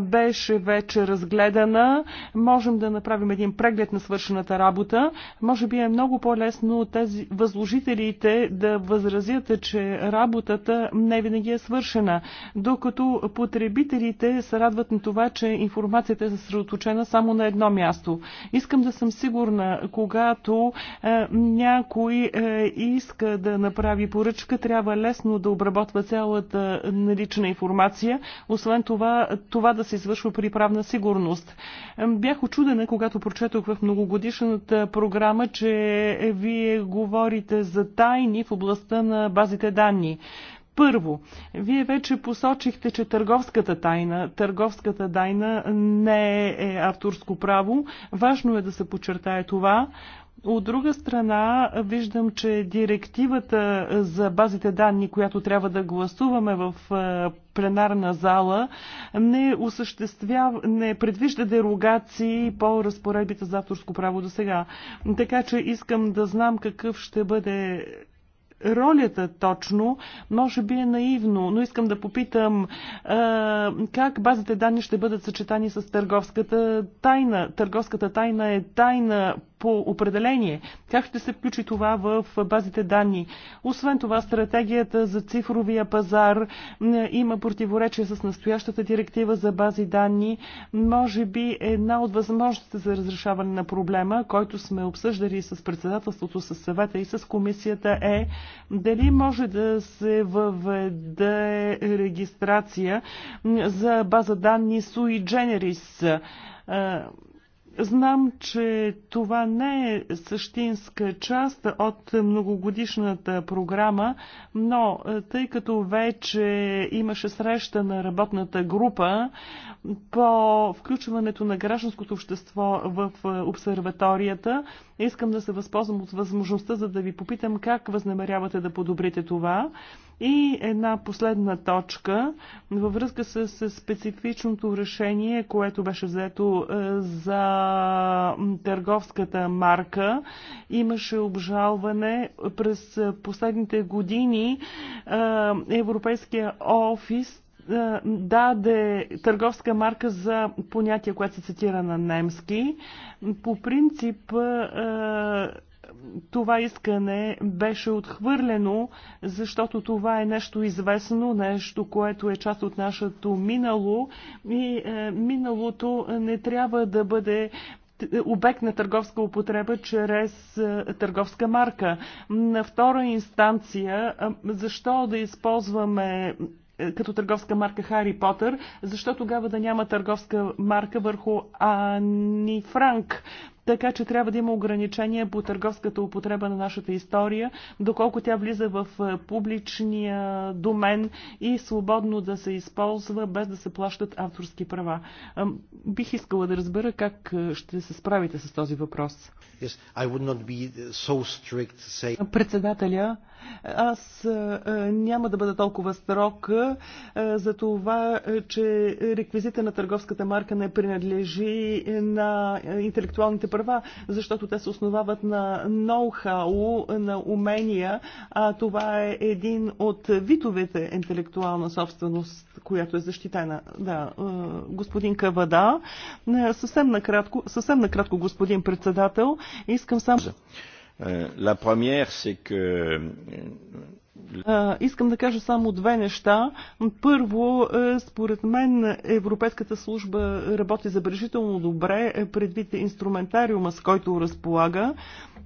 беше вече разгледана. Можем да направим един преглед на свършената работа. Може би е много по-лесно тези възложителите да възразят, че работата не винаги е свършена, докато потребителите се радват на това, че информацията е съсредоточена само на едно място. Искам да съм сигурна, когато е, някой е, иска да направи поръчка, трябва лесно да обработва цялата налична информация. Освен това, това да се извършва при правна сигурност. Бях очудена, когато прочетох в многогодишната програма, че вие говорите за тайни в областта на базите данни. Първо, вие вече посочихте, че търговската тайна, търговската тайна не е авторско право. Важно е да се подчертае това. От друга страна, виждам, че директивата за базите данни, която трябва да гласуваме в е, пленарна зала, не, осъществява, не предвижда дерогации по разпоредбите за авторско право до сега. Така че искам да знам какъв ще бъде ролята точно, може би е наивно, но искам да попитам а, е, как базите данни ще бъдат съчетани с търговската тайна. Търговската тайна е тайна по определение. Как ще се включи това в базите данни? Освен това, стратегията за цифровия пазар има противоречие с настоящата директива за бази данни. Може би една от възможностите за разрешаване на проблема, който сме обсъждали с председателството, с съвета и с комисията е дали може да се въведе регистрация за база данни Sui Generis е, Знам, че това не е същинска част от многогодишната програма, но е, тъй като вече имаше среща на работната група по включването на гражданското общество в е, обсерваторията, искам да се възползвам от възможността, за да ви попитам как възнамерявате да подобрите това. И една последна точка във връзка с специфичното решение, което беше взето е, за търговската марка. Имаше обжалване през последните години. Е, Европейския офис е, даде търговска марка за понятие, което се цитира на немски. По принцип това искане беше отхвърлено, защото това е нещо известно, нещо, което е част от нашето минало и е, миналото не трябва да бъде обект на търговска употреба чрез е, търговска марка. На втора инстанция, е, защо да използваме като търговска марка Хари Потър, защо тогава да няма търговска марка върху Ани Франк? Така че трябва да има ограничения по търговската употреба на нашата история, доколко тя влиза в е, публичния домен и свободно да се използва, без да се плащат авторски права. Бих искала да разбера как е, ще се справите с този въпрос. Yes, I would not be е, so strict, say... Председателя, аз няма да бъда толкова строг за това, че реквизита на търговската марка не принадлежи на интелектуалните права, защото те се основават на ноу-хау, на умения. А това е един от видовете интелектуална собственост, която е защитена. Да, е, господин Кавада. Е, съвсем накратко, съвсем накратко господин председател, искам само... Е, la première, c'est que Искам да кажа само две неща. Първо, е, според мен Европейската служба работи забележително добре е, предвид инструментариума, с който разполага.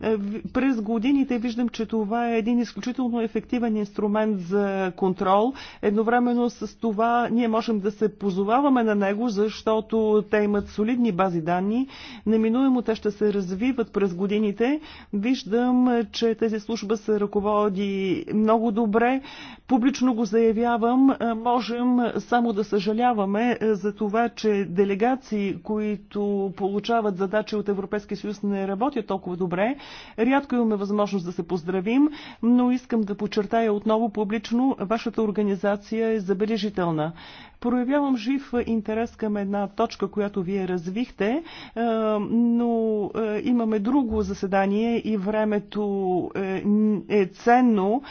Е, през годините виждам, че това е един изключително ефективен инструмент за контрол. Едновременно с това ние можем да се позоваваме на него, защото те имат солидни бази данни. Неминуемо те ще се развиват през годините. Виждам, че тези служба се ръководи много много добре. Публично го заявявам. Е, можем само да съжаляваме е, за това, че делегации, които получават задачи от Европейския съюз, не работят толкова добре. Рядко имаме възможност да се поздравим, но искам да подчертая отново публично, вашата организация е забележителна. Проявявам жив интерес към една точка, която вие развихте, е, но имаме друго заседание и времето е ценно.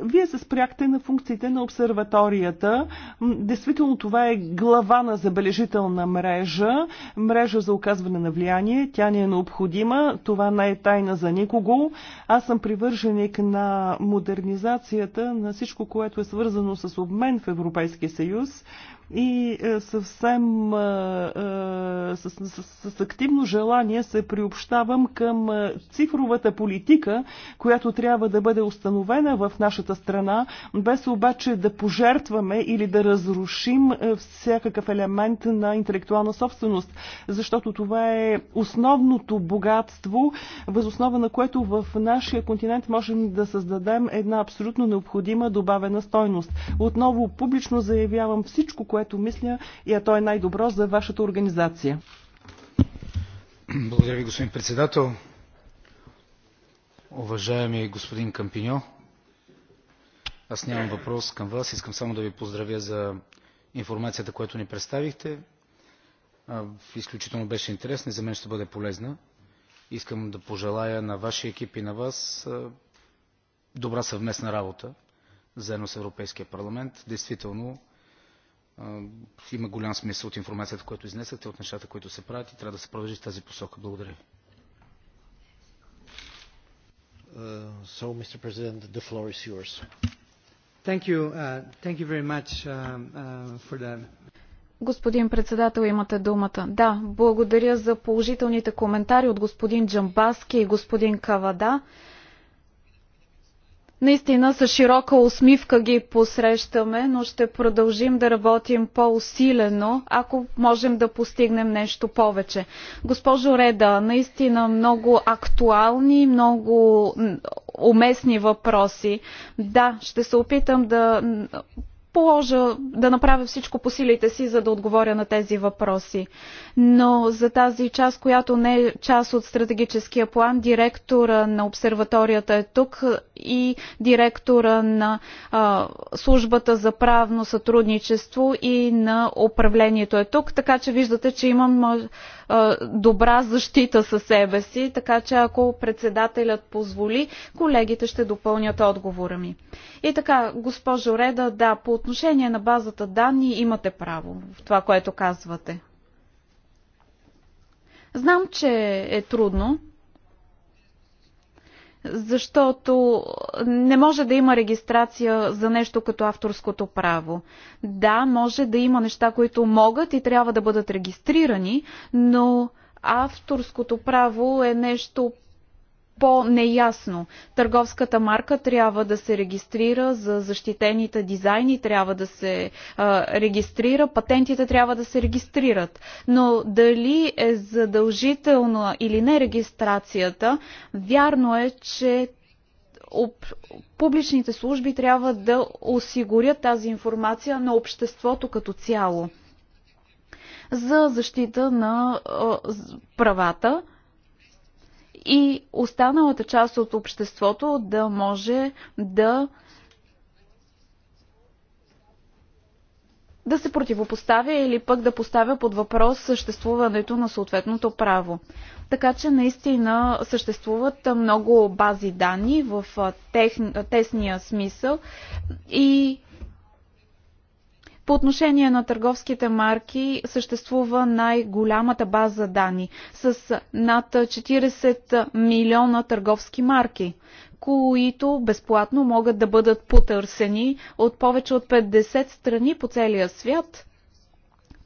Вие се спряхте на функциите на обсерваторията. Действително това е глава на забележителна мрежа, мрежа за оказване на влияние. Тя ни е необходима, това не е тайна за никого. Аз съм привърженик на модернизацията на всичко, което е свързано с обмен в Европейския съюз и е, съвсем е, е, с, с, с активно желание се приобщавам към цифровата политика, която трябва да бъде установена в нашата страна, без обаче да пожертваме или да разрушим всякакъв елемент на интелектуална собственост, защото това е основното богатство, възоснова на което в нашия континент можем да създадем една абсолютно необходима добавена стойност. Отново публично заявявам всичко, което мисля и то е най-добро за вашата организация. Благодаря ви, господин председател. Уважаеми господин Кампиньо, аз нямам въпрос към вас. Искам само да ви поздравя за информацията, която ни представихте. Изключително беше интересна и за мен ще бъде полезна. Искам да пожелая на вашия екип и на вас добра съвместна работа заедно с Европейския парламент. Действително, има голям смисъл от информацията, която изнесахте, от нещата, които се правят и трябва да се продължи в тази посока. Благодаря. Uh, so, Mr. President, the floor is yours. Thank you. Uh, thank you very much uh, uh, for Господин председател, имате думата. Да, благодаря за положителните коментари от господин Джамбаски и господин Кавада. Наистина с широка усмивка ги посрещаме, но ще продължим да работим по-усилено, ако можем да постигнем нещо повече. Госпожо Реда, наистина много актуални, много уместни въпроси. Да, ще се опитам да положа, да направя всичко по силите си, за да отговоря на тези въпроси. Но за тази част, която не е част от стратегическия план, директора на обсерваторията е тук и директора на а, службата за правно сътрудничество и на управлението е тук, така че виждате, че имам а, добра защита със себе си, така че ако председателят позволи, колегите ще допълнят отговора ми. И така, госпожо Реда, да, по отношение на базата данни имате право в това, което казвате. Знам, че е трудно, защото не може да има регистрация за нещо като авторското право. Да, може да има неща, които могат и трябва да бъдат регистрирани, но авторското право е нещо по-неясно. Търговската марка трябва да се регистрира, за защитените дизайни трябва да се а, регистрира, патентите трябва да се регистрират. Но дали е задължително или не регистрацията, вярно е, че публичните служби трябва да осигурят тази информация на обществото като цяло за защита на правата и останалата част от обществото да може да да се противопоставя или пък да поставя под въпрос съществуването на съответното право. Така че наистина съществуват много бази данни в тех... тесния смисъл и по отношение на търговските марки съществува най-голямата база данни с над 40 милиона търговски марки които безплатно могат да бъдат потърсени от повече от 50 страни по целия свят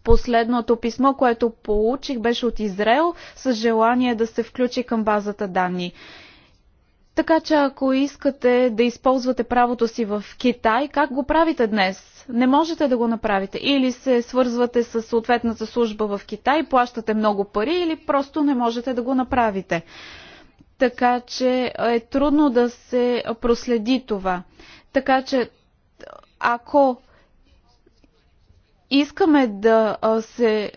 Последното писмо, което получих, беше от Израел с желание да се включи към базата данни. Така че ако искате да използвате правото си в Китай, как го правите днес? Не можете да го направите. Или се свързвате с съответната служба в Китай, плащате много пари, или просто не можете да го направите. Така че е трудно да се проследи това. Така че ако искаме да се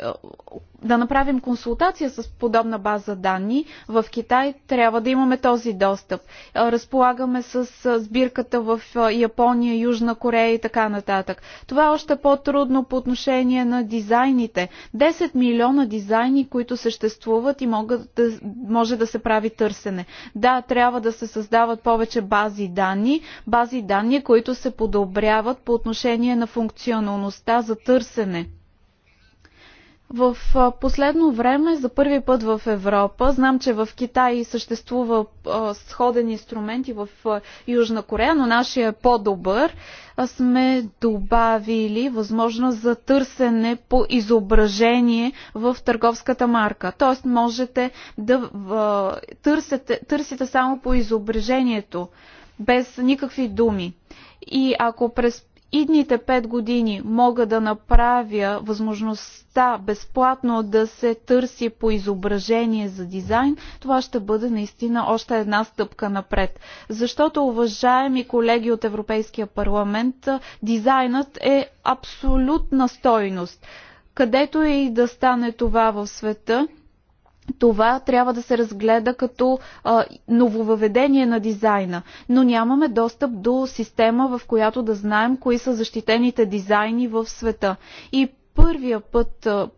да направим консултация с подобна база данни. В Китай трябва да имаме този достъп. Разполагаме с сбирката в Япония, Южна Корея и така нататък. Това е още по-трудно по отношение на дизайните. 10 милиона дизайни, които съществуват и могат да, може да се прави търсене. Да, трябва да се създават повече бази данни, бази данни, които се подобряват по отношение на функционалността за търсене в последно време, за първи път в Европа, знам, че в Китай съществува сходен инструмент и в Южна Корея, но нашия е по-добър, сме добавили възможност за търсене по изображение в търговската марка. Тоест, можете да търсите, търсите само по изображението, без никакви думи. И ако през идните пет години мога да направя възможността безплатно да се търси по изображение за дизайн, това ще бъде наистина още една стъпка напред. Защото, уважаеми колеги от Европейския парламент, дизайнът е абсолютна стойност. Където и да стане това в света, това трябва да се разгледа като а, нововъведение на дизайна. Но нямаме достъп до система, в която да знаем кои са защитените дизайни в света. И първия път, а,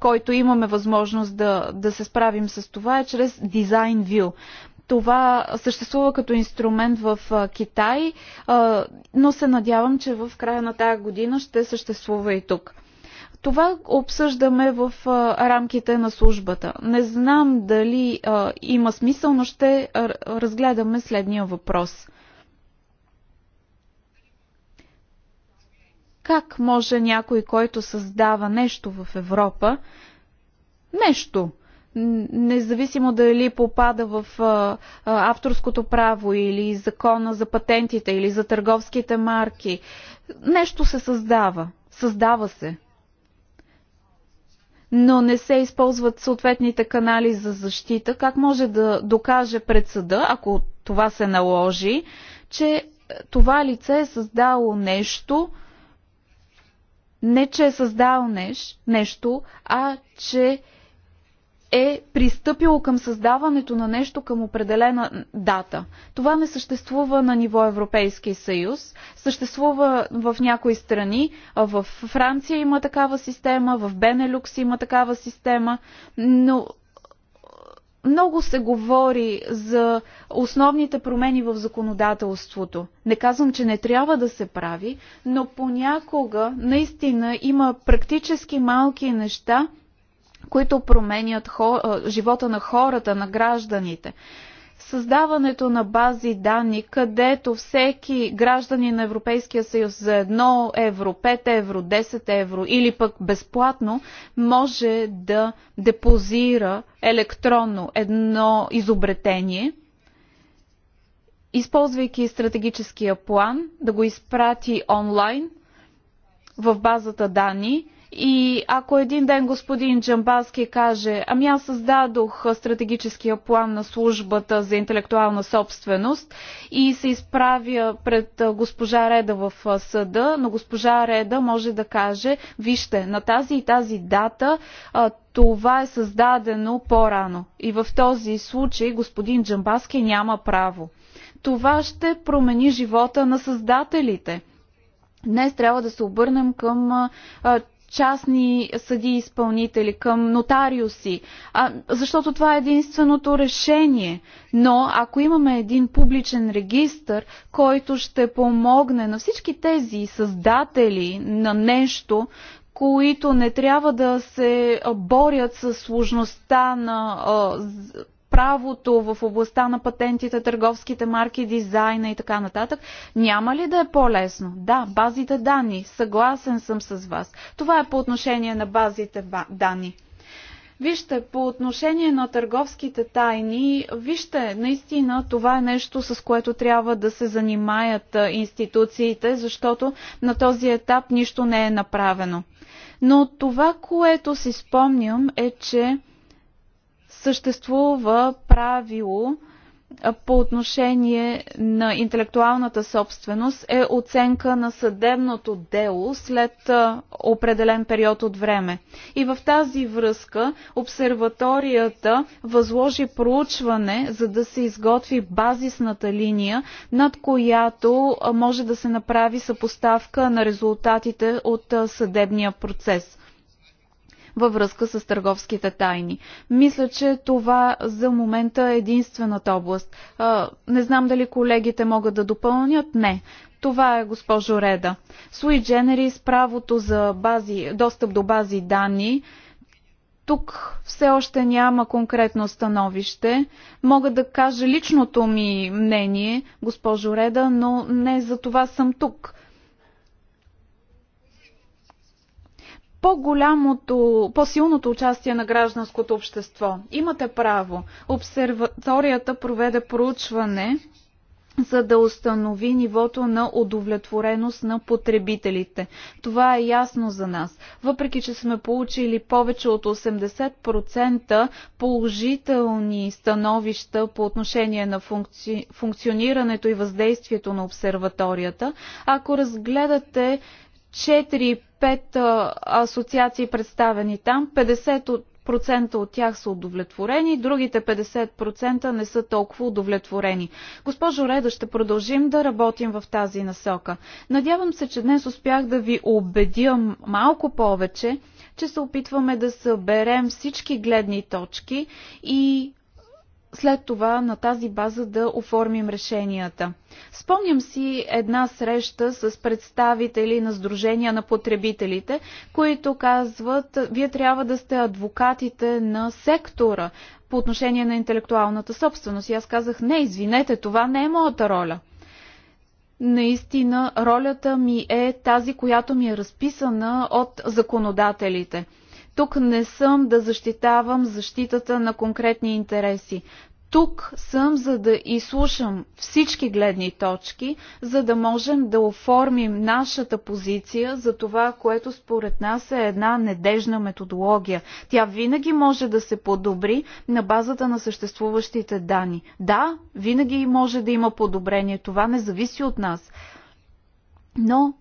който имаме възможност да, да се справим с това е чрез дизайн View. Това съществува като инструмент в Китай, но се надявам, че в края на тая година ще съществува и тук. Това обсъждаме в рамките на службата. Не знам дали има смисъл, но ще разгледаме следния въпрос. Как може някой, който създава нещо в Европа, нещо, независимо дали попада в а, авторското право или закона за патентите или за търговските марки, нещо се създава. Създава се но не се използват съответните канали за защита, как може да докаже пред съда, ако това се наложи, че е, това лице е създало нещо, не че е създал нещо, а че е пристъпило към създаването на нещо към определена дата. Това не съществува на ниво Европейски съюз, съществува в някои страни, в Франция има такава система, в Бенелюкс има такава система, но много се говори за основните промени в законодателството. Не казвам, че не трябва да се прави, но понякога наистина има практически малки неща, които променят живота на хората, на гражданите създаването на бази данни, където всеки граждани на Европейския съюз за 1 евро, 5 евро, 10 евро или пък безплатно може да депозира електронно едно изобретение, използвайки стратегическия план, да го изпрати онлайн в базата данни и ако един ден господин Джамбаски каже, ами аз създадох стратегическия план на службата за интелектуална собственост и се изправя пред госпожа Реда в съда, но госпожа Реда може да каже, вижте, на тази и тази дата това е създадено по-рано. И в този случай господин Джамбаски няма право. Това ще промени живота на създателите. Днес трябва да се обърнем към а, частни съди изпълнители, към нотариуси, а, защото това е единственото решение. Но ако имаме един публичен регистр, който ще помогне на всички тези създатели на нещо, които не трябва да се борят с сложността на правото, в областта на патентите, търговските марки, дизайна и така нататък, няма ли да е по-лесно? Да, базите данни. Съгласен съм с вас. Това е по отношение на базите данни. Вижте, по отношение на търговските тайни, вижте, наистина това е нещо, с което трябва да се занимаят институциите, защото на този етап нищо не е направено. Но това, което си спомням е, че съществува правило по отношение на интелектуалната собственост е оценка на съдебното дело след определен период от време. И в тази връзка обсерваторията възложи проучване, за да се изготви базисната линия, над която може да се направи съпоставка на резултатите от съдебния процес във връзка с търговските тайни. Мисля, че това за момента е единствената област. Не знам дали колегите могат да допълнят. Не. Това е госпожо Реда. Суи Дженери с правото за бази, достъп до бази данни, тук все още няма конкретно становище. Мога да кажа личното ми мнение, госпожо Реда, но не за това съм тук. по-голямото, по-силното участие на гражданското общество. Имате право. Обсерваторията проведе проучване за да установи нивото на удовлетвореност на потребителите. Това е ясно за нас. Въпреки, че сме получили повече от 80% положителни становища по отношение на функци... функционирането и въздействието на обсерваторията, ако разгледате четири пет асоциации представени там, 50 от процента от тях са удовлетворени, другите 50% не са толкова удовлетворени. Госпожо Реда, ще продължим да работим в тази насока. Надявам се, че днес успях да ви убедя малко повече, че се опитваме да съберем всички гледни точки и след това на тази база да оформим решенията. Спомням си една среща с представители на Сдружения на потребителите, които казват, вие трябва да сте адвокатите на сектора по отношение на интелектуалната собственост. И аз казах, не, извинете, това не е моята роля наистина ролята ми е тази, която ми е разписана от законодателите. Тук не съм да защитавам защитата на конкретни интереси. Тук съм, за да изслушам всички гледни точки, за да можем да оформим нашата позиция за това, което според нас е една недежна методология. Тя винаги може да се подобри на базата на съществуващите данни. Да, винаги може да има подобрение. Това не зависи от нас. Но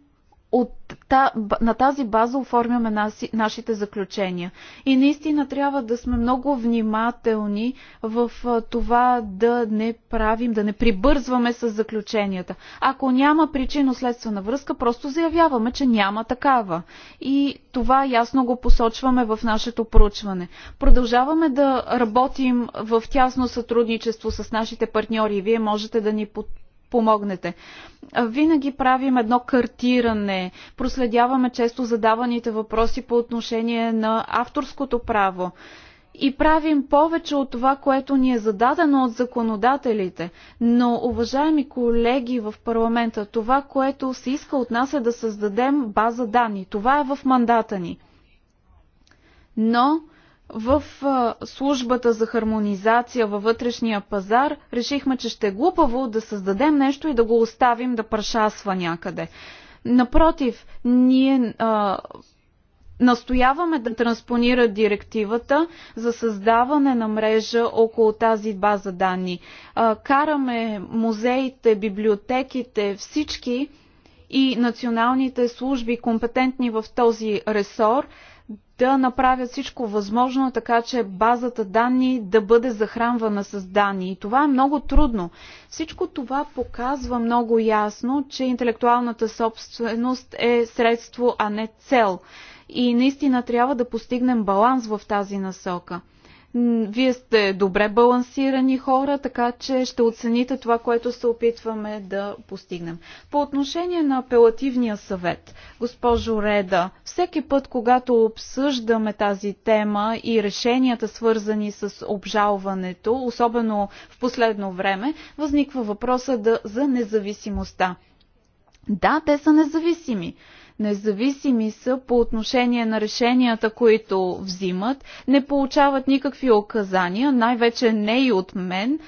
от та, на тази база оформяме наси, нашите заключения. И наистина трябва да сме много внимателни в това да не правим, да не прибързваме с заключенията. Ако няма причинно-следствена връзка, просто заявяваме, че няма такава. И това ясно го посочваме в нашето проучване. Продължаваме да работим в тясно сътрудничество с нашите партньори. Вие можете да ни помогнете. Винаги правим едно картиране, проследяваме често задаваните въпроси по отношение на авторското право и правим повече от това, което ни е зададено от законодателите. Но, уважаеми колеги в парламента, това, което се иска от нас е да създадем база данни. Това е в мандата ни. Но в службата за хармонизация във вътрешния пазар решихме, че ще е глупаво да създадем нещо и да го оставим да прашасва някъде. Напротив, ние а, настояваме да транспонира директивата за създаване на мрежа около тази база данни. А, караме музеите, библиотеките, всички и националните служби, компетентни в този ресор, да направят всичко възможно, така че базата данни да бъде захранвана с данни. И това е много трудно. Всичко това показва много ясно, че интелектуалната собственост е средство, а не цел. И наистина трябва да постигнем баланс в тази насока. Вие сте добре балансирани хора, така че ще оцените това, което се опитваме да постигнем. По отношение на апелативния съвет, госпожо Реда, всеки път, когато обсъждаме тази тема и решенията свързани с обжалването, особено в последно време, възниква въпроса да, за независимостта. Да, те са независими. Независими са по отношение на решенията, които взимат. Не получават никакви указания, най-вече не и от мен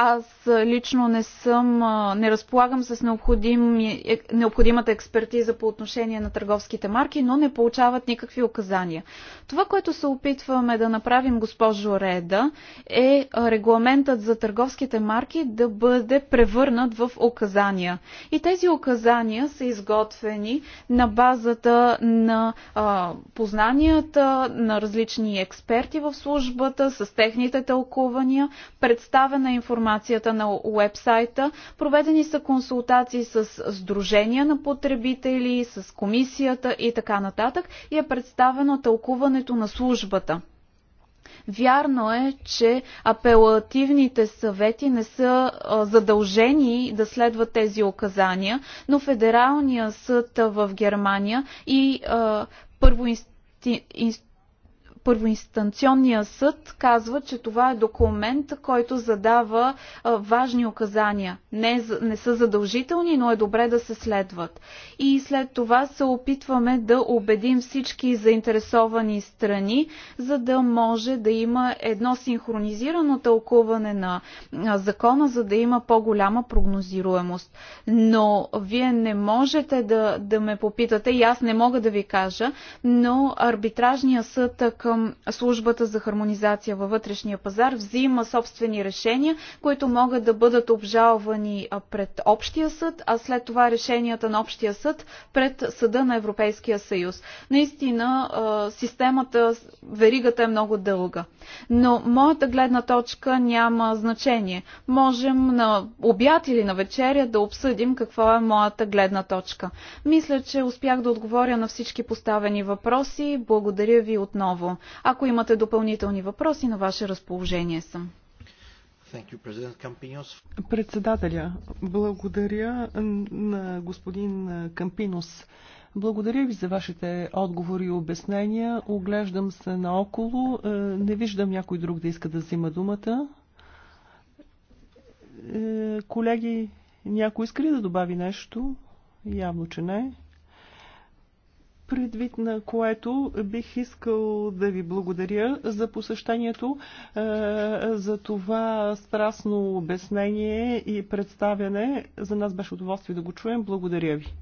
аз лично не съм, не разполагам с необходим, е, е, необходимата експертиза по отношение на търговските марки, но не получават никакви указания. Това, което се опитваме да направим, госпожо Реда, е регламентът за търговските марки да бъде превърнат в указания. И тези указания са изготвени на базата на а, познанията на различни експерти в службата, с техните тълкувания, представена информация информацията на уебсайта. Проведени са консултации с Сдружения на потребители, с комисията и така нататък и е представено тълкуването на службата. Вярно е, че апелативните съвети не са задължени да следват тези указания, но Федералния съд в Германия и инст първоинстанционния съд казва, че това е документ, който задава а, важни указания. Не, не са задължителни, но е добре да се следват. И след това се опитваме да убедим всички заинтересовани страни, за да може да има едно синхронизирано тълкуване на а, закона, за да има по-голяма прогнозируемост. Но вие не можете да, да ме попитате и аз не мога да ви кажа, но арбитражния съд към към службата за хармонизация във вътрешния пазар, взима собствени решения, които могат да бъдат обжалвани пред Общия съд, а след това решенията на Общия съд пред Съда на Европейския съюз. Наистина, системата, веригата е много дълга. Но моята гледна точка няма значение. Можем на обяд или на вечеря да обсъдим какво е моята гледна точка. Мисля, че успях да отговоря на всички поставени въпроси. Благодаря ви отново. Ако имате допълнителни въпроси, на ваше разположение съм. Председателя, благодаря на господин Кампинос. Благодаря ви за вашите отговори и обяснения. Оглеждам се наоколо. Е, не виждам някой друг да иска да взима думата. Е, колеги, някой иска ли да добави нещо? Явно, че не предвид на което бих искал да ви благодаря за посещението, е, за това страстно обяснение и представяне. За нас беше удоволствие да го чуем. Благодаря ви.